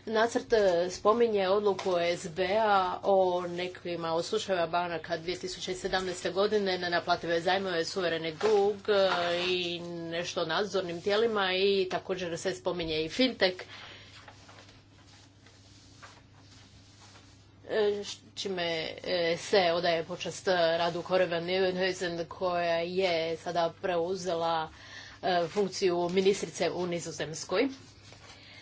[SPEAKER 2] Nacrt e, spominje odluku sb o nekima od banaka 2017. godine na naplative zajmove suvereni dug e, i nešto o nadzornim tijelima i također se spominje i fintech. E, čime se odaje počast radu Koreva Nivenhuizen koja je sada preuzela funkciju ministrice u Nizozemskoj.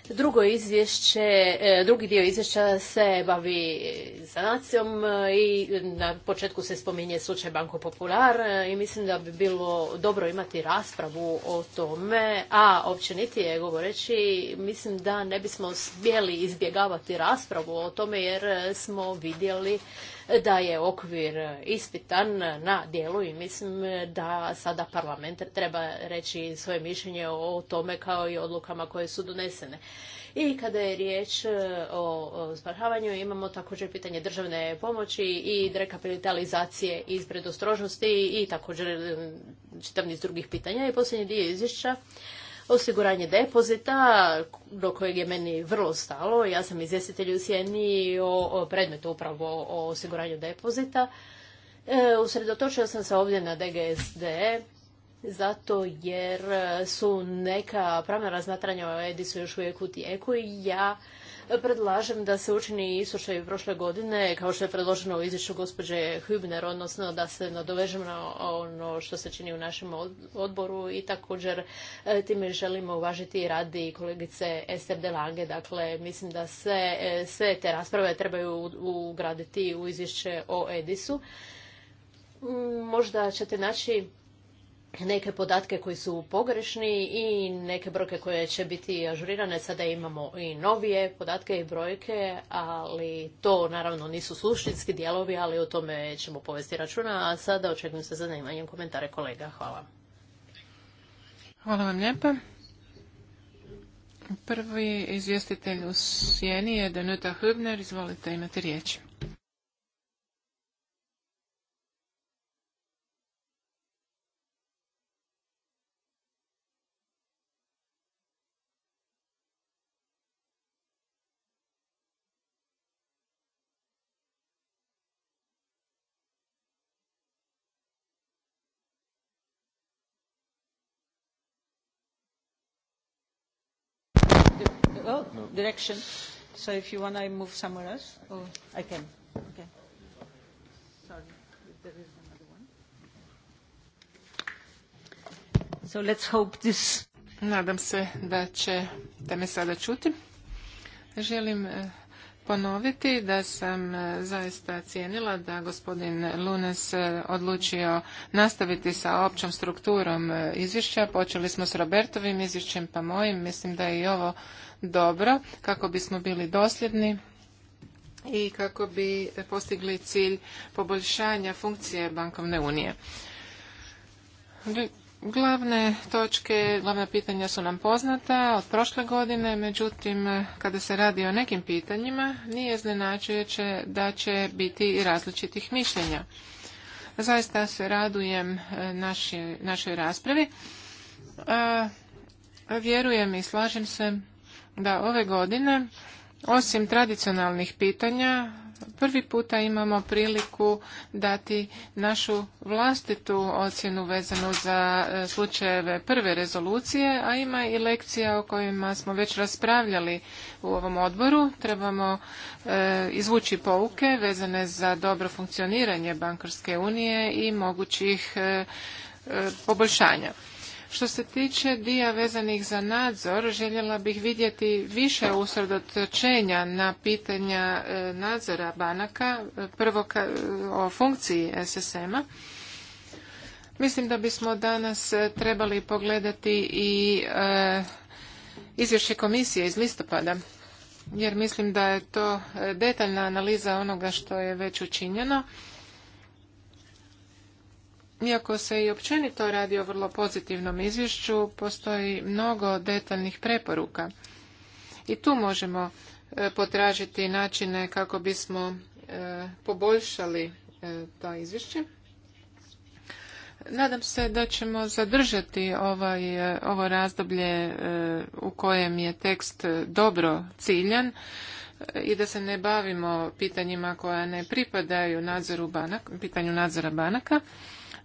[SPEAKER 2] Drugo izvješće, e, drugi dio izvješća se bavi sanacijom e, i na početku se spominje slučaj Banko Popular e, i mislim da bi bilo dobro imati raspravu o tome, a općenitije govoreći mislim da ne bismo smjeli izbjegavati raspravu o tome jer smo vidjeli da je okvir ispitan na dijelu i mislim da sada parlament treba reći svoje mišljenje o tome kao i odlukama koje su donesene. I kada je riječ e, o spašavanju, imamo također pitanje državne pomoći i rekapitalizacije iz predostrožnosti i također čitav niz drugih pitanja. I posljednji dio izvješća osiguranje depozita, do kojeg je meni vrlo stalo. Ja sam izvjestitelj u Sjeni o predmetu upravo o osiguranju depozita. E, usredotočio sam se ovdje na DGSD, zato jer su neka pravna razmatranja o Edisu još uvijek u tijeku i ja predlažem da se učini isušaj prošle godine, kao što je predloženo u izvješću gospođe Hübner, odnosno da se nadovežemo na ono što se čini u našem odboru i također e, time želimo uvažiti radi i kolegice Ester Delange. Dakle, mislim da se e, sve te rasprave trebaju ugraditi u izvješće o Edisu. Možda ćete naći neke podatke koji su pogrešni i neke brojke koje će biti ažurirane. Sada imamo i novije podatke i brojke, ali to naravno nisu suštinski dijelovi, ali o tome ćemo povesti računa. A sada očekujem za zanimanjem komentare kolega. Hvala.
[SPEAKER 3] Hvala vam lijepa. Prvi izvjestitelj u sjeni je Danuta Hübner. Izvolite, imate riječ.
[SPEAKER 1] direction. So if you want, I move somewhere else. Or oh, I can. Okay.
[SPEAKER 3] Sorry, there is another one. So let's hope this. Nadam se da će da me sada čuti. Želim eh, ponoviti da sam e, zaista cijenila da gospodin Lunes e, odlučio nastaviti sa općom strukturom e, izvješća. Počeli smo s Robertovim izvješćem pa mojim. Mislim da je i ovo dobro kako bismo bili dosljedni i kako bi postigli cilj poboljšanja funkcije bankovne unije. Glavne točke, glavna pitanja su nam poznata od prošle godine, međutim kada se radi o nekim pitanjima nije iznenađujuće da će biti i različitih mišljenja. Zaista se radujem e, naši, našoj raspravi. vjerujem i slažem se da ove godine osim tradicionalnih pitanja prvi puta imamo priliku dati našu vlastitu ocjenu vezanu za e, slučajeve prve rezolucije, a ima i lekcija o kojima smo već raspravljali u ovom odboru. Trebamo e, izvući pouke vezane za dobro funkcioniranje bankarske unije i mogućih e, poboljšanja. Što se tiče dija vezanih za nadzor, željela bih vidjeti više usredotočenja na pitanja e, nadzora banaka, e, prvo e, o funkciji SSM-a. Mislim da bismo danas trebali pogledati i izvješće komisije iz listopada, jer mislim da je to detaljna analiza onoga što je već učinjeno iako se i općenito radi o vrlo pozitivnom izvješću, postoji mnogo detaljnih preporuka. I tu možemo e, potražiti načine kako bismo e, poboljšali e, to izvješće. Nadam se da ćemo zadržati ovaj, ovo razdoblje u kojem je tekst dobro ciljan i da se ne bavimo pitanjima koja ne pripadaju nadzoru banaka, pitanju nadzora banaka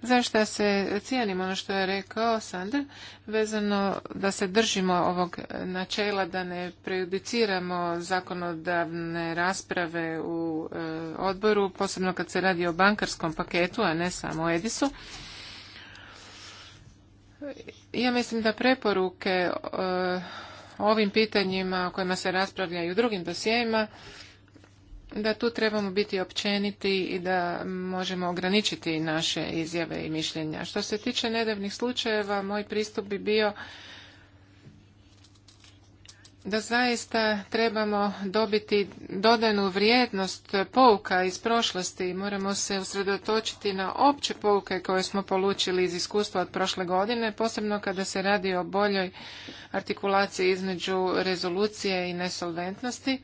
[SPEAKER 3] zašto se cijenim ono što je rekao Sandra, vezano da se držimo ovog načela da ne prejudiciramo zakonodavne rasprave u e, odboru, posebno kad se radi o bankarskom paketu, a ne samo o Edisu. Ja mislim da preporuke o e, ovim pitanjima o kojima se raspravlja i u drugim dosijejima da tu trebamo biti općeniti i da možemo ograničiti naše izjave i mišljenja. Što se tiče nedavnih slučajeva, moj pristup bi bio da zaista trebamo dobiti dodanu vrijednost pouka iz prošlosti i moramo se usredotočiti na opće pouke koje smo polučili iz iskustva od prošle godine, posebno kada se radi o boljoj artikulaciji između rezolucije i nesolventnosti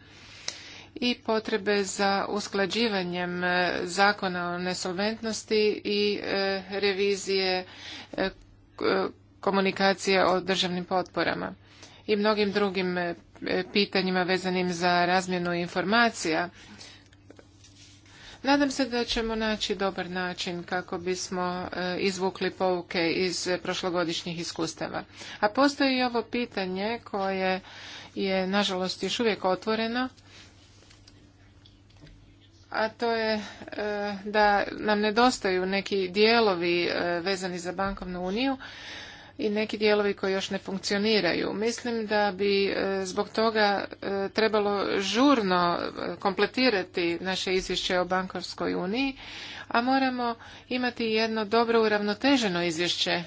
[SPEAKER 3] i potrebe za usklađivanjem zakona o nesolventnosti i e, revizije e, komunikacije o državnim potporama i mnogim drugim e, pitanjima vezanim za razmjenu informacija. Nadam se da ćemo naći dobar način kako bismo izvukli pouke iz prošlogodišnjih iskustava. A postoji i ovo pitanje koje je nažalost još uvijek otvoreno, a to je e, da nam nedostaju neki dijelovi e, vezani za bankovnu uniju i neki dijelovi koji još ne funkcioniraju. Mislim da bi e, zbog toga trebalo žurno kompletirati naše izvješće o bankovskoj uniji, a moramo imati jedno dobro uravnoteženo izvješće.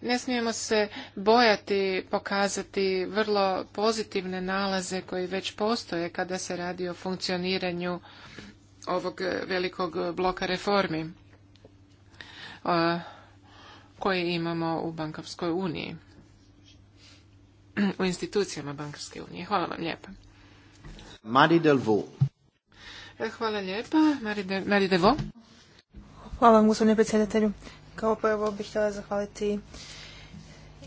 [SPEAKER 3] Ne smijemo se bojati pokazati vrlo pozitivne nalaze koji već postoje kada se radi o funkcioniranju ovog e, velikog e, bloka reformi e, koje imamo u bankarskoj uniji, u institucijama bankarske unije. Hvala vam
[SPEAKER 1] lijepa. Mari Delvo.
[SPEAKER 3] Hvala lijepa.
[SPEAKER 1] Mari, Delvo. Hvala vam, gospodine predsjedatelju. Kao prvo bih htjela zahvaliti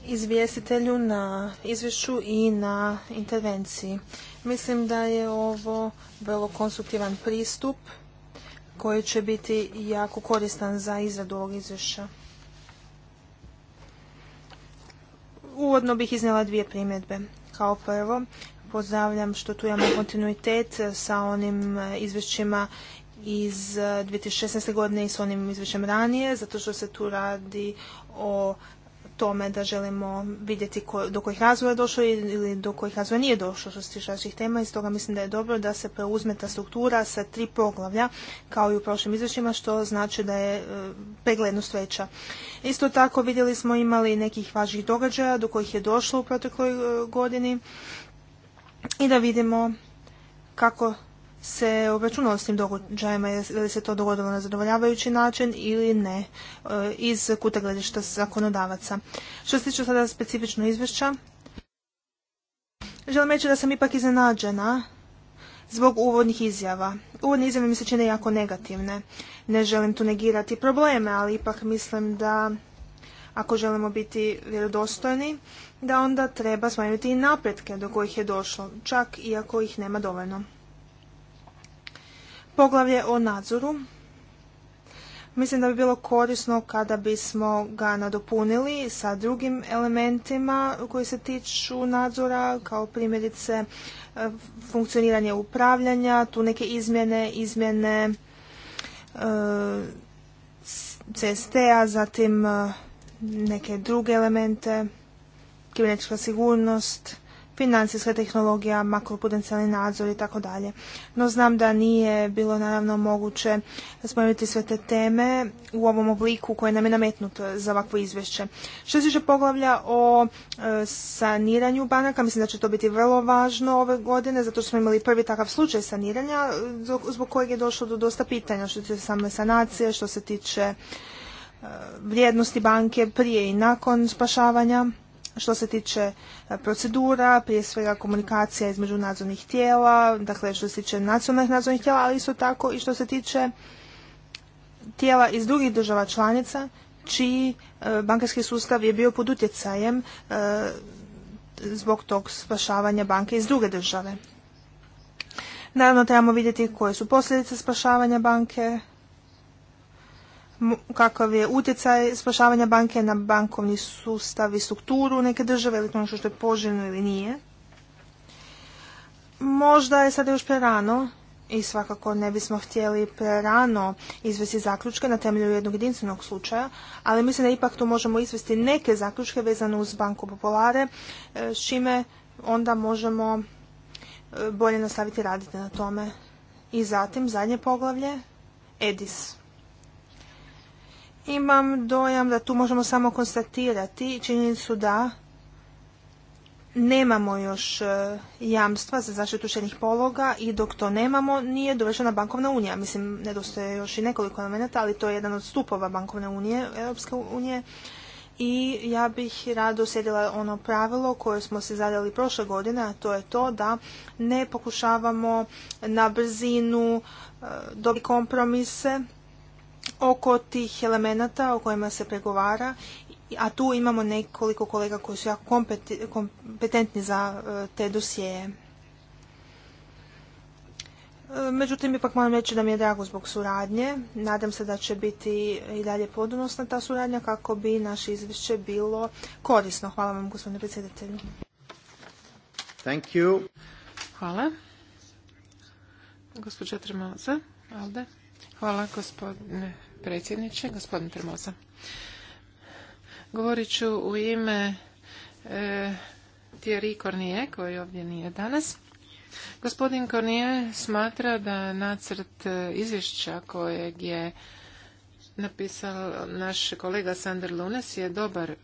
[SPEAKER 1] izvjestitelju na izvješću i na intervenciji. Mislim da je ovo vrlo konstruktivan pristup koji će biti jako koristan za izradu ovog izvješća. Uvodno bih iznijela dvije primjedbe. Kao prvo, pozdravljam što tu imamo kontinuitet sa onim izvješćima iz 2016. godine i s onim izvješćem ranije, zato što se tu radi o tome da želimo vidjeti do kojih razvoja je došlo ili do kojih razvoja nije došlo što se tiče tema i stoga mislim da je dobro da se preuzme ta struktura sa tri poglavlja kao i u prošlim izvješćima što znači da je e, preglednost veća. Isto tako vidjeli smo imali nekih važnih događaja do kojih je došlo u protekloj e, godini i da vidimo kako se obračunalo s tim događajima, je li se to dogodilo na zadovoljavajući način ili ne, e, iz kuta gledišta zakonodavaca. Što se tiče sada specifično izvješća, želim reći da sam ipak iznenađena zbog uvodnih izjava. Uvodne izjave mi se čine jako negativne. Ne želim tu negirati probleme, ali ipak mislim da ako želimo biti vjerodostojni, da onda treba smanjiti i napretke do kojih je došlo, čak i ako ih nema dovoljno poglavlje o nadzoru. Mislim da bi bilo korisno kada bismo ga nadopunili sa drugim elementima koji se tiču nadzora, kao primjerice e, funkcioniranje upravljanja, tu neke izmjene, izmjene e, CST-a, zatim e, neke druge elemente, kibernetička sigurnost, financijska tehnologija, makropotencijalni nadzor i tako dalje. No znam da nije bilo naravno moguće spomenuti sve te teme u ovom obliku koje nam je nametnut za ovakvo izvješće. Što se tiče poglavlja o e, saniranju banaka, mislim da će to biti vrlo važno ove godine, zato što smo imali prvi takav slučaj saniranja, zbog kojeg je došlo do dosta pitanja što se tiče same sanacije, što se tiče e, vrijednosti banke prije i nakon spašavanja što se tiče e, procedura, prije svega komunikacija između nadzornih tijela, dakle što se tiče nacionalnih nadzornih tijela, ali isto tako i što se tiče tijela iz drugih država članica, čiji e, bankarski sustav je bio pod utjecajem e, zbog tog spašavanja banke iz druge države. Naravno, trebamo vidjeti koje su posljedice spašavanja banke, kakav je utjecaj spašavanja banke na bankovni sustav i strukturu neke države ili to što je poželjno ili nije. Možda je sada još prerano i svakako ne bismo htjeli prerano izvesti zaključke na temelju jednog jedinstvenog slučaja, ali mislim da ipak tu možemo izvesti neke zaključke vezano uz Banku Populare, e, s čime onda možemo e, bolje nastaviti raditi na tome. I zatim zadnje poglavlje, EDIS imam dojam da tu možemo samo konstatirati činjenicu da nemamo još e, jamstva za zaštitu štenih pologa i dok to nemamo nije dovršena bankovna unija. Mislim, nedostaje još i nekoliko elemenata, ali to je jedan od stupova bankovne unije, Europske unije. I ja bih rado sjedila ono pravilo koje smo se zadali prošle godine, a to je to da ne pokušavamo na brzinu e, dobiti kompromise oko tih elemenata o kojima se pregovara, a tu imamo nekoliko kolega koji su jako kompetentni za e, te dosjeje. E, međutim, ipak moram reći da mi je drago zbog suradnje. Nadam se da će biti i dalje podunosna ta suradnja kako bi naše izvješće bilo korisno. Hvala vam, gospodine predsjedatelju. Thank you. Hvala. Hvala
[SPEAKER 3] gospodine predsjedniče, gospodin Trmoza. Govorit ću u ime e, Thierry Cornier, koji ovdje nije danas. Gospodin Cornier smatra da nacrt e, izvješća kojeg je napisao naš kolega Sander Lunes je dobar, e,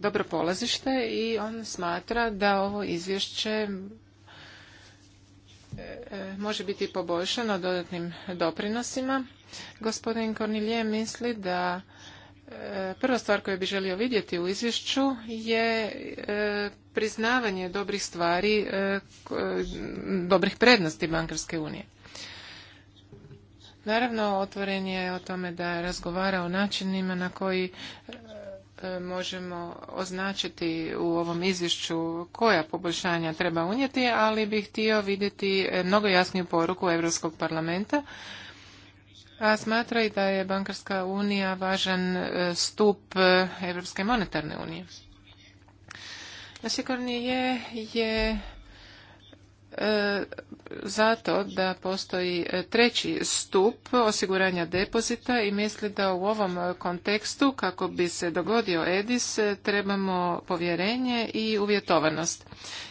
[SPEAKER 3] dobro polazište i on smatra da ovo izvješće može biti poboljšano dodatnim doprinosima. Gospodin Kornilje misli da e, prva stvar koju bi želio vidjeti u izvješću je e, priznavanje dobrih stvari, e, dobrih prednosti bankarske unije. Naravno, otvoren je o tome da razgovara o načinima na koji E, možemo označiti u ovom izvješću koja poboljšanja treba unijeti, ali bih htio vidjeti e, mnogo jasniju poruku Europskog parlamenta, a smatra i da je bankarska unija važan e, stup Europske monetarne unije. Naš je je E, zato da postoji treći stup osiguranja depozita i misli da u ovom kontekstu kako bi se dogodio EDIS trebamo povjerenje i uvjetovanost.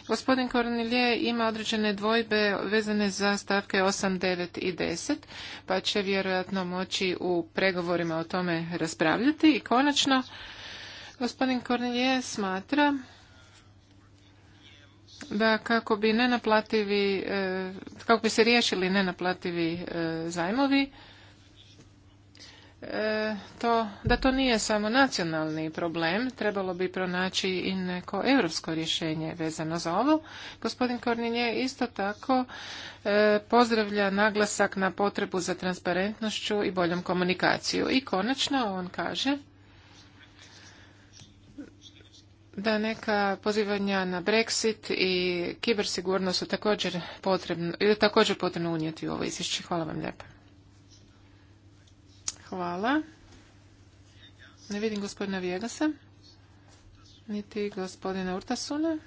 [SPEAKER 3] Gospodin Kornilje ima određene dvojbe vezane za stavke 8, 9 i 10 pa će vjerojatno moći u pregovorima o tome raspravljati i konačno gospodin Kornilje smatra da kako bi nenaplativi, e, kako bi se riješili nenaplativi e, zajmovi, e, to, da to nije samo nacionalni problem, trebalo bi pronaći i neko europsko rješenje vezano za ovo. Gospodin Korninje isto tako pozdravlja naglasak na potrebu za transparentnošću i boljom komunikaciju. I konačno on kaže da neka pozivanja na Brexit i kibersigurnost su također potrebno, ili također potrebno unijeti u ovo izvješće. Hvala vam lijepa. Hvala. Ne vidim gospodina Vjegasa, niti gospodina Urtasuna,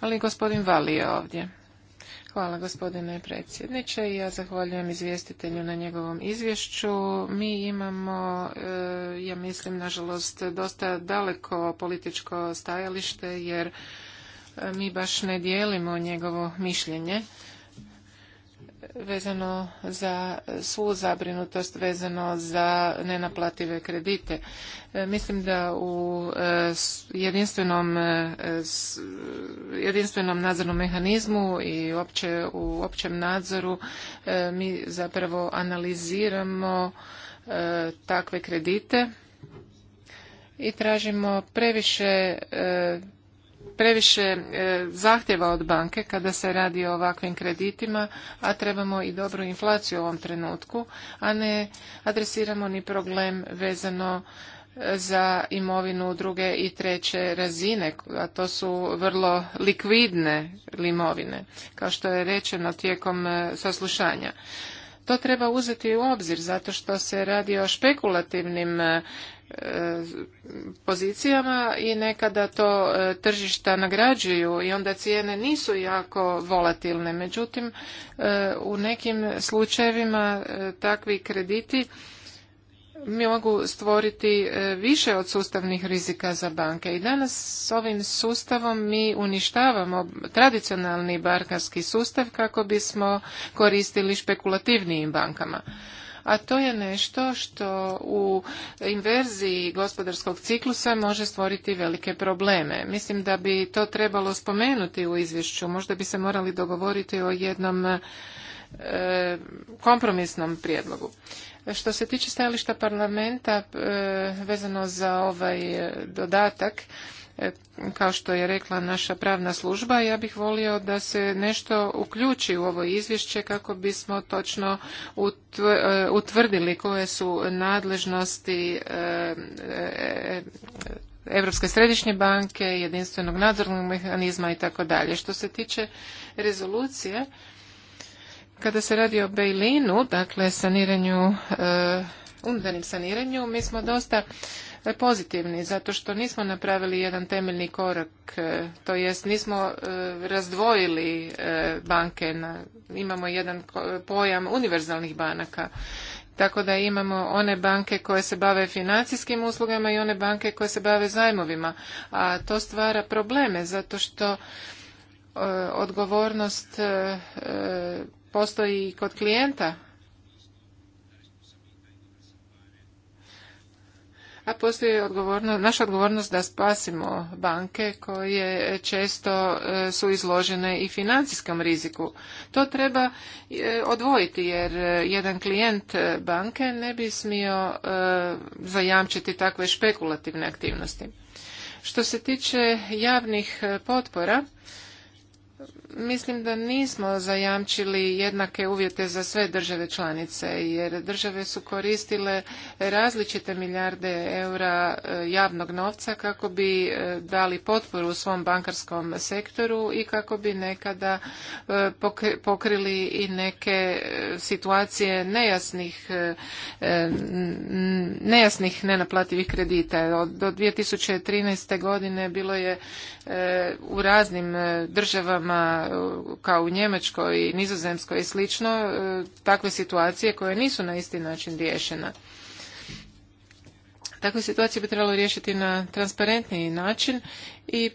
[SPEAKER 3] ali gospodin Vali je ovdje. Hvala gospodine predsjedniče. Ja zahvaljujem izvjestitelju na njegovom izvješću. Mi imamo, e, ja mislim, nažalost, dosta daleko političko stajalište jer e, mi baš ne dijelimo njegovo mišljenje vezano za svu zabrinutost vezano za nenaplative kredite. E, mislim da u e, e, jedinstvenom, nadzornom mehanizmu i u općem nadzoru mi zapravo analiziramo takve kredite i tražimo previše previše e, zahtjeva od banke kada se radi o ovakvim kreditima, a trebamo i dobru inflaciju u ovom trenutku, a ne adresiramo ni problem vezano e, za imovinu druge i treće razine, a to su vrlo likvidne imovine, kao što je rečeno tijekom e, saslušanja. To treba uzeti u obzir zato što se radi o špekulativnim pozicijama i nekada to e, tržišta nagrađuju i onda cijene nisu jako volatilne. Međutim, e, u nekim slučajevima e, takvi krediti mogu stvoriti više od sustavnih rizika za banke. I danas s ovim sustavom mi uništavamo tradicionalni bankarski sustav kako bismo koristili špekulativnijim bankama a to je nešto što u inverziji gospodarskog ciklusa može stvoriti velike probleme. Mislim da bi to trebalo spomenuti u izvješću. Možda bi se morali dogovoriti o jednom e, kompromisnom prijedlogu. Što se tiče stajališta parlamenta e, vezano za ovaj dodatak, E, kao što je rekla naša pravna služba, ja bih volio da se nešto uključi u ovo izvješće kako bismo točno e, utvrdili koje su nadležnosti Europske e, središnje banke, jedinstvenog nadzornog mehanizma i tako dalje. Što se tiče rezolucije, kada se radi o Bejlinu, dakle saniranju, unutarnjem saniranju, mi smo dosta E, pozitivni zato što nismo napravili jedan temeljni korak, e, to jest nismo e, razdvojili banke, imamo jedan pojam univerzalnih banaka. Tako da imamo one banke koje se bave financijskim uslugama i one banke koje se bave zajmovima. A to stvara probleme zato što odgovornost postoji i kod klijenta a postoji odgovornost, naša odgovornost da spasimo banke koje često e, su izložene i financijskom riziku. To treba e, odvojiti jer e, jedan klijent banke ne bi smio zajamčiti takve špekulativne aktivnosti. Što se tiče javnih potpora, mislim da nismo zajamčili jednake uvjete za sve države članice jer države su koristile različite milijarde eura eh, javnog novca kako bi eh, dali potporu svom bankarskom sektoru i kako bi nekada eh, pokrili i neke situacije nejasnih nejasnih nenaplativih kredita do 2013. godine bilo je u raznim državama kao u Njemačkoj i Nizozemskoj i slično e, takve situacije koje nisu na isti način riješene Takve situacije bi trebalo riješiti na transparentniji način i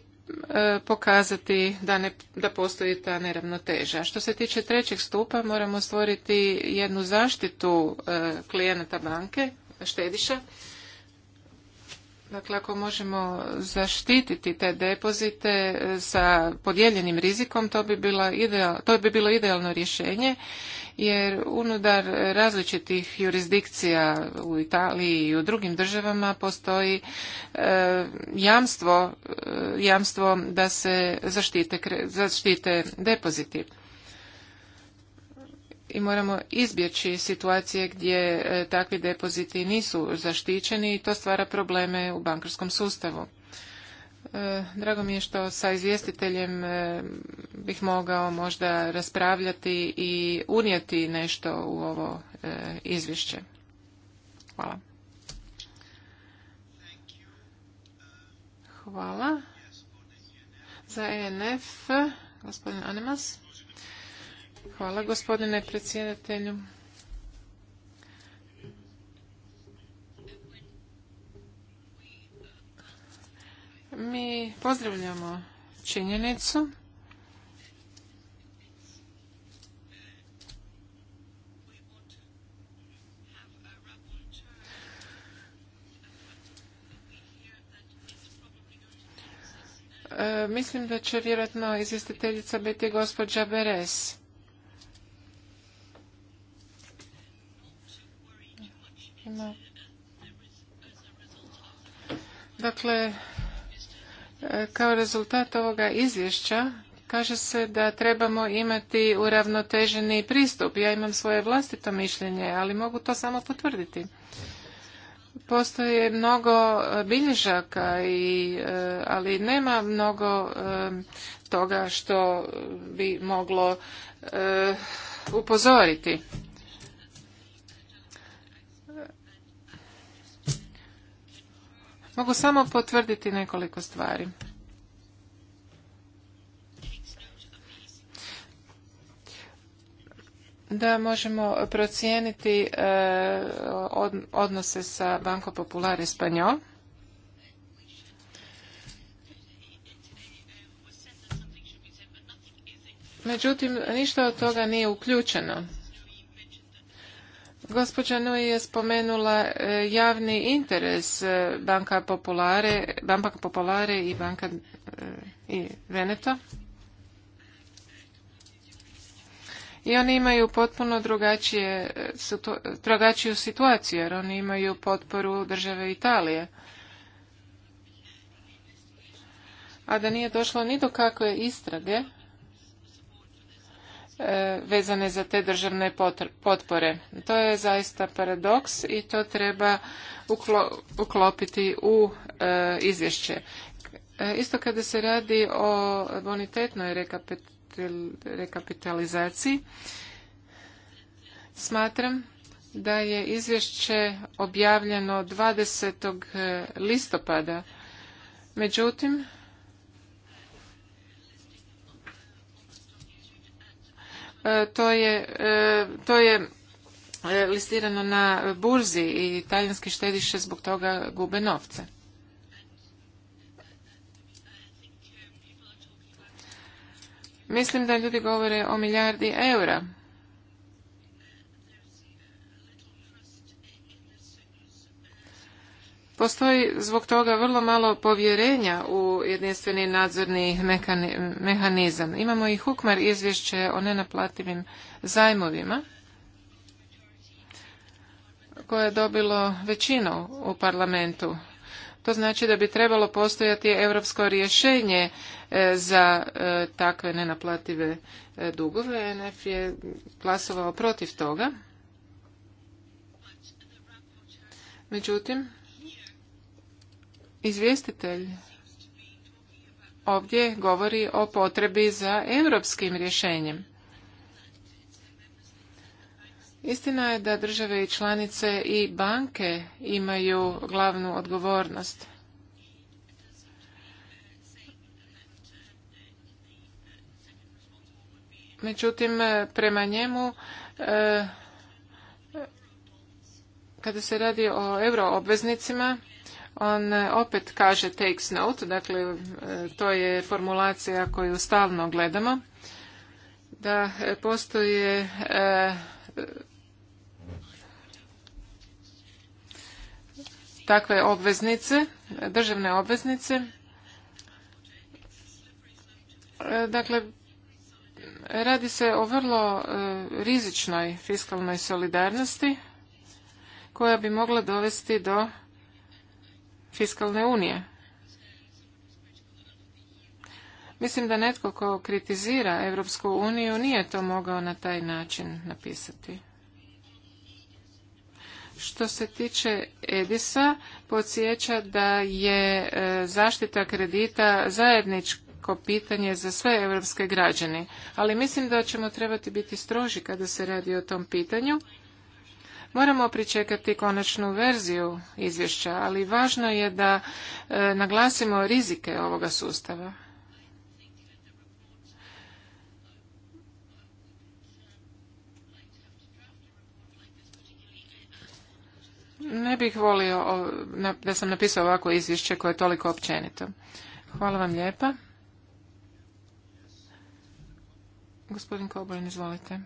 [SPEAKER 3] e, pokazati da, ne, da postoji ta neravnoteža. Što se tiče trećeg stupa, moramo stvoriti jednu zaštitu e, klijenata banke, štediša, Dakle, ako možemo zaštititi te depozite e, sa podijeljenim rizikom, to bi, bila ideal, to bi bilo idealno rješenje, jer unutar različitih jurisdikcija u Italiji i u drugim državama postoji e, jamstvo, e, jamstvo da se zaštite, zaštite depoziti i moramo izbjeći situacije gdje e, takvi depoziti nisu zaštićeni i to stvara probleme u bankarskom sustavu. E, drago mi je što sa izvjestiteljem e, bih mogao možda raspravljati i unijeti nešto u ovo izvješće. Hvala. Hvala. Za ENF, gospodin Anemas. Hvala gospodine predsjedatelju. Mi pozdravljamo činjenicu e, mislim da će vjerojatno izvjestiteljica biti gospođa Beres. Dakle, e, kao rezultat ovoga izvješća kaže se da trebamo imati uravnoteženi pristup. Ja imam svoje vlastito mišljenje, ali mogu to samo potvrditi. Postoje mnogo e, bilježaka, i, e, ali nema mnogo toga što bi moglo upozoriti. Mogu samo potvrditi nekoliko stvari. Da možemo procijeniti e, odnose sa Banco Popular Espanjol. Međutim, ništa od toga nije uključeno. Gospođa Nui je spomenula e, javni interes e, Banka Populare, Banka Populare i Banka e, i Veneto. I oni imaju potpuno drugačije, drugačiju situaciju jer oni imaju potporu države Italije. A da nije došlo ni do kakve istrage, E, vezane za te državne potpore. To je zaista paradoks i to treba uklopiti u e, izvješće. E, isto kada se radi o bonitetnoj rekapitalizaciji, smatram da je izvješće objavljeno 20. listopada. Međutim, E, to je, e, e, listirano na burzi i talijanski štediše zbog toga gube novce. Mislim da ljudi govore o milijardi eura. Postoji zbog toga vrlo malo povjerenja u jedinstveni nadzorni mehanizam. Imamo i Hukmar izvješće o nenaplativim zajmovima koje je dobilo većinu u parlamentu. To znači da bi trebalo postojati europsko rješenje e, za e, takve nenaplative e, dugove. NF je glasovao protiv toga. Međutim, Izvjestitelj ovdje govori o potrebi za europskim rješenjem. Istina je da države i članice i banke imaju glavnu odgovornost. Međutim, prema njemu, e, kada se radi o euroobveznicima, on e, opet kaže takes note, dakle e, to je formulacija koju stalno gledamo, da e, postoje takve obveznice, državne obveznice. Dakle, radi se o vrlo rizičnoj fiskalnoj solidarnosti koja bi mogla dovesti do fiskalne unije. Mislim da netko ko kritizira Europsku uniju nije to mogao na taj način napisati. Što se tiče Edisa, podsjeća da je e, zaštita kredita zajedničko pitanje za sve europske građane, ali mislim da ćemo trebati biti stroži kada se radi o tom pitanju Moramo pričekati konačnu verziju izvješća, ali važno je da e, naglasimo rizike ovoga sustava. Ne bih volio da sam napisao ovako izvješće koje je toliko općenito. Hvala vam lijepa. Gospodin Koborin, izvolite.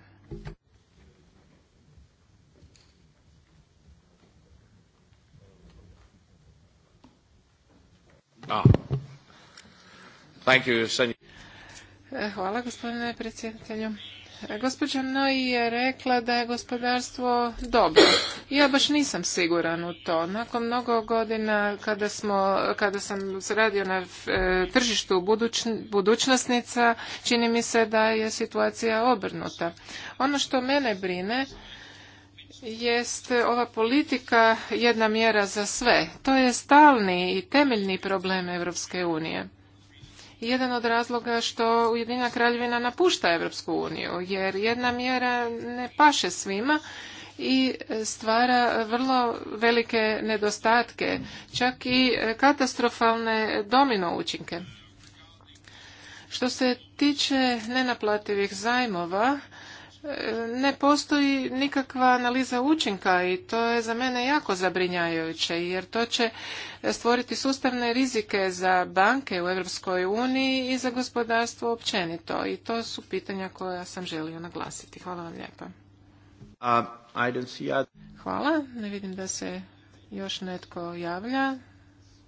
[SPEAKER 3] Ah. Eh, hvala gospodine predsjedatelju. Eh, gospođa Noj je rekla da je gospodarstvo dobro. Ja baš nisam siguran u to. Nakon mnogo godina kada, smo, kada sam radio na eh, tržištu buduć, budućnosnica, čini mi se da je situacija obrnuta. Ono što mene brine jest ova politika jedna mjera za sve. To je stalni i temeljni problem Europske unije. Jedan od razloga što Ujedinjena kraljevina napušta Europsku uniju, jer jedna mjera ne paše svima i stvara vrlo velike nedostatke, čak i katastrofalne domino učinke. Što se tiče nenaplativih zajmova, ne postoji nikakva analiza učinka i to je za mene jako zabrinjajuće jer to će stvoriti sustavne rizike za banke u Europskoj uniji i za gospodarstvo općenito i to su pitanja koja sam želio naglasiti. Hvala vam lijepa.
[SPEAKER 1] Uh, Hvala,
[SPEAKER 3] ne vidim da se još netko javlja.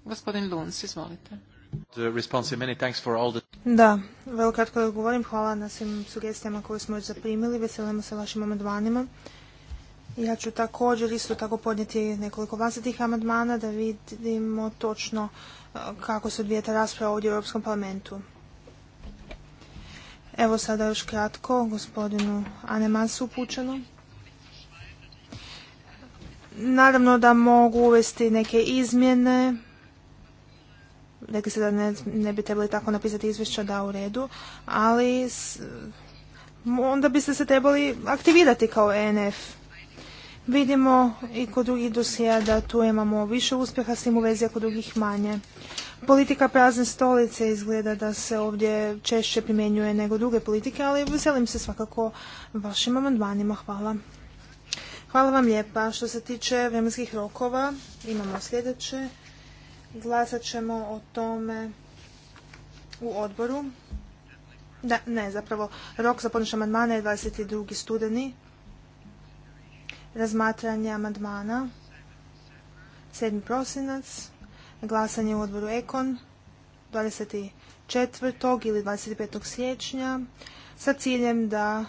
[SPEAKER 3] Gospodin Luns, izvolite.
[SPEAKER 1] Da, vrlo kratko da govorim. Hvala na svim sugestijama koje smo još zaprimili. Veselimo se vašim amandmanima. Ja ću također isto tako podnijeti nekoliko vlastitih amandmana da vidimo točno e, kako se odvijeta rasprava ovdje u Europskom parlamentu. Evo sada još kratko gospodinu masu upućeno. Naravno da mogu uvesti neke izmjene rekli ste da ne, bi trebali tako napisati izvješća da u redu, ali onda biste se trebali aktivirati kao ENF. Vidimo i kod drugih dosija da tu imamo više uspjeha s tim u vezi, ako drugih manje. Politika prazne stolice izgleda da se ovdje češće primjenjuje nego druge politike, ali veselim se svakako vašim amandmanima. Hvala. Hvala vam lijepa. Što se tiče vremenskih rokova, imamo sljedeće Glasat ćemo o tome u odboru. Da, ne, zapravo rok za podnošenje amandmana je 22. studeni. Razmatranje amandmana 7. prosinac. Glasanje u odboru Ekon 24. ili 25. siječnja sa ciljem da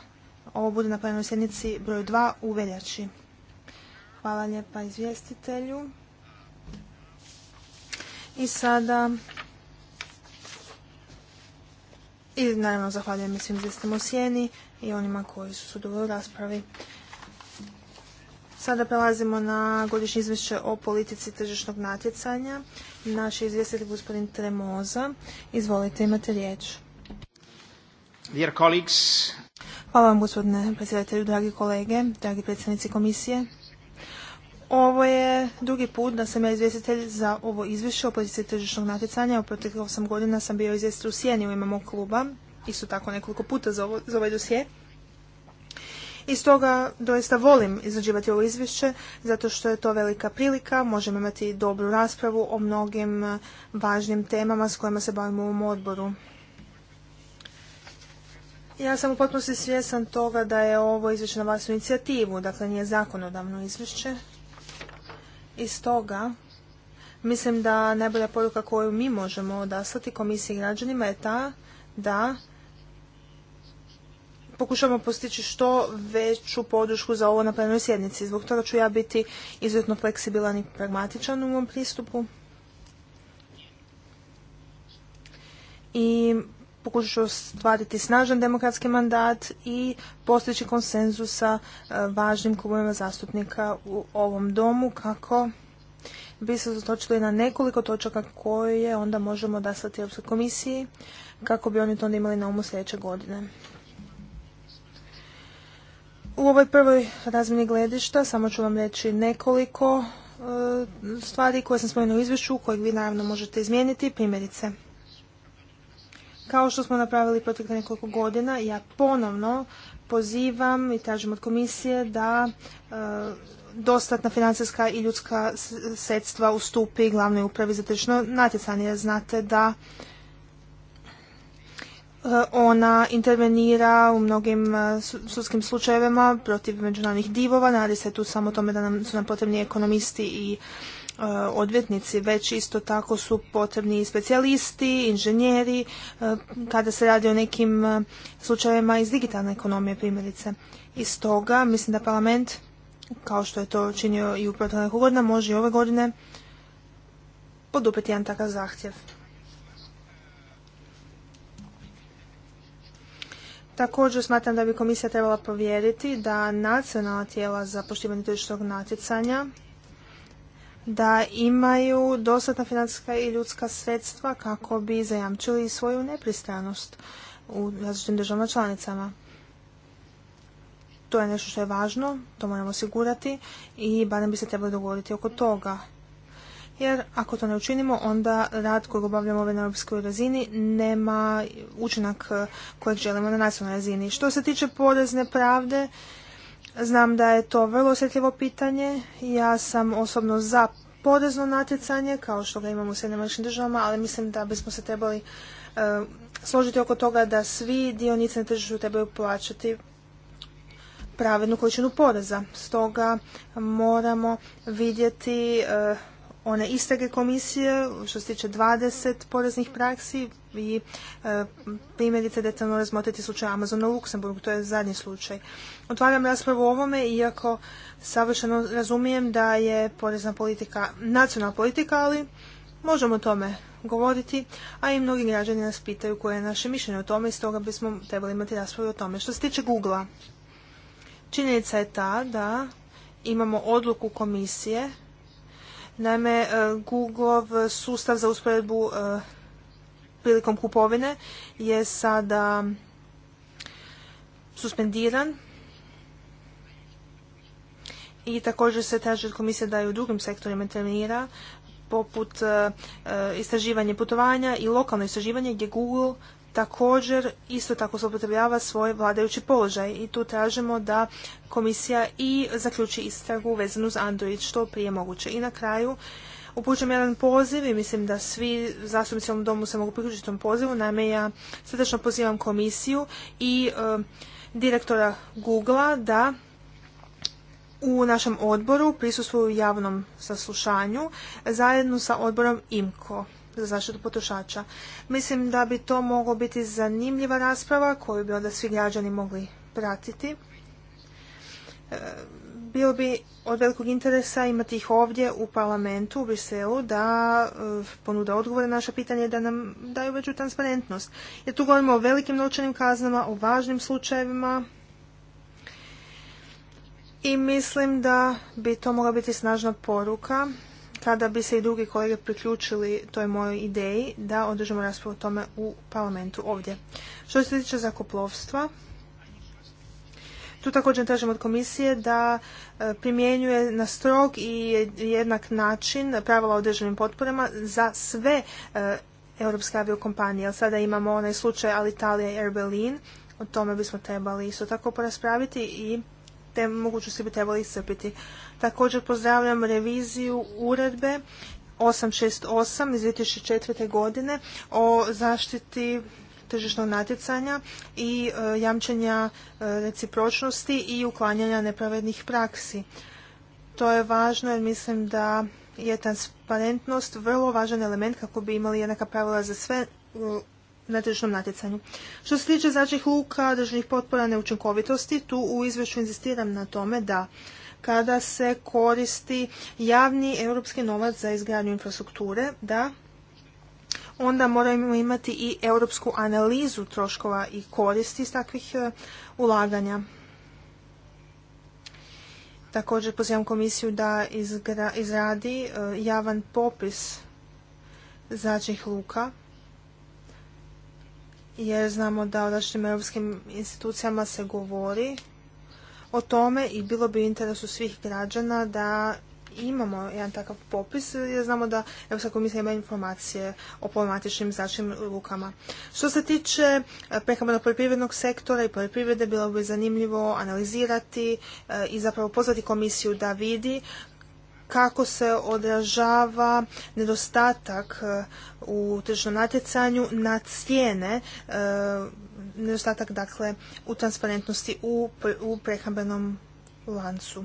[SPEAKER 1] ovo bude na plenarnoj sjednici broj 2 u veljači. Hvala lijepa izvjestitelju. I sada... I naravno zahvaljujem i svim ste o sjeni i onima koji su sudovali u raspravi. Sada prelazimo na godišnje izvješće o politici tržišnog natjecanja. Naš izvjestitelj gospodin Tremoza. Izvolite, imate riječ. Dear colleagues. Hvala vam gospodine predsjedatelju, dragi kolege, dragi predsjednici komisije. Ovo je drugi put da sam ja izvjestitelj za ovo izvješće o poziciji tržišnog natjecanja. U proteklih 8 godina sam bio izvjestitelj u Sijeni u ime mog kluba. Isto tako nekoliko puta za, ovaj dosje. I stoga doista volim izrađivati ovo izvješće, zato što je to velika prilika, možemo imati dobru raspravu o mnogim e, važnim temama s kojima se bavimo u ovom odboru. Ja sam u potpunosti svjesan toga da je ovo izvješće na vlastnu inicijativu, dakle nije zakonodavno izvješće, iz toga mislim da najbolja poruka koju mi možemo odaslati komisiji i građanima je ta da pokušamo postići što veću podršku za ovo na plenoj sjednici. Zbog toga ću ja biti izuzetno fleksibilan i pragmatičan u ovom pristupu. I ću ostvariti snažan demokratski mandat i postići konsenzus sa e, važnim klubovima zastupnika u ovom domu kako bi se zatočili na nekoliko točaka koje onda možemo odaslati Europskoj komisiji kako bi oni to onda imali na umu sljedeće godine. U ovoj prvoj razmini gledišta samo ću vam reći nekoliko e, stvari koje sam spomenuo u izvješću, kojeg vi naravno možete izmijeniti, primjerice. Kao što smo napravili protekle nekoliko godina, ja ponovno pozivam i tražim od komisije da e, dostatna financijska i ljudska sredstva ustupi glavnoj upravi za tržišno natjecanje. znate da e, ona intervenira u mnogim e, sudskim slučajevima protiv međunarodnih divova. Radi se tu samo tome da nam su nam potrebni ekonomisti i E, odvjetnici, već isto tako su potrebni i specijalisti, inženjeri, e, kada se radi o nekim e, slučajevima iz digitalne ekonomije primjerice. I stoga mislim da parlament, kao što je to činio i u proteklih godina, može i ove godine podupeti jedan takav zahtjev. Također smatram da bi komisija trebala povjeriti da nacionalna tijela za poštivanje tržišnog natjecanja da imaju dostatna financijska i ljudska sredstva kako bi zajamčili svoju nepristranost u različitim državama članicama. To je nešto što je važno, to moramo osigurati i barem bi se trebali dogovoriti oko toga. Jer ako to ne učinimo, onda rad kojeg obavljamo ove na europskoj razini nema učinak kojeg želimo na nacionalnoj razini. Što se tiče porezne pravde, Znam da je to vrlo osjetljivo pitanje. Ja sam osobno za porezno natjecanje, kao što ga imamo u Sjedinamačkim državama, ali mislim da bismo se trebali e, složiti oko toga da svi dionici na tržištu trebaju plaćati pravednu količinu poreza. Stoga moramo vidjeti e, one istege komisije što se tiče 20 poreznih praksi i e, primjerice detaljno razmotriti slučaj Amazona u Luksemburgu, to je zadnji slučaj. Otvaram raspravu o ovome, iako savršeno razumijem da je porezna politika nacionalna politika, ali možemo o tome govoriti, a i mnogi građani nas pitaju koje je naše mišljenje o tome i stoga bismo trebali imati raspravu o tome. Što se tiče google činjenica je ta da imamo odluku komisije, naime e, Google sustav za usporedbu e, prilikom kupovine je sada suspendiran i također se traži od komisije da i u drugim sektorima intervenira poput e, e, istraživanje putovanja i lokalno istraživanje gdje Google također isto tako zloupotrebljava svoj vladajući položaj i tu tražimo da komisija i zaključi istragu vezanu uz Android što prije moguće. I na kraju upućujem jedan poziv i mislim da svi zastupnici u ovom domu se mogu priključiti tom pozivu. Naime, ja srdečno pozivam komisiju i e, direktora direktora a da u našem odboru prisustuju u javnom saslušanju zajedno sa odborom IMKO za zaštitu potrošača. Mislim da bi to moglo biti zanimljiva rasprava koju bi onda svi građani mogli pratiti. E, bilo bi od velikog interesa imati ih ovdje u parlamentu u Briselu da e, ponude odgovore na naše pitanje da nam daju veću transparentnost. Jer tu govorimo o velikim novčanim kaznama, o važnim slučajevima i mislim da bi to mogla biti snažna poruka kada bi se i drugi kolege priključili toj mojoj ideji da održimo raspravu o tome u parlamentu ovdje. Što se tiče zakoplovstva, tu također tražimo od komisije da e, primjenjuje na strog i jednak način pravila o državnim potporama za sve e, europske aviokompanije. Sada imamo onaj slučaj Alitalia Air Berlin, o tome bismo trebali isto tako poraspraviti i te mogućnosti bi trebali iscrpiti. Također pozdravljam reviziju uredbe 868 iz 2004. godine o zaštiti tržišnog natjecanja i e, jamčenja e, recipročnosti i uklanjanja nepravednih praksi. To je važno jer mislim da je transparentnost vrlo važan element kako bi imali jednaka pravila za sve e, na tržišnom natjecanju. Što se tiče zračnih luka, državnih potpora neučinkovitosti, tu u izvješću inzistiram na tome da kada se koristi javni europski novac za izgradnju infrastrukture, da onda moramo imati i europsku analizu troškova i koristi iz takvih e, ulaganja. Također pozivam komisiju da izradi e, javan popis zračnih luka jer znamo da u našim europskim institucijama se govori o tome i bilo bi u interesu svih građana da imamo jedan takav popis jer znamo da Europska komisija ima informacije o problematičnim zračnim lukama. Što se tiče eh, prehrambenog poljoprivrednog sektora i poljoprivrede bilo bi zanimljivo analizirati eh, i zapravo pozvati komisiju da vidi kako se odražava nedostatak e, u tržnom natjecanju na cijene, e, nedostatak dakle u transparentnosti u, prehrambenom lancu.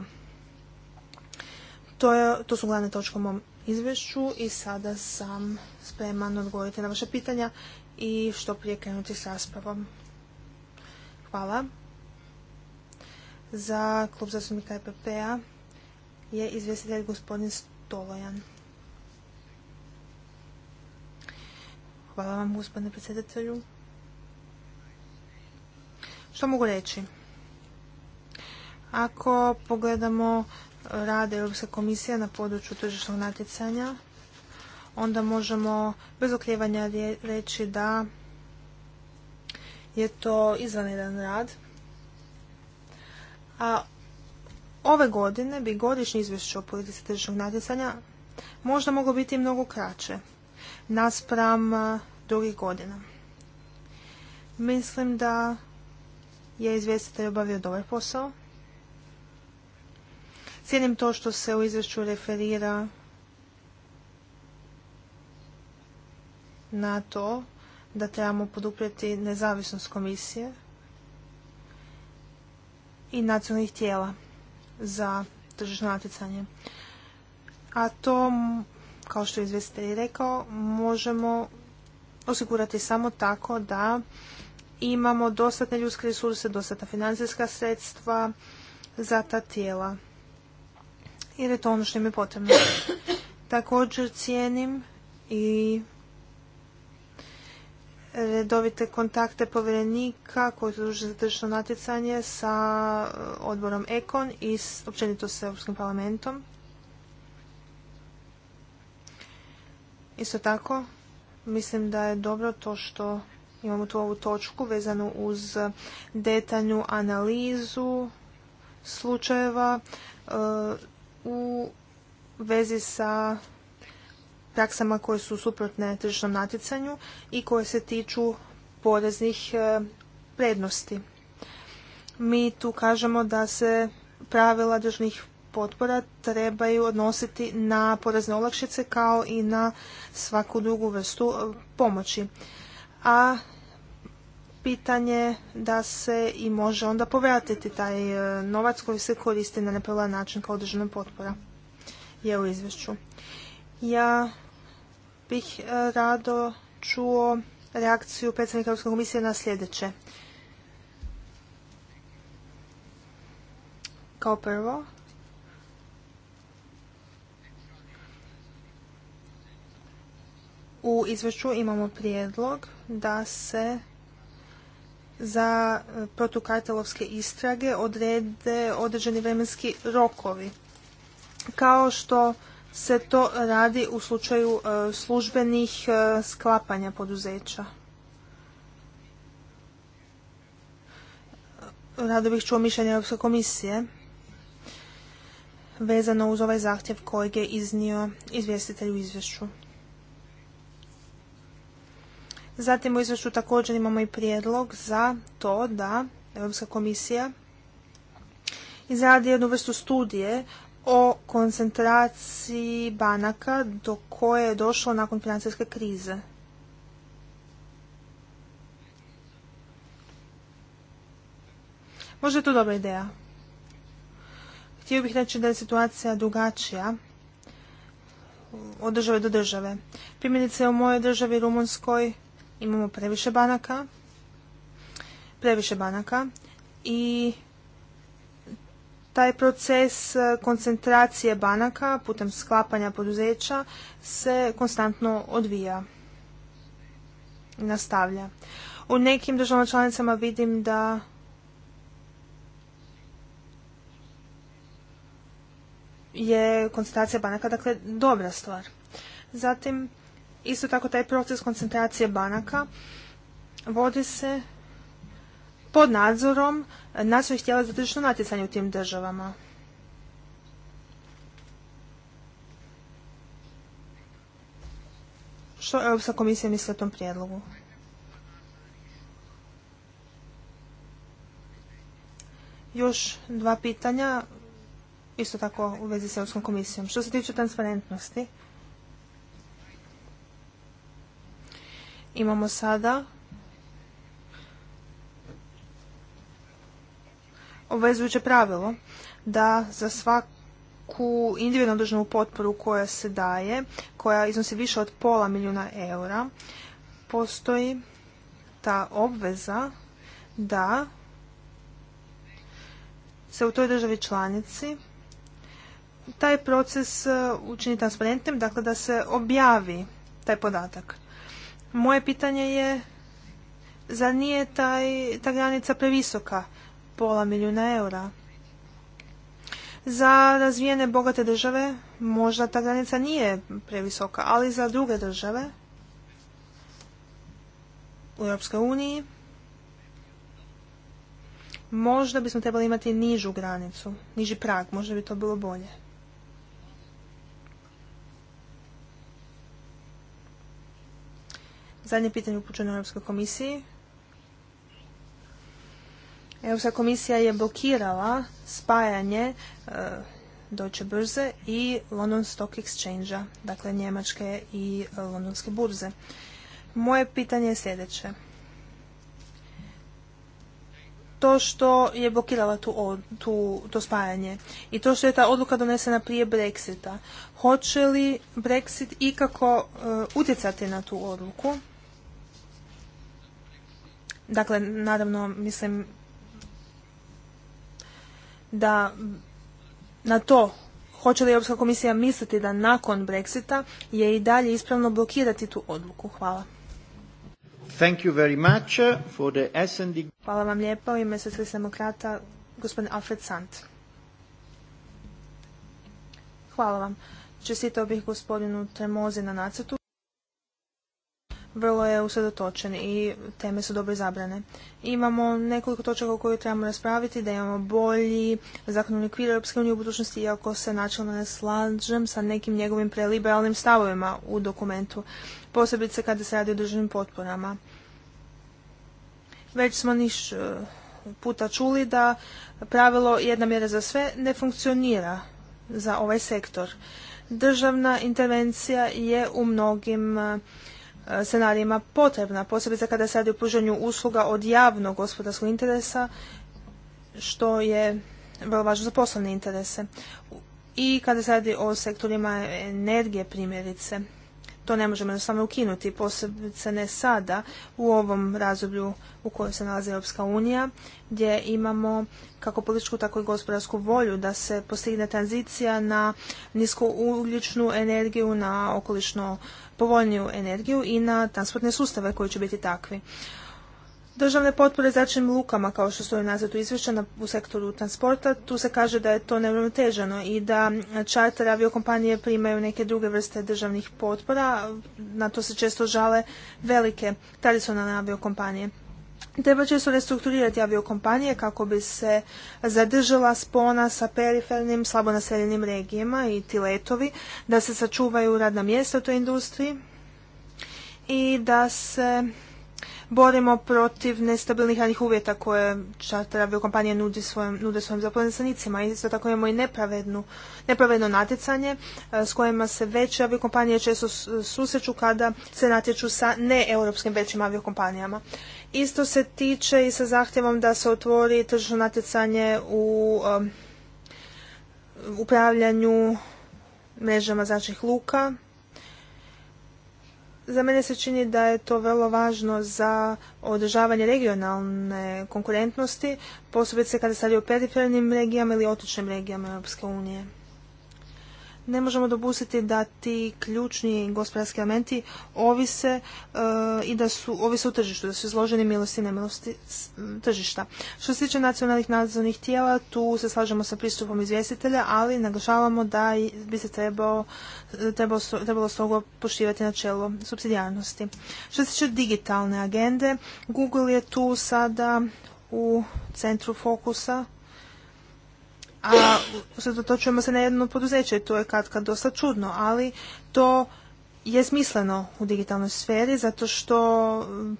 [SPEAKER 1] To, to su glavne točke u mom izvješću i sada sam spreman odgovoriti na vaše pitanja i što prije krenuti s raspravom. Hvala. Za klub zastupnika EPP-a je izvjestitelj gospodin Stolojan. Hvala vam gospodine predsjedatelju. Što mogu reći? Ako pogledamo rade Europske komisije na području tržišnog natjecanja, onda možemo bez okljevanja reći da je to izvanredan rad, a Ove godine bi godišnje izvješće o politici tržišnog natjecanja možda moglo biti mnogo kraće naspram drugih godina. Mislim da je izvjestitelj obavio dobar posao. Cijenim to što se u izvješću referira na to da trebamo poduprijeti nezavisnost komisije i nacionalnih tijela za tržišno natjecanje. A to, kao što je izvjestitelj rekao, možemo osigurati samo tako da imamo dostatne ljudske resurse, dostatna financijska sredstva za ta tijela. Jer je to ono što im je potrebno. Također cijenim i redovite kontakte povjerenika koji su duže za tržišno natjecanje sa e, odborom Ekon i općenito s Europskim parlamentom. Isto tako, mislim da je dobro to što imamo tu ovu točku vezanu uz detaljnu analizu slučajeva e, u vezi sa praksama koje su suprotne tržišnom natjecanju i koje se tiču poreznih e, prednosti. Mi tu kažemo da se pravila državnih potpora trebaju odnositi na porezne olakšice kao i na svaku drugu vrstu e, pomoći. A pitanje da se i može onda povratiti taj e, novac koji se koristi na nepravilan način kao državna potpora je u izvješću. Ja bih e, rado čuo reakciju predsjednika Europske komisije na sljedeće. Kao prvo, u izvješću imamo prijedlog da se za protukartelovske istrage odrede određeni vremenski rokovi. Kao što se to radi u slučaju e, službenih e, sklapanja poduzeća. Rado bih čuo mišljenje Europske komisije vezano uz ovaj zahtjev kojeg je iznio izvjestitelj u izvješću. Zatim u izvješću također imamo i prijedlog za to da Europska komisija izradi jednu vrstu studije o koncentraciji banaka do koje je došlo nakon financijske krize. Možda je to dobra ideja. Htio bih reći da je situacija drugačija od države do države. Primjerice u mojoj državi Rumunskoj imamo previše banaka, previše banaka i taj proces e, koncentracije banaka putem sklapanja poduzeća se konstantno odvija i nastavlja. U nekim državama članicama vidim da je koncentracija banaka dakle dobra stvar. Zatim, isto tako taj proces koncentracije banaka vodi se pod nadzorom naših tijela za tržišno natjecanje u tim državama. Što Europska komisija misli o tom prijedlogu? Još dva pitanja, isto tako u vezi s Europskom komisijom. Što se tiče transparentnosti, imamo sada obvezujuće pravilo da za svaku individualnu državnu potporu koja se daje, koja iznosi više od pola milijuna eura, postoji ta obveza da se u toj državi članici taj proces e, učini transparentnim, dakle da se objavi taj podatak. Moje pitanje je, zar nije ta granica previsoka? pola milijuna eura. Za razvijene bogate države možda ta granica nije previsoka, ali za druge države u EU. možda bismo trebali imati nižu granicu, niži prag, možda bi to bilo bolje. Zadnje pitanje upućeno Europskoj komisiji. Europska komisija je blokirala spajanje e, Deutsche Börse i London Stock Exchange, dakle Njemačke i e, Londonske burze. Moje pitanje je sljedeće. To što je blokirala to spajanje i to što je ta odluka donesena prije Brexita, hoće li Brexit ikako e, utjecati na tu odluku? Dakle, naravno, mislim da na to hoće li Europska komisija misliti da nakon Brexita je i dalje ispravno blokirati tu odluku. Hvala. Thank you very much uh, for the Hvala vam lijepo. U ime demokrata gospodin Alfred Sant. Hvala vam. Čestitao bih gospodinu Tremozi na nacrtu vrlo je usredotočen i teme su dobro zabrane. Imamo nekoliko točaka o kojoj trebamo raspraviti, da imamo bolji zakonodavni okvir Europske unije u budućnosti, iako se načelno ne slažem sa nekim njegovim preliberalnim stavovima u dokumentu, posebice kada se radi o državnim potporama. Već smo niš e, puta čuli da pravilo jedna mjera za sve ne funkcionira za ovaj sektor. Državna intervencija je u mnogim e, E, scenarijima potrebna, posebice kada se radi o pružanju usluga od javnog gospodarskog interesa, što je vrlo važno za poslovne interese. I kada se radi o sektorima energije primjerice, to ne možemo jednostavno ukinuti, posebice ne sada u ovom razdoblju u kojem se nalazi Europska unija, gdje imamo kako političku, tako i gospodarsku volju da se postigne tranzicija na niskougljičnu energiju, na okolišno povoljniju energiju i na transportne sustave koji će biti takvi. Državne potpore zračnim lukama, kao što stoji nazad u izvješća u sektoru transporta, tu se kaže da je to neuravnoteženo i da čarter aviokompanije primaju neke druge vrste državnih potpora, na to se često žale velike tradicionalne aviokompanije. Treba će se restrukturirati aviokompanije kako bi se zadržala spona sa perifernim, slabo naseljenim regijama i ti letovi, da se sačuvaju radna mjesta u toj industriji i da se borimo protiv nestabilnih radnih uvjeta koje čarter aviokompanije nudi nude svojim zaposlenicima. Isto tako imamo i nepravedno natjecanje e, s kojima se veće aviokompanije često susreću kada se natječu sa neeuropskim većim aviokompanijama. Isto se tiče i sa zahtjevom da se otvori tržno natjecanje u um, upravljanju mrežama zračnih luka. Za mene se čini da je to vrlo važno za održavanje regionalne konkurentnosti, posebice kada se radi o perifernim regijama ili otočnim regijama eu unije ne možemo dopustiti da ti ključni gospodarski elementi ovise eh, i da su ovise u tržištu, da su izloženi milosti i nemilosti tržišta. Što se tiče nacionalnih nadzornih tijela, tu se slažemo sa pristupom izvjestitelja, ali naglašavamo da bi se trebao, eh, trebalo, trebalo stoga poštivati načelo subsidijarnosti. Što se tiče digitalne agende, Google je tu sada u centru fokusa a usredotočujemo se na jedno poduzeće. To je kad kad dosta čudno, ali to je smisleno u digitalnoj sferi zato što mm,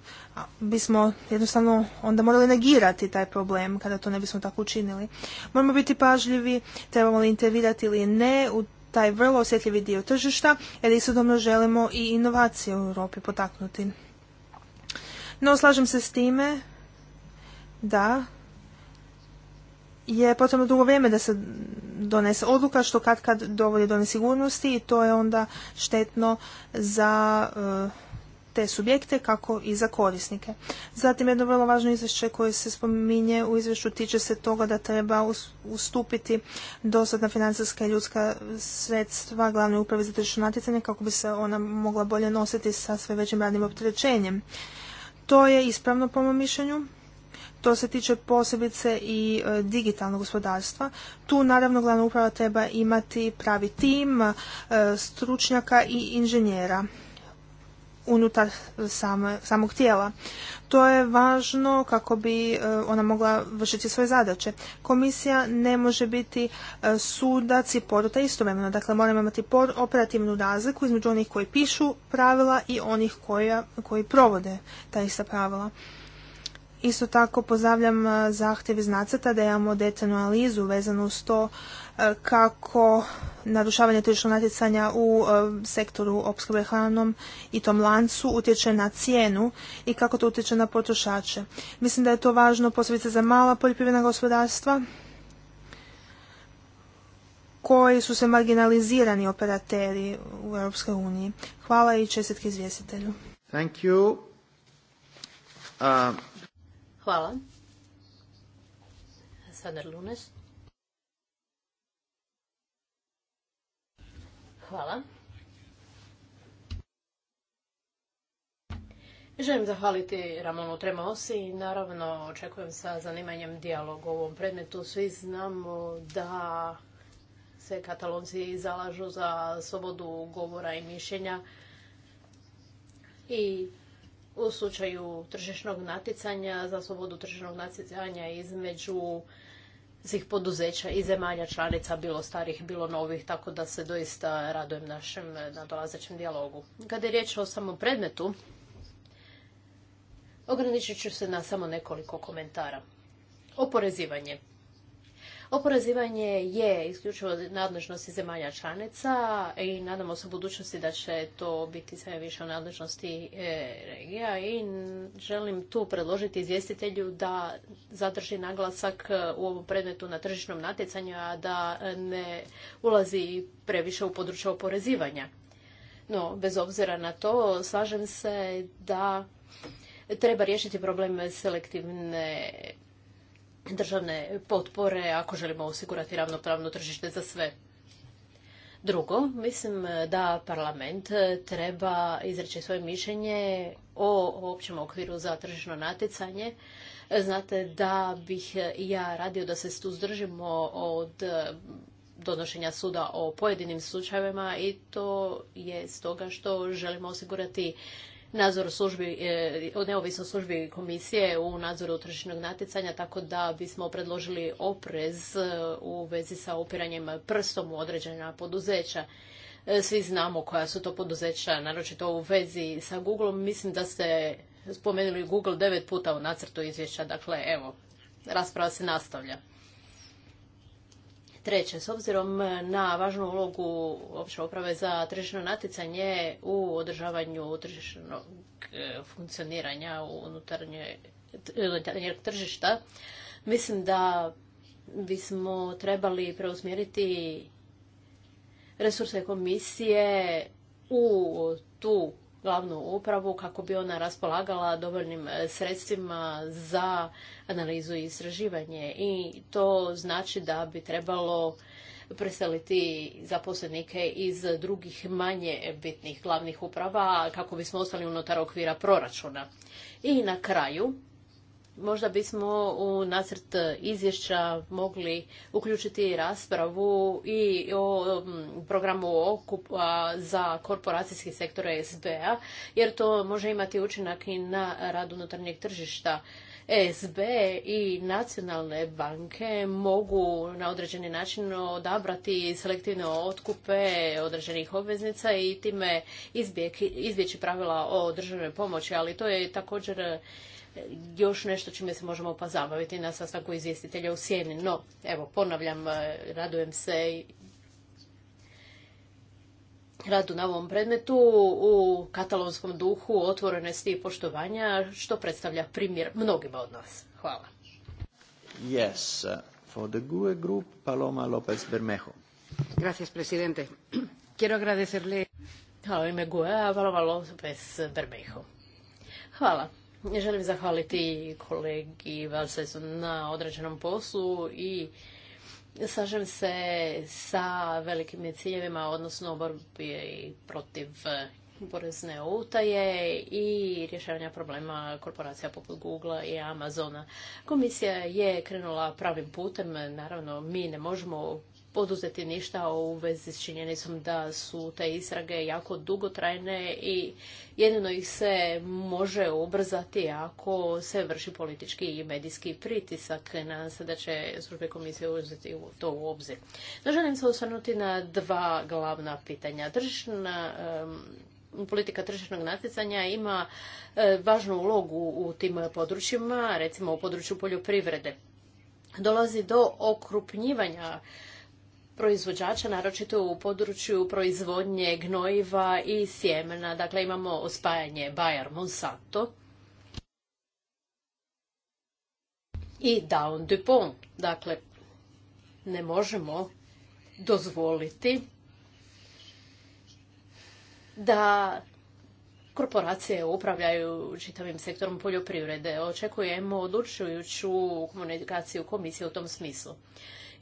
[SPEAKER 1] bismo jednostavno onda morali negirati taj problem kada to ne bismo tako učinili. Moramo biti pažljivi, trebamo li intervirati ili ne u taj vrlo osjetljivi dio tržišta, jer istodobno želimo i inovacije u Europi potaknuti. No, slažem se s time da je potrebno dugo vrijeme da se donese odluka što kad kad dovodi do nesigurnosti i to je onda štetno za e, te subjekte kako i za korisnike. Zatim jedno vrlo važno izvješće koje se spominje u izvješću tiče se toga da treba ustupiti dosadna financijska i ljudska sredstva glavnoj upravi za tržišno natjecanje kako bi se ona mogla bolje nositi sa sve većim radnim opterećenjem. To je ispravno po mom mišljenju to se tiče posebice i e, digitalnog gospodarstva. Tu naravno glavna uprava treba imati pravi tim e, stručnjaka i inženjera unutar samog tijela. To je važno kako bi e, ona mogla vršiti svoje zadaće. Komisija ne može biti sudac i porota istovremeno. Dakle, moramo imati operativnu razliku između onih koji pišu pravila i onih koji provode ta ista pravila. Isto tako pozdravljam e, zahtjev iz nacrta da imamo detaljnu analizu vezanu uz to e, kako narušavanje tržišnog natjecanja u e, sektoru opskrbe hranom i tom lancu utječe na cijenu i kako to utječe na potrošače. Mislim da je to važno posebice za mala poljoprivredna gospodarstva koji su se marginalizirani operateri u Europskoj uniji. Hvala i čestitke izvjestitelju.
[SPEAKER 2] Uh, Hvala. Sander Lunes. Hvala. Želim zahvaliti Ramonu Tremosi i naravno očekujem sa zanimanjem dijalog u ovom predmetu. Svi znamo da se katalonci zalažu za slobodu govora i mišljenja i u slučaju tržišnog natjecanja, za slobodu tržišnog natjecanja između svih poduzeća i zemalja članica, bilo starih, bilo novih, tako da se doista radujem našem nadolazećem dijalogu. Kada je riječ o samom predmetu, ograničit ću se na samo nekoliko komentara. Oporezivanje. Oporezivanje je isključivo nadležnosti zemalja članica i nadamo se u budućnosti da će to biti sve više u nadležnosti e, regija i želim tu predložiti izvjestitelju da zadrži naglasak e, u ovom predmetu na tržišnom natjecanju, a da ne ulazi previše u područje oporezivanja. No, bez obzira na to, slažem se da treba riješiti problem selektivne državne potpore ako želimo osigurati ravnopravno tržište za sve. Drugo, mislim da parlament treba izreći svoje mišljenje o općem okviru za tržišno natjecanje. Znate da bih ja radio da se suzdržimo od donošenja suda o pojedinim slučajevima i to je stoga što želimo osigurati nadzor službi, e, o službi komisije u nadzoru tržišnog natjecanja, tako da bismo predložili oprez e, u vezi sa opiranjem prstom u određena poduzeća. E, svi znamo koja su to poduzeća, naročito u vezi sa Googleom. Mislim da ste spomenuli Google devet puta u nacrtu izvješća, dakle evo, rasprava se nastavlja. Treće, s obzirom na važnu ulogu opće uprave za tržišno natjecanje u održavanju tržišnog e, funkcioniranja unutarnjeg tržišta, mislim da bismo trebali preusmjeriti resurse komisije u tu glavnu upravu kako bi ona raspolagala dovoljnim e, sredstvima za analizu i istraživanje. I to znači da bi trebalo preseliti zaposlenike iz drugih manje bitnih glavnih uprava kako bismo ostali unutar okvira proračuna. I na kraju, Možda bismo u nacrt izvješća mogli uključiti raspravu i o mm, programu okupa za korporacijski sektor SBA, jer to može imati učinak i na rad unutarnjeg tržišta. SB i nacionalne banke mogu na određeni način odabrati selektivne otkupe određenih obveznica i time izbjeći pravila o državnoj pomoći, ali to je također još nešto čime se možemo pozabaviti na sastanku izvjestitelja u Sjeni. No, evo, ponavljam, e, radujem se radu na ovom predmetu u katalonskom duhu otvorenosti i poštovanja, što predstavlja primjer mnogima od nas. Hvala.
[SPEAKER 1] Yes,
[SPEAKER 2] uh, for the GUE group, Paloma López Bermejo. Gracias, presidente. Quiero agradecerle... Hvala, ime GUE, Paloma López Bermejo. Hvala. Želim zahvaliti kolegi Valsesu na određenom poslu i slažem se sa velikim ciljevima, odnosno borbi protiv porezne utaje i rješavanja problema korporacija poput Google i Amazona. Komisija je krenula pravim putem, naravno mi ne možemo poduzeti ništa u vezi s činjenicom da su te istrage jako dugotrajne i jedino ih se može ubrzati ako se vrši politički i medijski pritisak. Na se da će službe komisije uzeti to u obzir. No, želim se osvrnuti na dva glavna pitanja. Tržišna politika tržišnog natjecanja ima e, važnu ulogu u tim područjima, recimo u području poljoprivrede. Dolazi do okrupnjivanja proizvođača, naročito u području proizvodnje gnojiva i sjemena. Dakle, imamo ospajanje Bayer Monsanto i Down Dupont. Dakle, ne možemo dozvoliti da korporacije upravljaju čitavim sektorom poljoprivrede. Očekujemo odlučujuću komunikaciju komisije u tom smislu.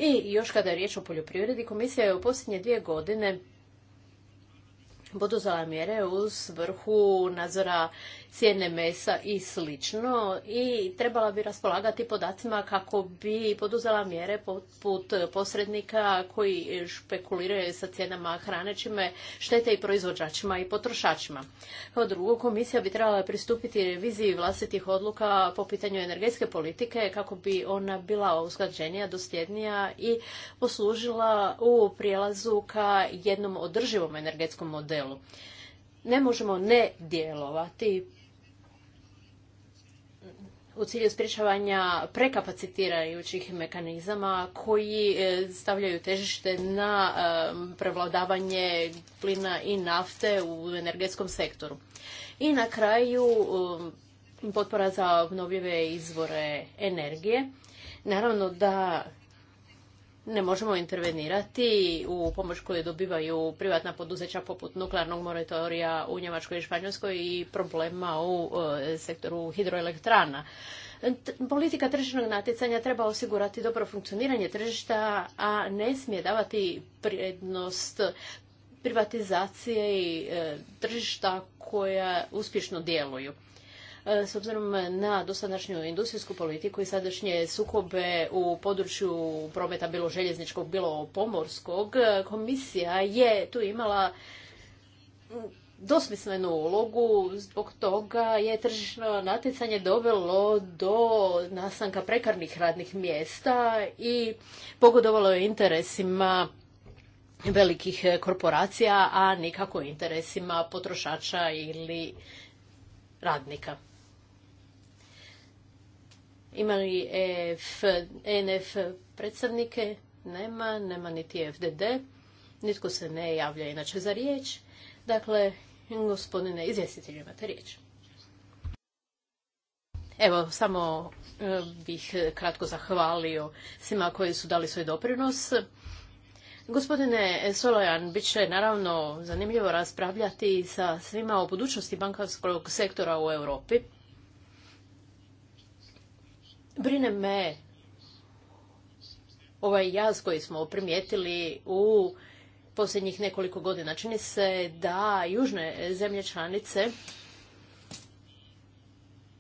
[SPEAKER 2] I još kada je riječ o poljoprivredi, komisija je u posljednje dvije godine poduzela mjere u vrhu nadzora cijene mesa i slično i trebala bi raspolagati podacima kako bi poduzela mjere poput posrednika koji špekuliraju sa cijenama hrane čime štete i proizvođačima i potrošačima. Kao drugo, komisija bi trebala pristupiti reviziji vlastitih odluka po pitanju energetske politike kako bi ona bila usklađenija, dosljednija i poslužila u prijelazu ka jednom održivom energetskom modelu ne možemo ne djelovati u cilju sprječavanja prekapacitirajućih mekanizama koji e, stavljaju težište na e, prevladavanje plina i nafte u energetskom sektoru. I na kraju e, potpora za obnovljive izvore energije. Naravno da ne možemo intervenirati u pomoć koju dobivaju privatna poduzeća poput nuklearnog moratorija u Njemačkoj i Španjolskoj i problema u e, sektoru hidroelektrana. Politika tržišnog natjecanja treba osigurati dobro funkcioniranje tržišta, a ne smije davati prednost privatizacije i e, tržišta koja uspješno djeluju. E, s obzirom na dosadašnju industrijsku politiku i sadašnje sukobe u području prometa bilo željezničkog, bilo pomorskog, e, komisija je tu imala dosmislenu ulogu, zbog toga je tržišno natjecanje dovelo do nastanka prekarnih radnih mjesta i pogodovalo je interesima velikih korporacija, a nikako interesima potrošača ili radnika. Ima li EF, NF predstavnike? Nema, nema niti FDD. Nitko se ne javlja inače za riječ. Dakle, gospodine izvjestitelju imate riječ. Evo, samo e, bih kratko zahvalio svima koji su dali svoj doprinos. Gospodine Solojan, bit će naravno zanimljivo raspravljati sa svima o budućnosti bankarskog sektora u Europi. Brine me ovaj jaz koji smo primijetili u posljednjih nekoliko godina. Čini se da južne zemlje članice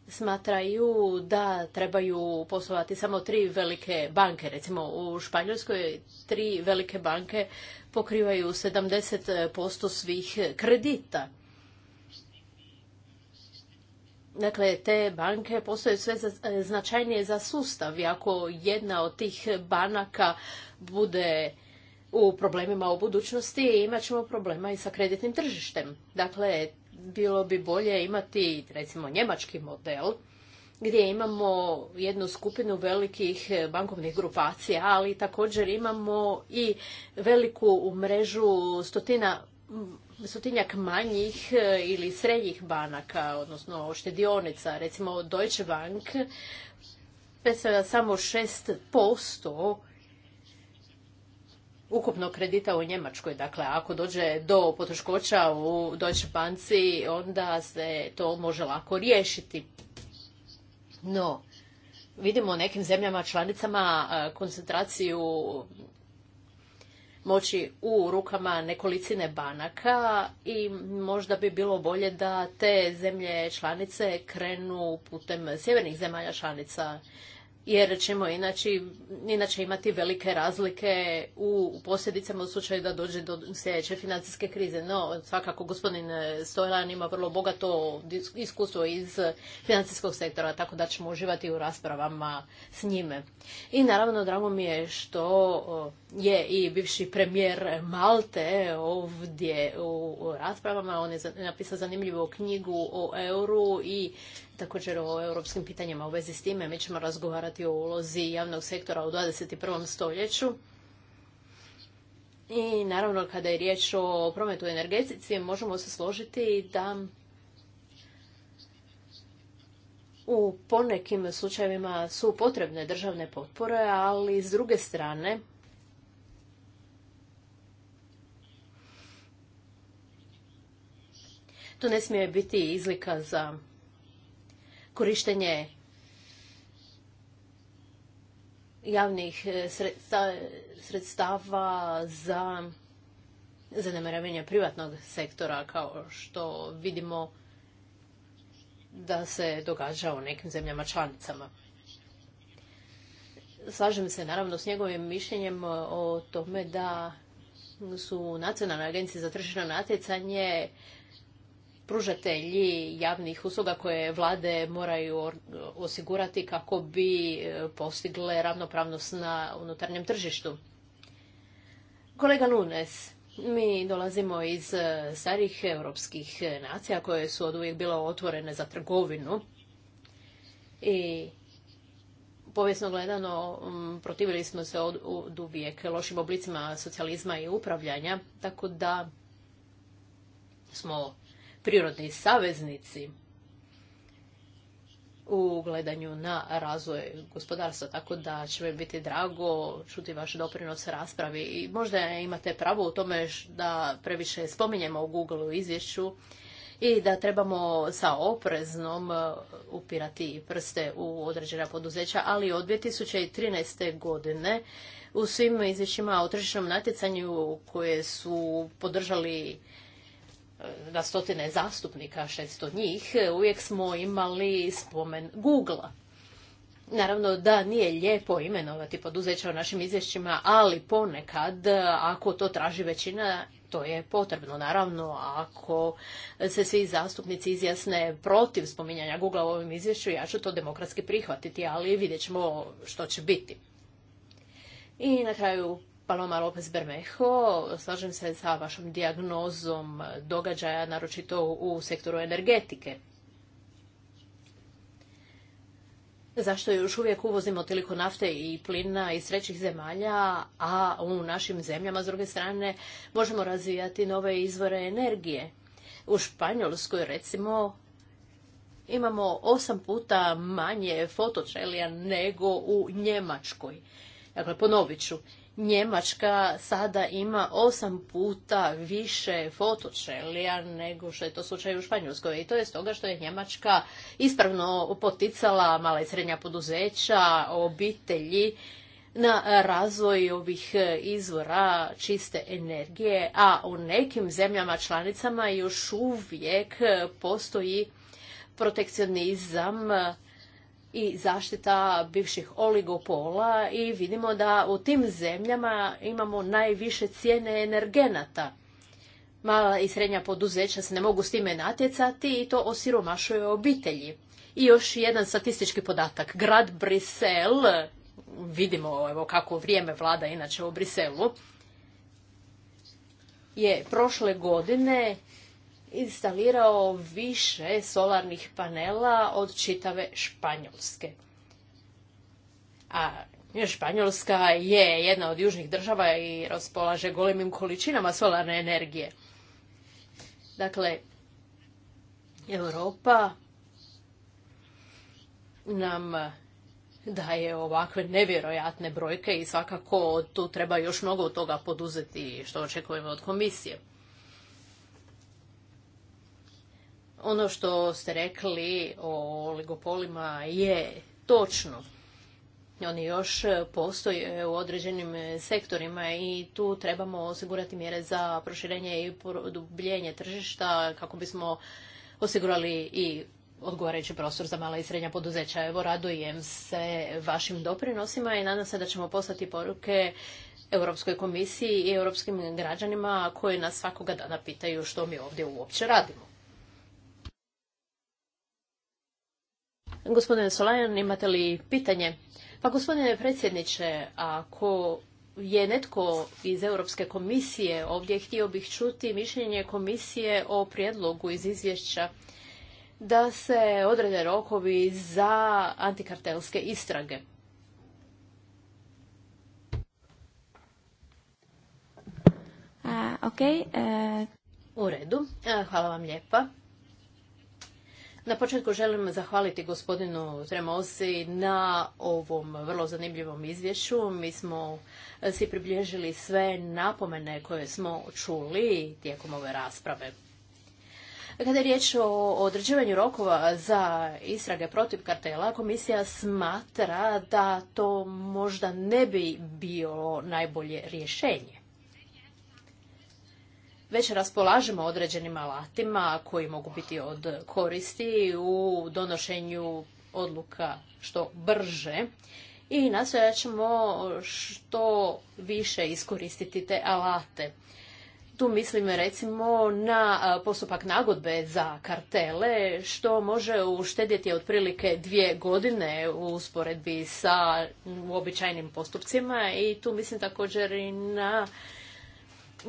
[SPEAKER 2] smatraju da trebaju poslovati samo tri velike banke. Recimo u Španjolskoj tri velike banke pokrivaju 70% svih kredita. Dakle, te banke postoje sve e, značajnije za sustav i ako jedna od tih banaka bude u problemima u budućnosti imat ćemo problema i sa kreditnim tržištem. Dakle, bilo bi bolje imati recimo njemački model gdje imamo jednu skupinu velikih bankovnih grupacija, ali također imamo i veliku mrežu stotina stotinjak manjih e, ili srednjih banaka, odnosno štedionica, recimo Deutsche Bank, predstavlja samo 6% ukupnog kredita u Njemačkoj. Dakle, ako dođe do poteškoća u Deutsche Banci, onda se to može lako riješiti. No, vidimo u nekim zemljama članicama e, koncentraciju moći u rukama nekolicine banaka i možda bi bilo bolje da te zemlje članice krenu putem sjevernih zemalja članica jer ćemo inače inače imati velike razlike u posljedicama u slučaju da dođe do sljedeće financijske krize. No, svakako gospodin Stojan ima vrlo bogato iskustvo iz financijskog sektora, tako da ćemo uživati u raspravama s njime. I naravno, drago mi je što je i bivši premijer Malte ovdje u raspravama. On je napisao zanimljivu knjigu o euru i također o europskim pitanjima u vezi s time. Mi ćemo razgovarati o ulozi javnog sektora u 21. stoljeću. I naravno kada je riječ o prometu energetici možemo se složiti da u ponekim slučajevima su potrebne državne potpore, ali s druge strane To ne smije biti izlika za korištenje javnih e, sredstava za zanemaravanje privatnog sektora kao što vidimo da se događa u nekim zemljama članicama. Slažem se naravno s njegovim mišljenjem o tome da su nacionalne agencije za tržišno natjecanje pružatelji javnih usluga koje vlade moraju osigurati kako bi e, postigle ravnopravnost na unutarnjem tržištu. Kolega Nunes, mi dolazimo iz e, starih europskih nacija koje su od uvijek bile otvorene za trgovinu i povijesno gledano protivili smo se od, uvijek lošim oblicima socijalizma i upravljanja, tako da smo prirodni saveznici u gledanju na razvoj gospodarstva, tako da će mi biti drago čuti vaš doprinos raspravi. I možda imate pravo u tome da previše spominjemo u Google u izvješću i da trebamo sa opreznom e, upirati prste u određena poduzeća, ali od 2013. godine u svim izvješćima o tržišnom natjecanju koje su podržali E, na stotine zastupnika, 600 njih, e, uvijek smo imali spomen google Naravno da nije lijepo imenovati poduzeća u našim izvješćima, ali ponekad e, ako to traži većina, to je potrebno. Naravno, ako se svi zastupnici izjasne protiv spominjanja Google u ovom izvješću, ja ću to demokratski prihvatiti, ali vidjet ćemo što će biti. I na kraju Paloma Lopez Bermejo, slažem se sa vašom dijagnozom događaja, naročito u sektoru energetike. Zašto još uvijek uvozimo toliko nafte i plina iz trećih zemalja, a u našim zemljama, s druge strane, možemo razvijati nove izvore energije? U Španjolskoj, recimo, imamo osam puta manje fotočelija nego u Njemačkoj. Dakle, ponovit ću, Njemačka sada ima osam puta više fotočelija nego što je to slučaj u Španjolskoj. I to je stoga što je Njemačka ispravno poticala mala i srednja poduzeća, obitelji na razvoj ovih izvora čiste energije, a u nekim zemljama članicama još uvijek postoji protekcionizam i zaštita bivših oligopola i vidimo da u tim zemljama imamo najviše cijene energenata. Mala i srednja poduzeća se ne mogu s time natjecati i to osiromašuje obitelji. I još jedan statistički podatak. Grad Brisel, vidimo evo kako vrijeme vlada inače u Briselu, je prošle godine instalirao više solarnih panela od čitave Španjolske. A Španjolska je jedna od južnih država i raspolaže golemim količinama solarne energije. Dakle, Europa nam daje ovakve nevjerojatne brojke i svakako tu treba još mnogo toga poduzeti što očekujemo od komisije. ono što ste rekli o oligopolima je točno. Oni još postoje u određenim sektorima i tu trebamo osigurati mjere za proširenje i produbljenje tržišta kako bismo osigurali i odgovarajući prostor za mala i srednja poduzeća. Evo, radujem se vašim doprinosima i nadam se da ćemo poslati poruke Europskoj komisiji i europskim građanima koji nas svakoga dana pitaju što mi ovdje uopće radimo. Gospodine Solajan, imate li pitanje? Pa gospodine predsjedniče, ako je netko iz Europske komisije ovdje htio bih čuti mišljenje komisije o prijedlogu iz izvješća da se odrede rokovi za antikartelske istrage.
[SPEAKER 1] Uh, uh,
[SPEAKER 2] U redu. Uh, hvala vam lijepa. Na početku želim zahvaliti gospodinu Tremosi na ovom vrlo zanimljivom izvješću. Mi smo e, si približili sve napomene koje smo čuli tijekom ove rasprave. Kada je riječ o određivanju rokova za istrage protiv kartela, komisija smatra da to možda ne bi bilo najbolje rješenje već raspolažemo određenim alatima koji mogu biti od koristi u donošenju odluka što brže i nastojat ćemo što više iskoristiti te alate. Tu mislim recimo na postupak nagodbe za kartele, što može uštedjeti otprilike dvije godine u usporedbi sa uobičajenim postupcima i tu mislim također i na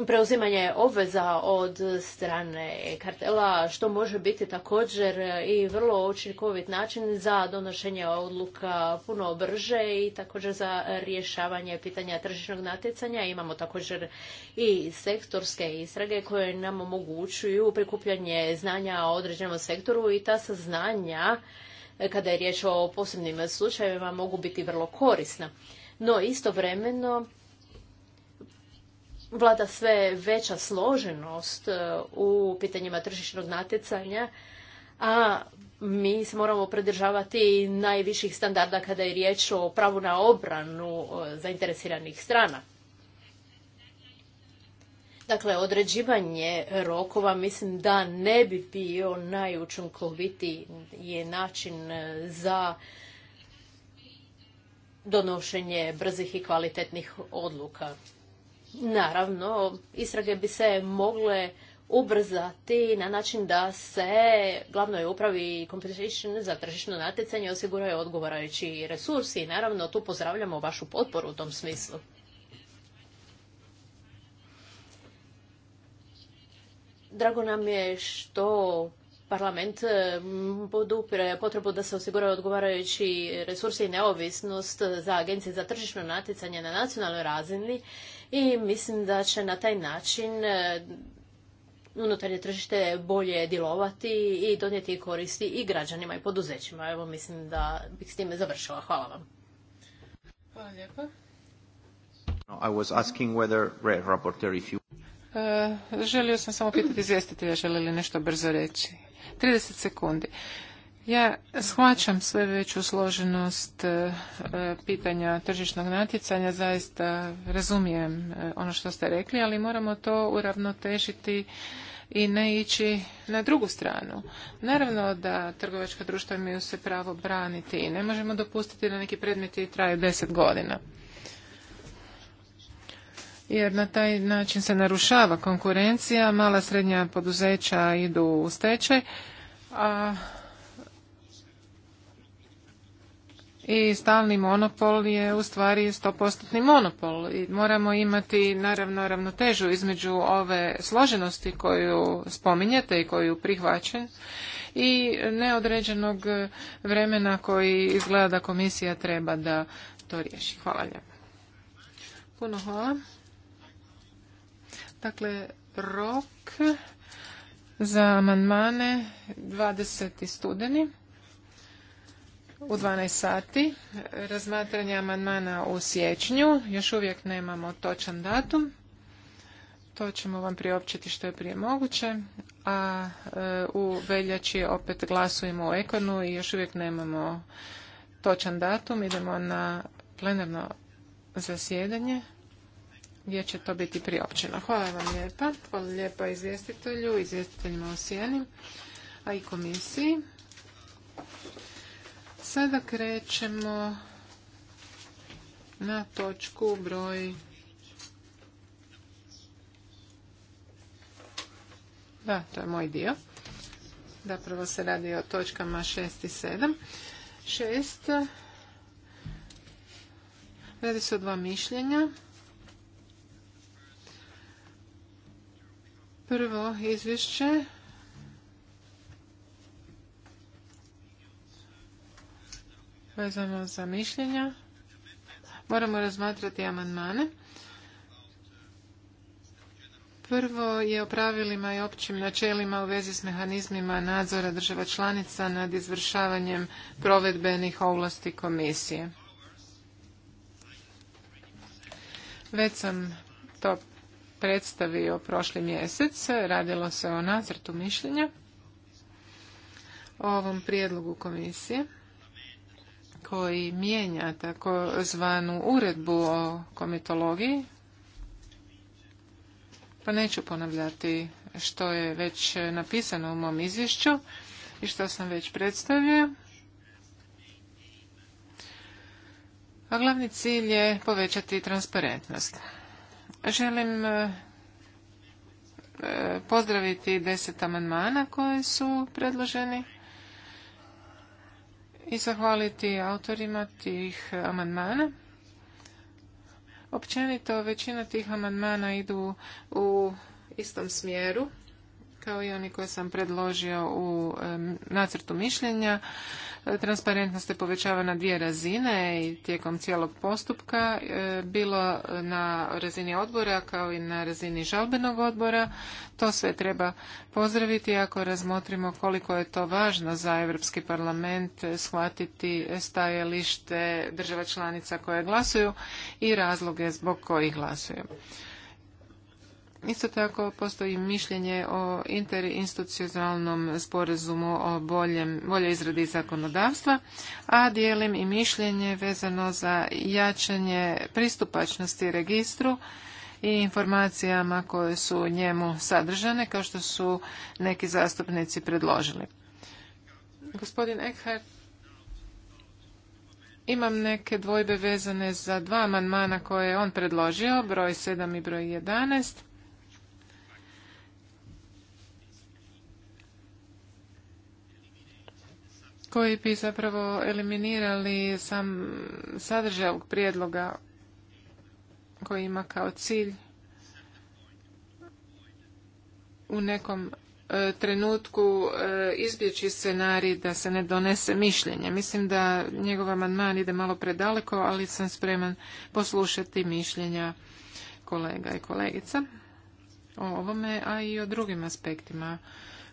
[SPEAKER 2] preuzimanje obveza od strane kartela, što može biti također i vrlo učinkovit način za donošenje odluka puno brže i također za rješavanje pitanja tržišnog natjecanja. Imamo također i sektorske istrage koje nam omogućuju prikupljanje znanja o određenom sektoru i ta saznanja kada je riječ o posebnim slučajevima mogu biti vrlo korisna. No istovremeno vlada sve veća složenost e, u pitanjima tržišnog natjecanja, a mi se moramo pridržavati najviših standarda kada je riječ o pravu na obranu e, zainteresiranih strana. Dakle, određivanje rokova mislim da ne bi bio najučinkovitiji je način e, za donošenje brzih i kvalitetnih odluka. Naravno, istrage bi se mogle ubrzati na način da se glavnoj upravi competition za tržišno natjecanje osiguraju odgovarajući resursi i naravno tu pozdravljamo vašu potporu u tom smislu. Drago nam je što parlament mm, podupire potrebu da se osiguraju odgovarajući resursi i neovisnost za agencije za tržišno natjecanje na nacionalnoj razini i mislim da će na taj način e, unutarnje tržište bolje djelovati i donijeti koristi i građanima i poduzećima. Evo mislim da bih s time završila. Hvala vam.
[SPEAKER 3] Hvala lijepa. E, želio sam samo pitati izvjestitelja želi li nešto brzo reći. 30 sekundi. Ja shvaćam sve veću složenost e, pitanja tržišnog natjecanja, zaista razumijem e, ono što ste rekli, ali moramo to uravnotežiti i ne ići na drugu stranu. Naravno da trgovačka društva imaju se pravo braniti i ne možemo dopustiti da neki predmeti traju deset godina. Jer na taj način se narušava konkurencija, mala srednja poduzeća idu u stečaj, a i stalni monopol je u stvari postotni monopol i moramo imati naravno ravnotežu između ove složenosti koju spominjete i koju prihvaćen i neodređenog vremena koji izgleda da komisija treba da to riješi. Hvala lijepo. Puno hvala. Dakle, rok za amandmane 20. studeni u 12 sati. Razmatranje amandmana u siječnju. Još uvijek nemamo točan datum. To ćemo vam priopćiti što je prije moguće. A e, u veljači opet glasujemo u ekonu i još uvijek nemamo točan datum. Idemo na plenarno zasjedanje gdje će to biti priopćeno. Hvala vam lijepa. Hvala lijepa izvjestitelju, izvjestiteljima u sjenim, a i komisiji. Sada krećemo na točku broj Da, to je moj dio. Zapravo se radi o točkama 6 i 7. šest Radi se o dva mišljenja. Prvo izvješće vezano za mišljenja. Moramo razmatrati amandmane. Prvo je o pravilima i općim načelima u vezi s mehanizmima nadzora država članica nad izvršavanjem provedbenih ovlasti komisije. Već sam to predstavio prošli mjesec. Radilo se o nacrtu mišljenja o ovom prijedlogu komisije koji mijenja zvanu uredbu o komitologiji, pa neću ponavljati što je već napisano u mom izvješću i što sam već predstavio. A glavni cilj je povećati transparentnost. Želim e, pozdraviti deset amandmana koji su predloženi i zahvaliti autorima tih amandmana. Općenito većina tih amandmana idu u istom smjeru kao i oni koje sam predložio u nacrtu mišljenja. E, transparentnost se povećava na dvije razine i tijekom cijelog postupka, e, bilo na razini odbora kao i na razini žalbenog odbora. To sve treba pozdraviti ako razmotrimo koliko je to važno za Europski parlament shvatiti stajalište država članica koje glasuju i razloge zbog kojih glasuju. Isto tako postoji mišljenje o interinstitucionalnom sporazumu o boljem, izradi zakonodavstva, a dijelim i mišljenje vezano za jačanje pristupačnosti registru i informacijama koje su njemu sadržane, kao što su neki zastupnici predložili. Gospodin Eckhart, imam neke dvojbe vezane za dva amandmana koje je on predložio, broj 7 i broj 11 koji bi zapravo eliminirali sam sadržaj ovog prijedloga koji ima kao cilj u nekom e, trenutku e, izbjeći scenarij da se ne donese mišljenje. Mislim da njegov amandman ide malo predaleko, ali sam spreman poslušati mišljenja kolega i kolegica o ovome, a i o drugim aspektima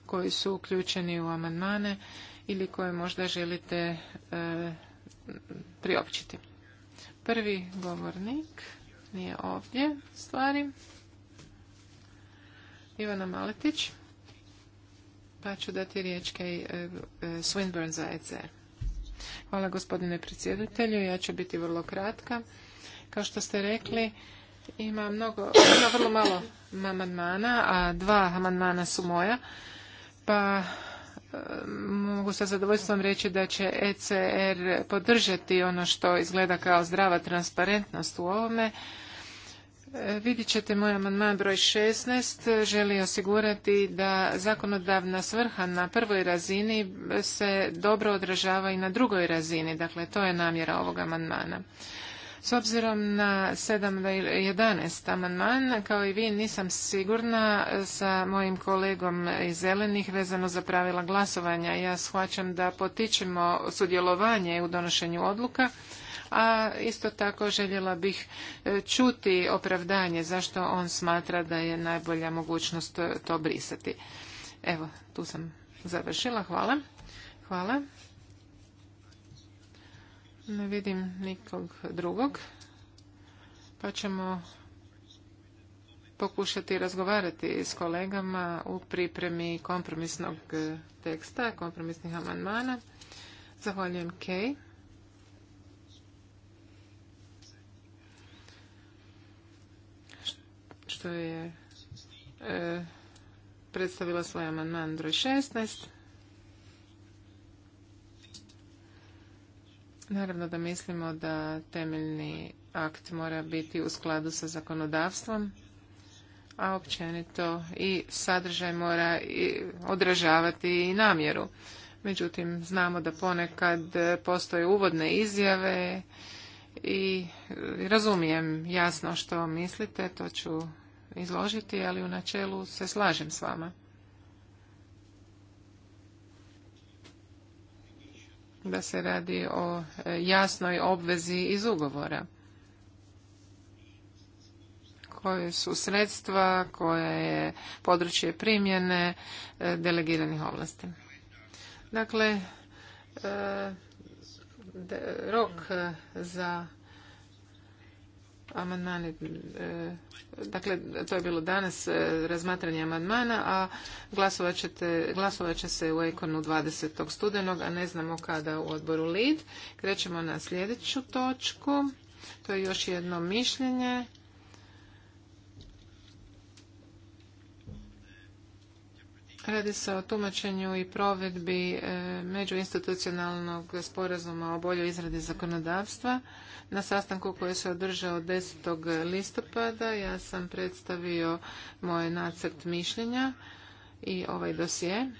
[SPEAKER 3] koji su uključeni u amandmane ili koje možda želite e, priopćiti. Prvi govornik nije ovdje stvari. Ivana Maletić. Pa ću dati riječ e, e, Swinburne za ECR. Hvala gospodine predsjedatelju. Ja ću biti vrlo kratka. Kao što ste rekli, ima mnogo, ima vrlo malo amandmana, a dva amandmana su moja. Pa mogu sa zadovoljstvom reći da će ECR podržati ono što izgleda kao zdrava transparentnost u ovome. E, Vidjet ćete moj amandman broj 16. Želi osigurati da zakonodavna svrha na prvoj razini se dobro odražava i na drugoj razini. Dakle, to je namjera ovog amandmana. S obzirom na 7.11. amandman, kao i vi nisam sigurna sa mojim kolegom iz Zelenih vezano za pravila glasovanja. Ja shvaćam da potičemo sudjelovanje u donošenju odluka, a isto tako željela bih e, čuti opravdanje zašto on smatra da je najbolja mogućnost to brisati. Evo, tu sam završila. Hvala. Hvala. Ne vidim nikog drugog, pa ćemo pokušati razgovarati s kolegama u pripremi kompromisnog e, teksta, kompromisnih amandmana. Zahvaljujem Kej. Što je e, predstavila svoj amandman broj 16. Naravno da mislimo da temeljni akt mora biti u skladu sa zakonodavstvom, a općenito i sadržaj mora odražavati i namjeru. Međutim, znamo da ponekad postoje uvodne izjave i razumijem jasno što mislite, to ću izložiti, ali u načelu se slažem s vama. da se radi o e, jasnoj obvezi iz ugovora koje su sredstva, koje je područje primjene e, delegiranih ovlasti. Dakle, e, rok za amandmani, e, dakle to je bilo danas e, razmatranje amandmana, a glasovat, će se u Ekonu 20. studenog, a ne znamo kada u odboru LID. Krećemo na sljedeću točku. To je još jedno mišljenje. Radi se o tumačenju i provedbi e, međuinstitucionalnog sporazuma o boljoj izradi zakonodavstva. Na sastanku koji se održao 10. listopada ja sam predstavio moj nacrt mišljenja i ovaj dosje.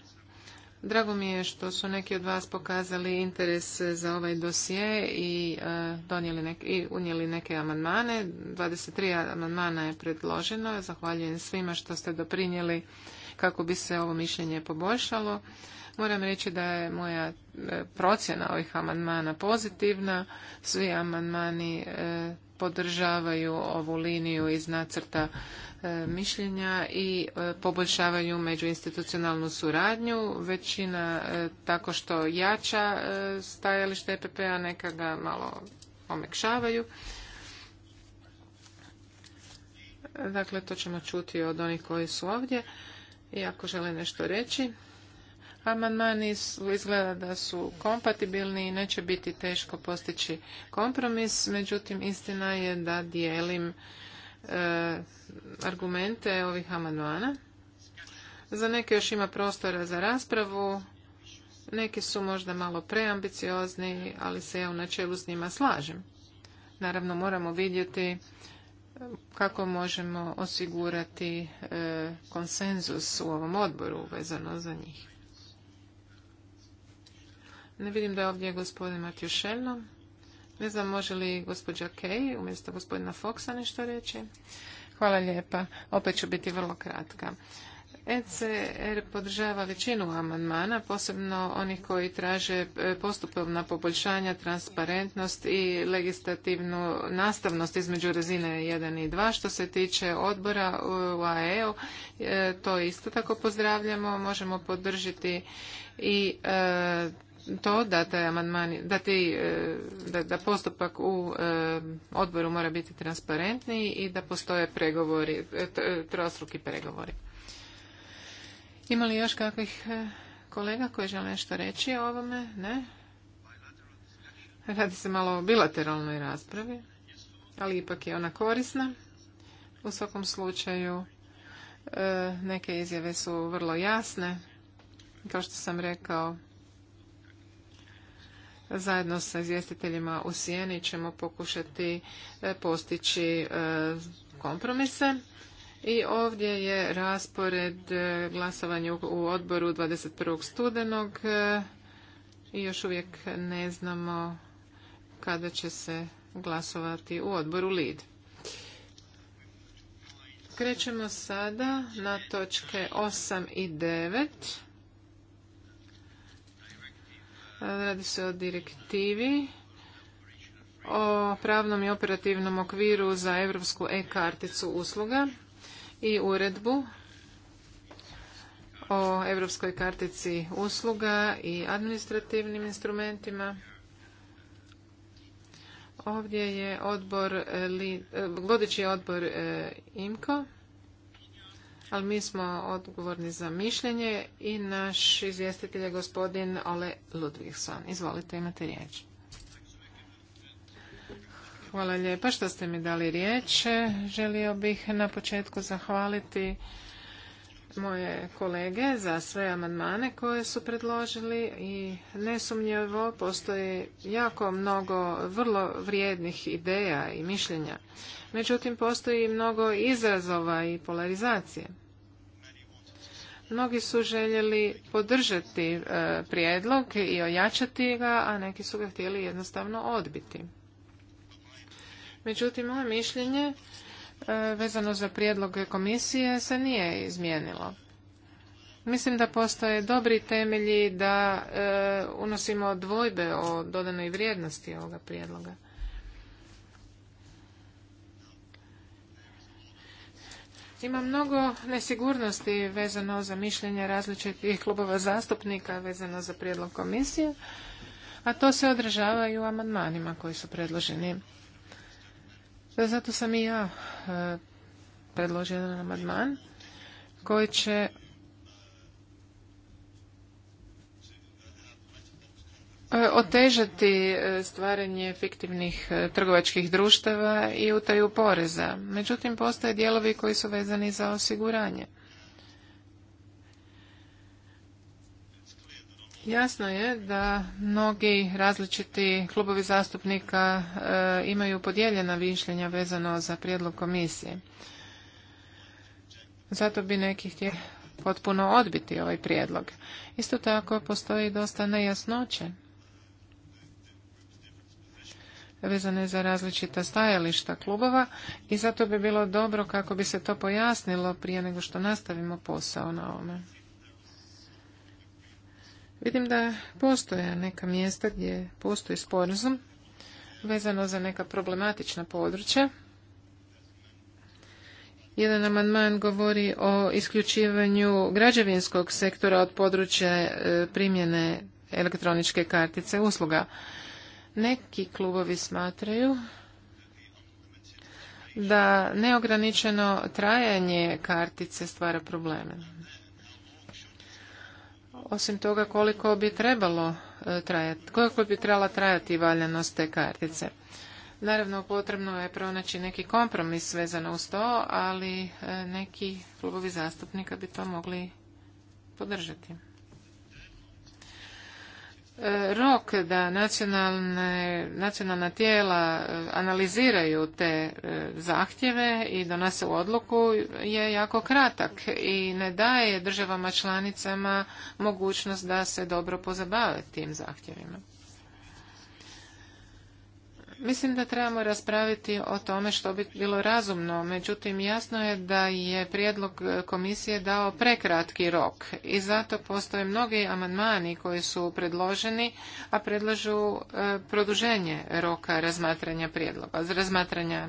[SPEAKER 3] Drago mi je što su neki od vas pokazali interes za ovaj dosje i, e, donijeli i unijeli neke amandmane. 23 amandmana je predloženo. Zahvaljujem svima što ste doprinijeli kako bi se ovo mišljenje poboljšalo. Moram reći da je moja e, procjena ovih amandmana pozitivna. Svi amandmani e, podržavaju ovu liniju iz nacrta e, mišljenja i poboljšavaju međuinstitucionalnu suradnju. Većina tako što jača stajalište EPP-a, neka ga malo omekšavaju. Dakle, to ćemo čuti od onih koji su ovdje i ako žele nešto reći. Amandmani izgleda da su kompatibilni i neće biti teško postići kompromis, međutim istina je da dijelim e, argumente ovih amandmana. Za neke još ima prostora za raspravu, neki su možda malo preambiciozni, ali se ja u načelu s njima slažem. Naravno moramo vidjeti e, kako možemo osigurati e, konsenzus u ovom odboru vezano za njih. Ne vidim da je ovdje gospodin Matjušelno. Ne znam može li gospođa Kej umjesto gospodina Foxa nešto reći. Hvala lijepa. Opet ću biti vrlo kratka. ECR er podržava većinu amandmana, posebno onih koji traže e, postupovna poboljšanja, transparentnost i legislativnu nastavnost između razine 1 i 2. Što se tiče odbora u AEO, e, to isto tako pozdravljamo. Možemo podržiti i e, to da taj amandman, da, ti, e, da, da postupak u e, odboru mora biti transparentniji i da postoje pregovori, e, trostruki pregovori. Ima li još kakvih kolega koji žele nešto reći o ovome? Ne? Radi se malo o bilateralnoj raspravi, ali ipak je ona korisna. U svakom slučaju neke izjave su vrlo jasne. Kao što sam rekao, Zajedno sa izvjestiteljima u Sijeni ćemo pokušati e, postići e, kompromise. I ovdje je raspored e, glasovanja u odboru 21. studenog i još uvijek ne znamo kada će se glasovati u odboru LID. Krećemo sada na točke 8 i 9. Radi se o direktivi o pravnom i operativnom okviru za europsku e-karticu usluga i uredbu o europskoj kartici usluga i administrativnim instrumentima. Ovdje je odbor, eh, eh, vodeći odbor eh, IMCO ali mi smo odgovorni za mišljenje i naš izvjestitelj je gospodin Ole Ludvigson. Izvolite, imate riječ. Hvala lijepa što ste mi dali riječ. Želio bih na početku zahvaliti moje kolege za sve amandmane koje su predložili i nesumnjivo postoji jako mnogo vrlo vrijednih ideja i mišljenja. Međutim, postoji mnogo izrazova i polarizacije. Mnogi su željeli podržati e, prijedlog i ojačati ga, a neki su ga htjeli jednostavno odbiti. Međutim, moje mišljenje E, vezano za prijedloge komisije se nije izmijenilo. Mislim da postoje dobri temelji da e, unosimo dvojbe o dodanoj vrijednosti ovoga prijedloga. Ima mnogo nesigurnosti vezano za mišljenje različitih klubova zastupnika vezano za prijedlog komisije, a to se odražava i u amandmanima koji su predloženi. Zato sam i ja e, predložila jedan amandman koji će e, otežati e, stvaranje fiktivnih trgovačkih društava i utaju poreza. Međutim, postoje dijelovi koji su vezani za osiguranje. Jasno je da mnogi različiti klubovi zastupnika e, imaju podijeljena mišljenja vezano za prijedlog komisije. Zato bi neki htjeli potpuno odbiti ovaj prijedlog. Isto tako postoji dosta nejasnoće vezane za različita stajališta klubova i zato bi bilo dobro kako bi se to pojasnilo prije nego što nastavimo posao na ovome. Vidim da postoje neka mjesta gdje postoji sporazum vezano za neka problematična područja. Jedan amandman govori o isključivanju građevinskog sektora od područja e, primjene elektroničke kartice usluga. Neki klubovi smatraju da neograničeno trajanje kartice stvara probleme osim toga koliko bi trebalo e, trajati, koliko bi trebala trajati valjanost te kartice. Naravno, potrebno je pronaći neki kompromis vezano uz to, ali e, neki klubovi zastupnika bi to mogli podržati rok da nacionalna tijela e, analiziraju te e, zahtjeve i donose odluku je jako kratak i ne daje državama članicama mogućnost da se dobro pozabave tim zahtjevima. Mislim da trebamo raspraviti o tome što bi bilo razumno, međutim jasno je da je prijedlog komisije dao prekratki rok i zato postoje mnogi amandmani koji su predloženi, a predlažu e, produženje roka razmatranja prijedloga, razmatranja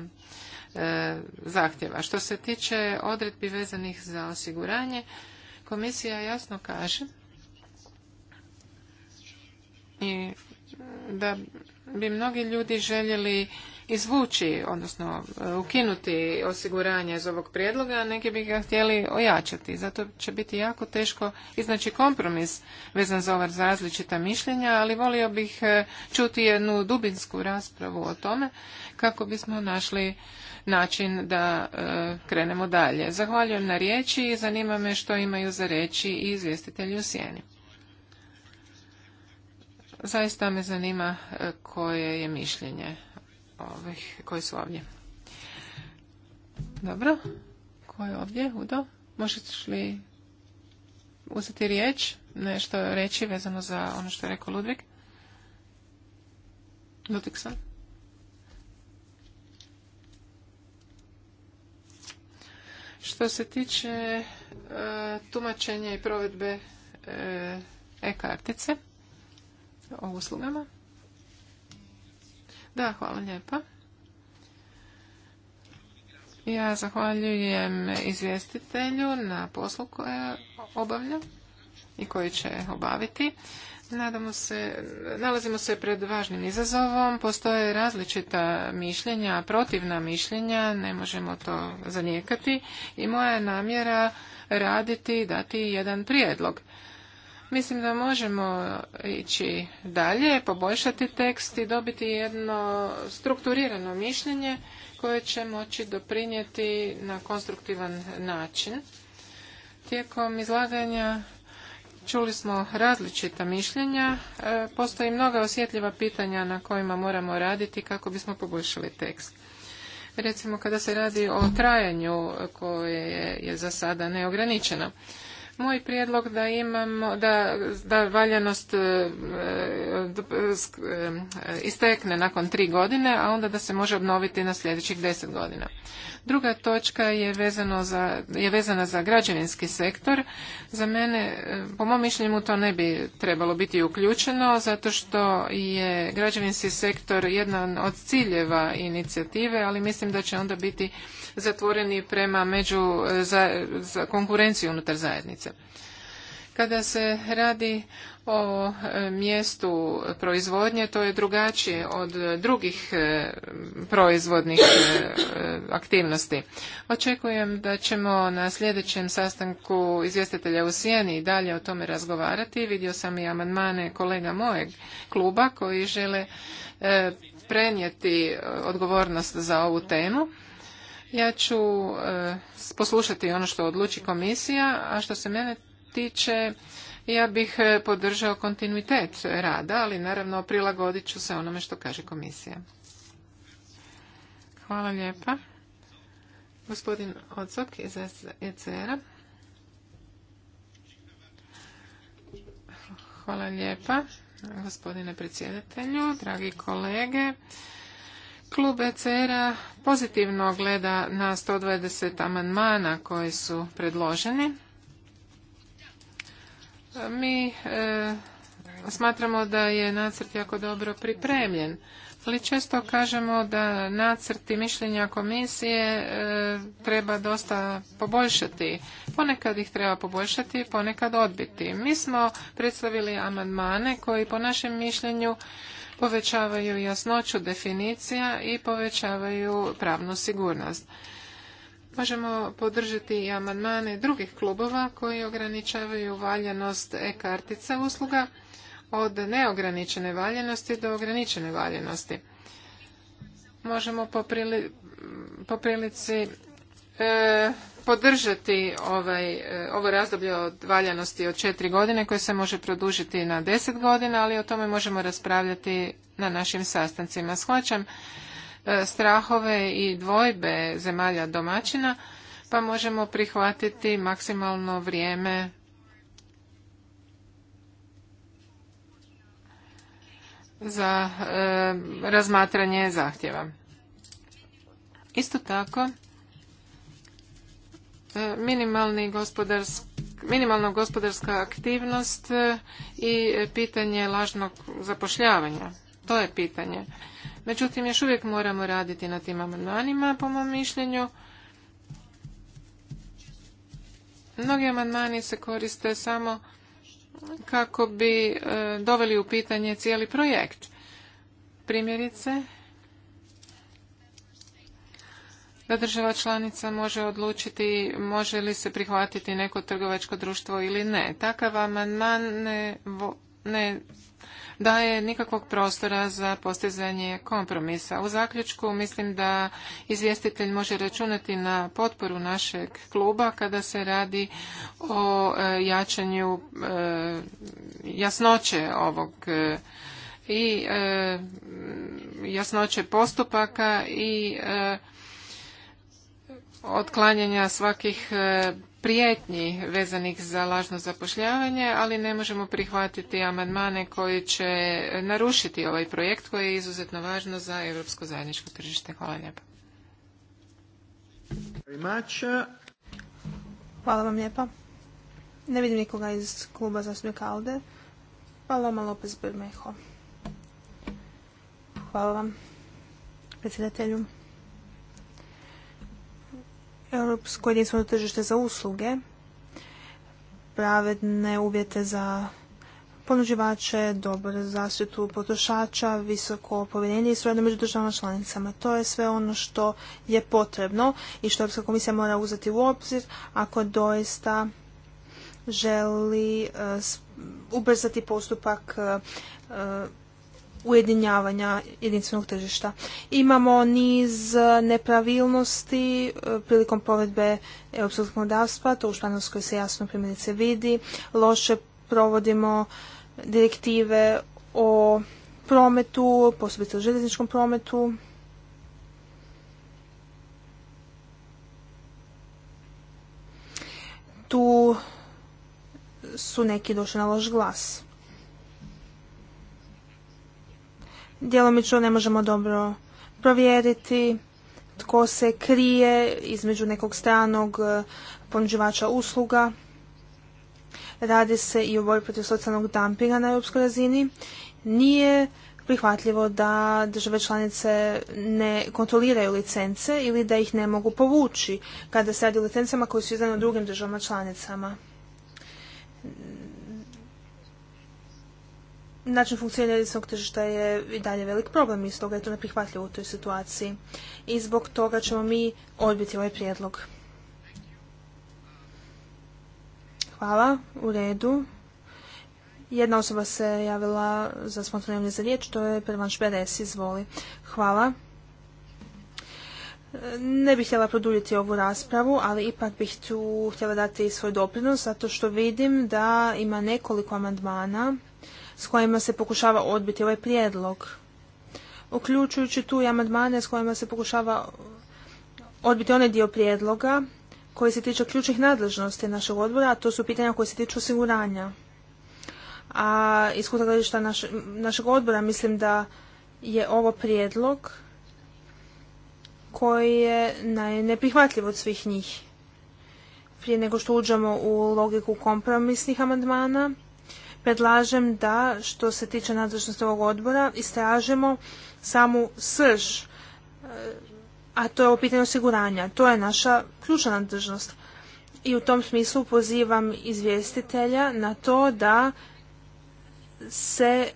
[SPEAKER 3] e, zahtjeva. Što se tiče odredbi vezanih za osiguranje, komisija jasno kaže i da bi mnogi ljudi željeli izvući, odnosno e, ukinuti osiguranje iz ovog prijedloga, a neki bi ga htjeli ojačati. Zato će biti jako teško iznaći kompromis vezan za ova različita mišljenja, ali volio bih e, čuti jednu dubinsku raspravu o tome kako bismo našli način da e, krenemo dalje. Zahvaljujem na riječi i zanima me što imaju za reći i izvjestitelji u sjeni. Zaista me zanima e, koje je mišljenje ovih koji su ovdje. Dobro. Ko je ovdje? Udo? Možete li uzeti riječ? Nešto reći vezano za ono što je rekao Ludvig? sam. Što se tiče e, tumačenja i provedbe e, e-kartice, o uslugama. Da, hvala lijepa. Ja zahvaljujem izvjestitelju na poslu koje obavlja i koji će obaviti. Nadamo se, nalazimo se pred važnim izazovom, postoje različita mišljenja, protivna mišljenja, ne možemo to zanijekati i moja je namjera raditi i dati jedan prijedlog. Mislim da možemo ići dalje, poboljšati tekst i dobiti jedno strukturirano mišljenje koje će moći doprinijeti na konstruktivan način. Tijekom izlaganja čuli smo različita mišljenja. E, postoji mnoga osjetljiva pitanja na kojima moramo raditi kako bismo poboljšali tekst. Recimo kada se radi o trajanju koje je za sada neograničeno moj prijedlog da imamo da, da valjanost e, e, e, istekne nakon tri godine, a onda da se može obnoviti na sljedećih deset godina. Druga točka je, vezano za, je vezana za građevinski sektor. Za mene, e, po mom mišljenju, to ne bi trebalo biti uključeno, zato što je građevinski sektor jedan od ciljeva inicijative, ali mislim da će onda biti zatvoreni prema među e, za konkurenciju unutar zajednice. Kada se radi o e, mjestu proizvodnje, to je drugačije od drugih e, proizvodnih e, aktivnosti. Očekujem da ćemo na sljedećem sastanku izvjestitelja u Sijeni i dalje o tome razgovarati. Vidio sam i amandmane kolega mojeg kluba koji žele prenijeti odgovornost za ovu temu. Ja ću poslušati ono što odluči komisija, a što se mene tiče, ja bih e, podržao kontinuitet rada, ali naravno prilagodit ću se onome što kaže komisija. Hvala lijepa. Gospodin Ocok iz ECR-a. Hvala lijepa, gospodine predsjedatelju, dragi kolege. Klub ECR-a pozitivno gleda na 120 amandmana koji su predloženi. Mi e, smatramo da je nacrt jako dobro pripremljen, ali često kažemo da nacrti mišljenja komisije e, treba dosta poboljšati. Ponekad ih treba poboljšati, ponekad odbiti. Mi smo predstavili amandmane koji po našem mišljenju povećavaju jasnoću definicija i povećavaju pravnu sigurnost. Možemo podržati i amandmane drugih klubova koji ograničavaju valjanost e-kartica usluga od neograničene valjanosti do ograničene valjanosti. Možemo po prilici e, podržati ovaj, e, ovo razdoblje od valjanosti od četiri godine koje se može produžiti na deset godina, ali o tome možemo raspravljati na našim sastancima. Shvaćam E, strahove i dvojbe zemalja domaćina, pa možemo prihvatiti maksimalno vrijeme za e, razmatranje zahtjeva. Isto tako, e, minimalni minimalna gospodarska aktivnost i pitanje lažnog zapošljavanja. To je pitanje. Međutim, još uvijek moramo raditi na tim amandmanima, po mom mišljenju. Mnogi amandmani se koriste samo kako bi e, doveli u pitanje cijeli projekt. Primjerice, da država članica može odlučiti može li se prihvatiti neko trgovačko društvo ili ne. Takav amandman ne, ne daje nikakvog prostora za postizanje kompromisa. U zaključku mislim da izvjestitelj može računati na potporu našeg kluba kada se radi o e, jačanju e, jasnoće ovog e, i jasnoće postupaka i otklanjanja svakih prijetnji vezanih za lažno zapošljavanje, ali ne možemo prihvatiti amandmane koji će narušiti ovaj projekt koji je izuzetno važno za europsko zajedničko tržište. Hvala lijepa.
[SPEAKER 1] Hvala vam lijepa. Ne vidim nikoga iz kluba zastupnika Alde. Paloma Lopez Bermejo. Hvala vam, predsjedatelju. Europsko jedinstveno tržište za usluge, pravedne uvjete za ponuđivače, za zaštitu potrošača, visoko povjerenje i suradnje među državama članicama. To je sve ono što je potrebno i što Europska komisija mora uzeti u obzir ako doista želi eh, ubrzati postupak eh, ujedinjavanja jedinstvenog tržišta. Imamo niz e, nepravilnosti e, prilikom provedbe europskog zakonodavstva, to u Španjolskoj se jasno primjerice vidi, loše provodimo direktive o prometu, posebno u željezničkom prometu, tu su neki došli na loš glas. djelomično ne možemo dobro provjeriti tko se krije između nekog stranog e, ponuđivača usluga. Radi se i o boju protiv socijalnog dumpinga na europskoj razini. Nije prihvatljivo da države članice ne kontroliraju licence ili da ih ne mogu povući kada se radi o licencama koje su izdane u drugim državama članicama način funkcioniranja jedinstvenog tržišta je i dalje velik problem i stoga je to neprihvatljivo u toj situaciji. I zbog toga ćemo mi odbiti ovaj prijedlog. Hvala, u redu. Jedna osoba se javila za spontanom za riječ, to je Pervan Šperes, izvoli. Hvala. Ne bih htjela produljiti ovu raspravu, ali ipak bih tu htjela dati svoj doprinos, zato što vidim da ima nekoliko amandmana s kojima se pokušava odbiti ovaj prijedlog, uključujući tu i amandmane s kojima se pokušava odbiti onaj dio prijedloga koji se tiče ključnih nadležnosti našeg odbora, a to su pitanja koje se tiču osiguranja. A iz kuta našeg odbora mislim da je ovo prijedlog koji je najneprihvatljiv od svih njih. Prije nego što uđemo u logiku kompromisnih amandmana, predlažem da što se tiče nadležnosti ovog odbora istražimo samu srž, e, a to je ovo pitanje osiguranja. To je naša ključna nadležnost. I u tom smislu pozivam izvjestitelja na to da se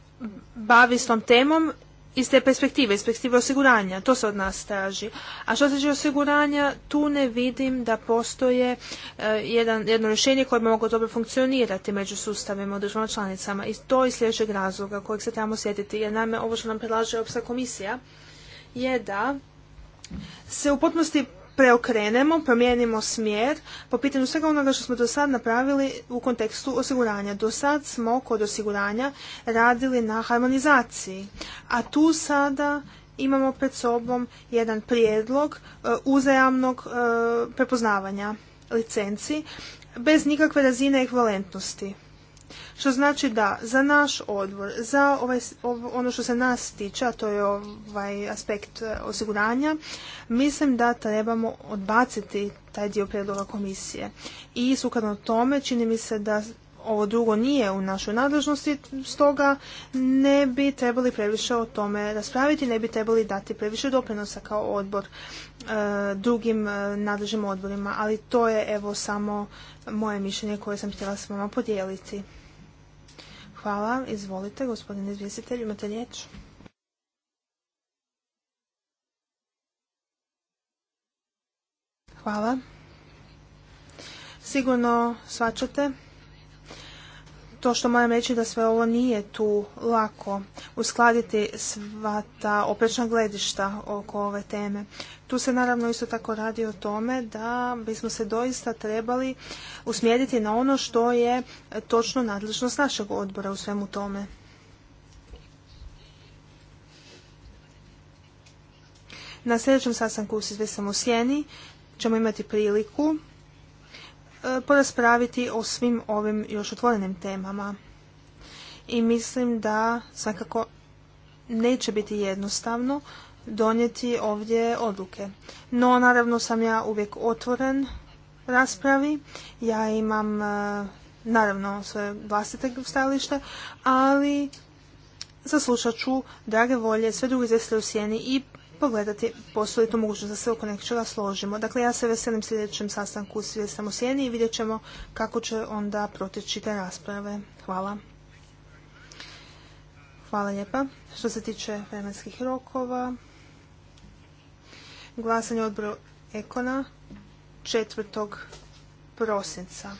[SPEAKER 1] bavi s tom temom iz te perspektive, iz perspektive osiguranja. To se od nas traži. A što se tiče osiguranja, tu ne vidim da postoje e, jedan, jedno rješenje koje bi moglo dobro funkcionirati među sustavima u državama članicama. I to iz sljedećeg razloga kojeg se trebamo sjetiti. Jer naime, ovo što nam predlaže Europska komisija je da se u potpunosti preokrenemo, promijenimo smjer po pitanju svega onoga što smo do sad napravili u kontekstu osiguranja. Do sad smo kod osiguranja radili na harmonizaciji, a tu sada imamo pred sobom jedan prijedlog e, uzajamnog e, prepoznavanja licenci bez nikakve razine ekvivalentnosti. Što znači da za naš odbor, za ovaj ono što se nas tiče, a to je ovaj aspekt e, osiguranja, mislim da trebamo odbaciti taj dio prijedloga komisije. I sukladno tome čini mi se da ovo drugo nije u našoj nadležnosti, stoga ne bi trebali previše o tome raspraviti, ne bi trebali dati previše doprinosa kao odbor e, drugim e, nadležnim odborima, ali to je evo samo moje mišljenje koje sam htjela s vama podijeliti. Hvala. Izvolite, gospodine izvjestitelj, imate riječ. Hvala. Sigurno svačate to što moram reći da sve ovo nije tu lako uskladiti sva ta oprečna gledišta oko ove teme. Tu se naravno isto tako radi o tome da bismo se doista trebali usmjeriti na ono što je točno nadležnost našeg odbora u svemu tome. Na sljedećem sastanku svi sam u Sjeni ćemo imati priliku E, poraspraviti o svim ovim još otvorenim temama. I mislim da svakako neće biti jednostavno donijeti ovdje odluke. No, naravno sam ja uvijek otvoren raspravi. Ja imam e, naravno svoje vlastite stajalište, ali zaslušat ću drage volje sve druge zesle u sjeni i pogledati postoji to mogućnost da se oko nekog složimo. Dakle, ja se veselim sljedećem sastanku s Vjestom u Sjeni i vidjet ćemo kako će onda proteći te rasprave. Hvala. Hvala lijepa. Što se tiče vremenskih rokova, glasanje odbro Ekona 4. prosinca.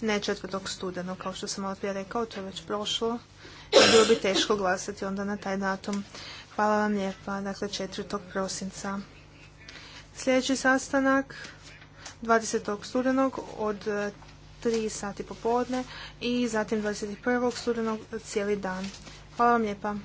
[SPEAKER 1] Ne 4. studenog, kao što sam malo prije rekao, to je već prošlo. Bilo bi teško glasati onda na taj datum. Hvala vam lijepa. Dakle, 4. prosinca. Sljedeći sastanak 20. studenog od 3 e, sati popodne i zatim 21. studenog cijeli dan. Hvala vam lijepa.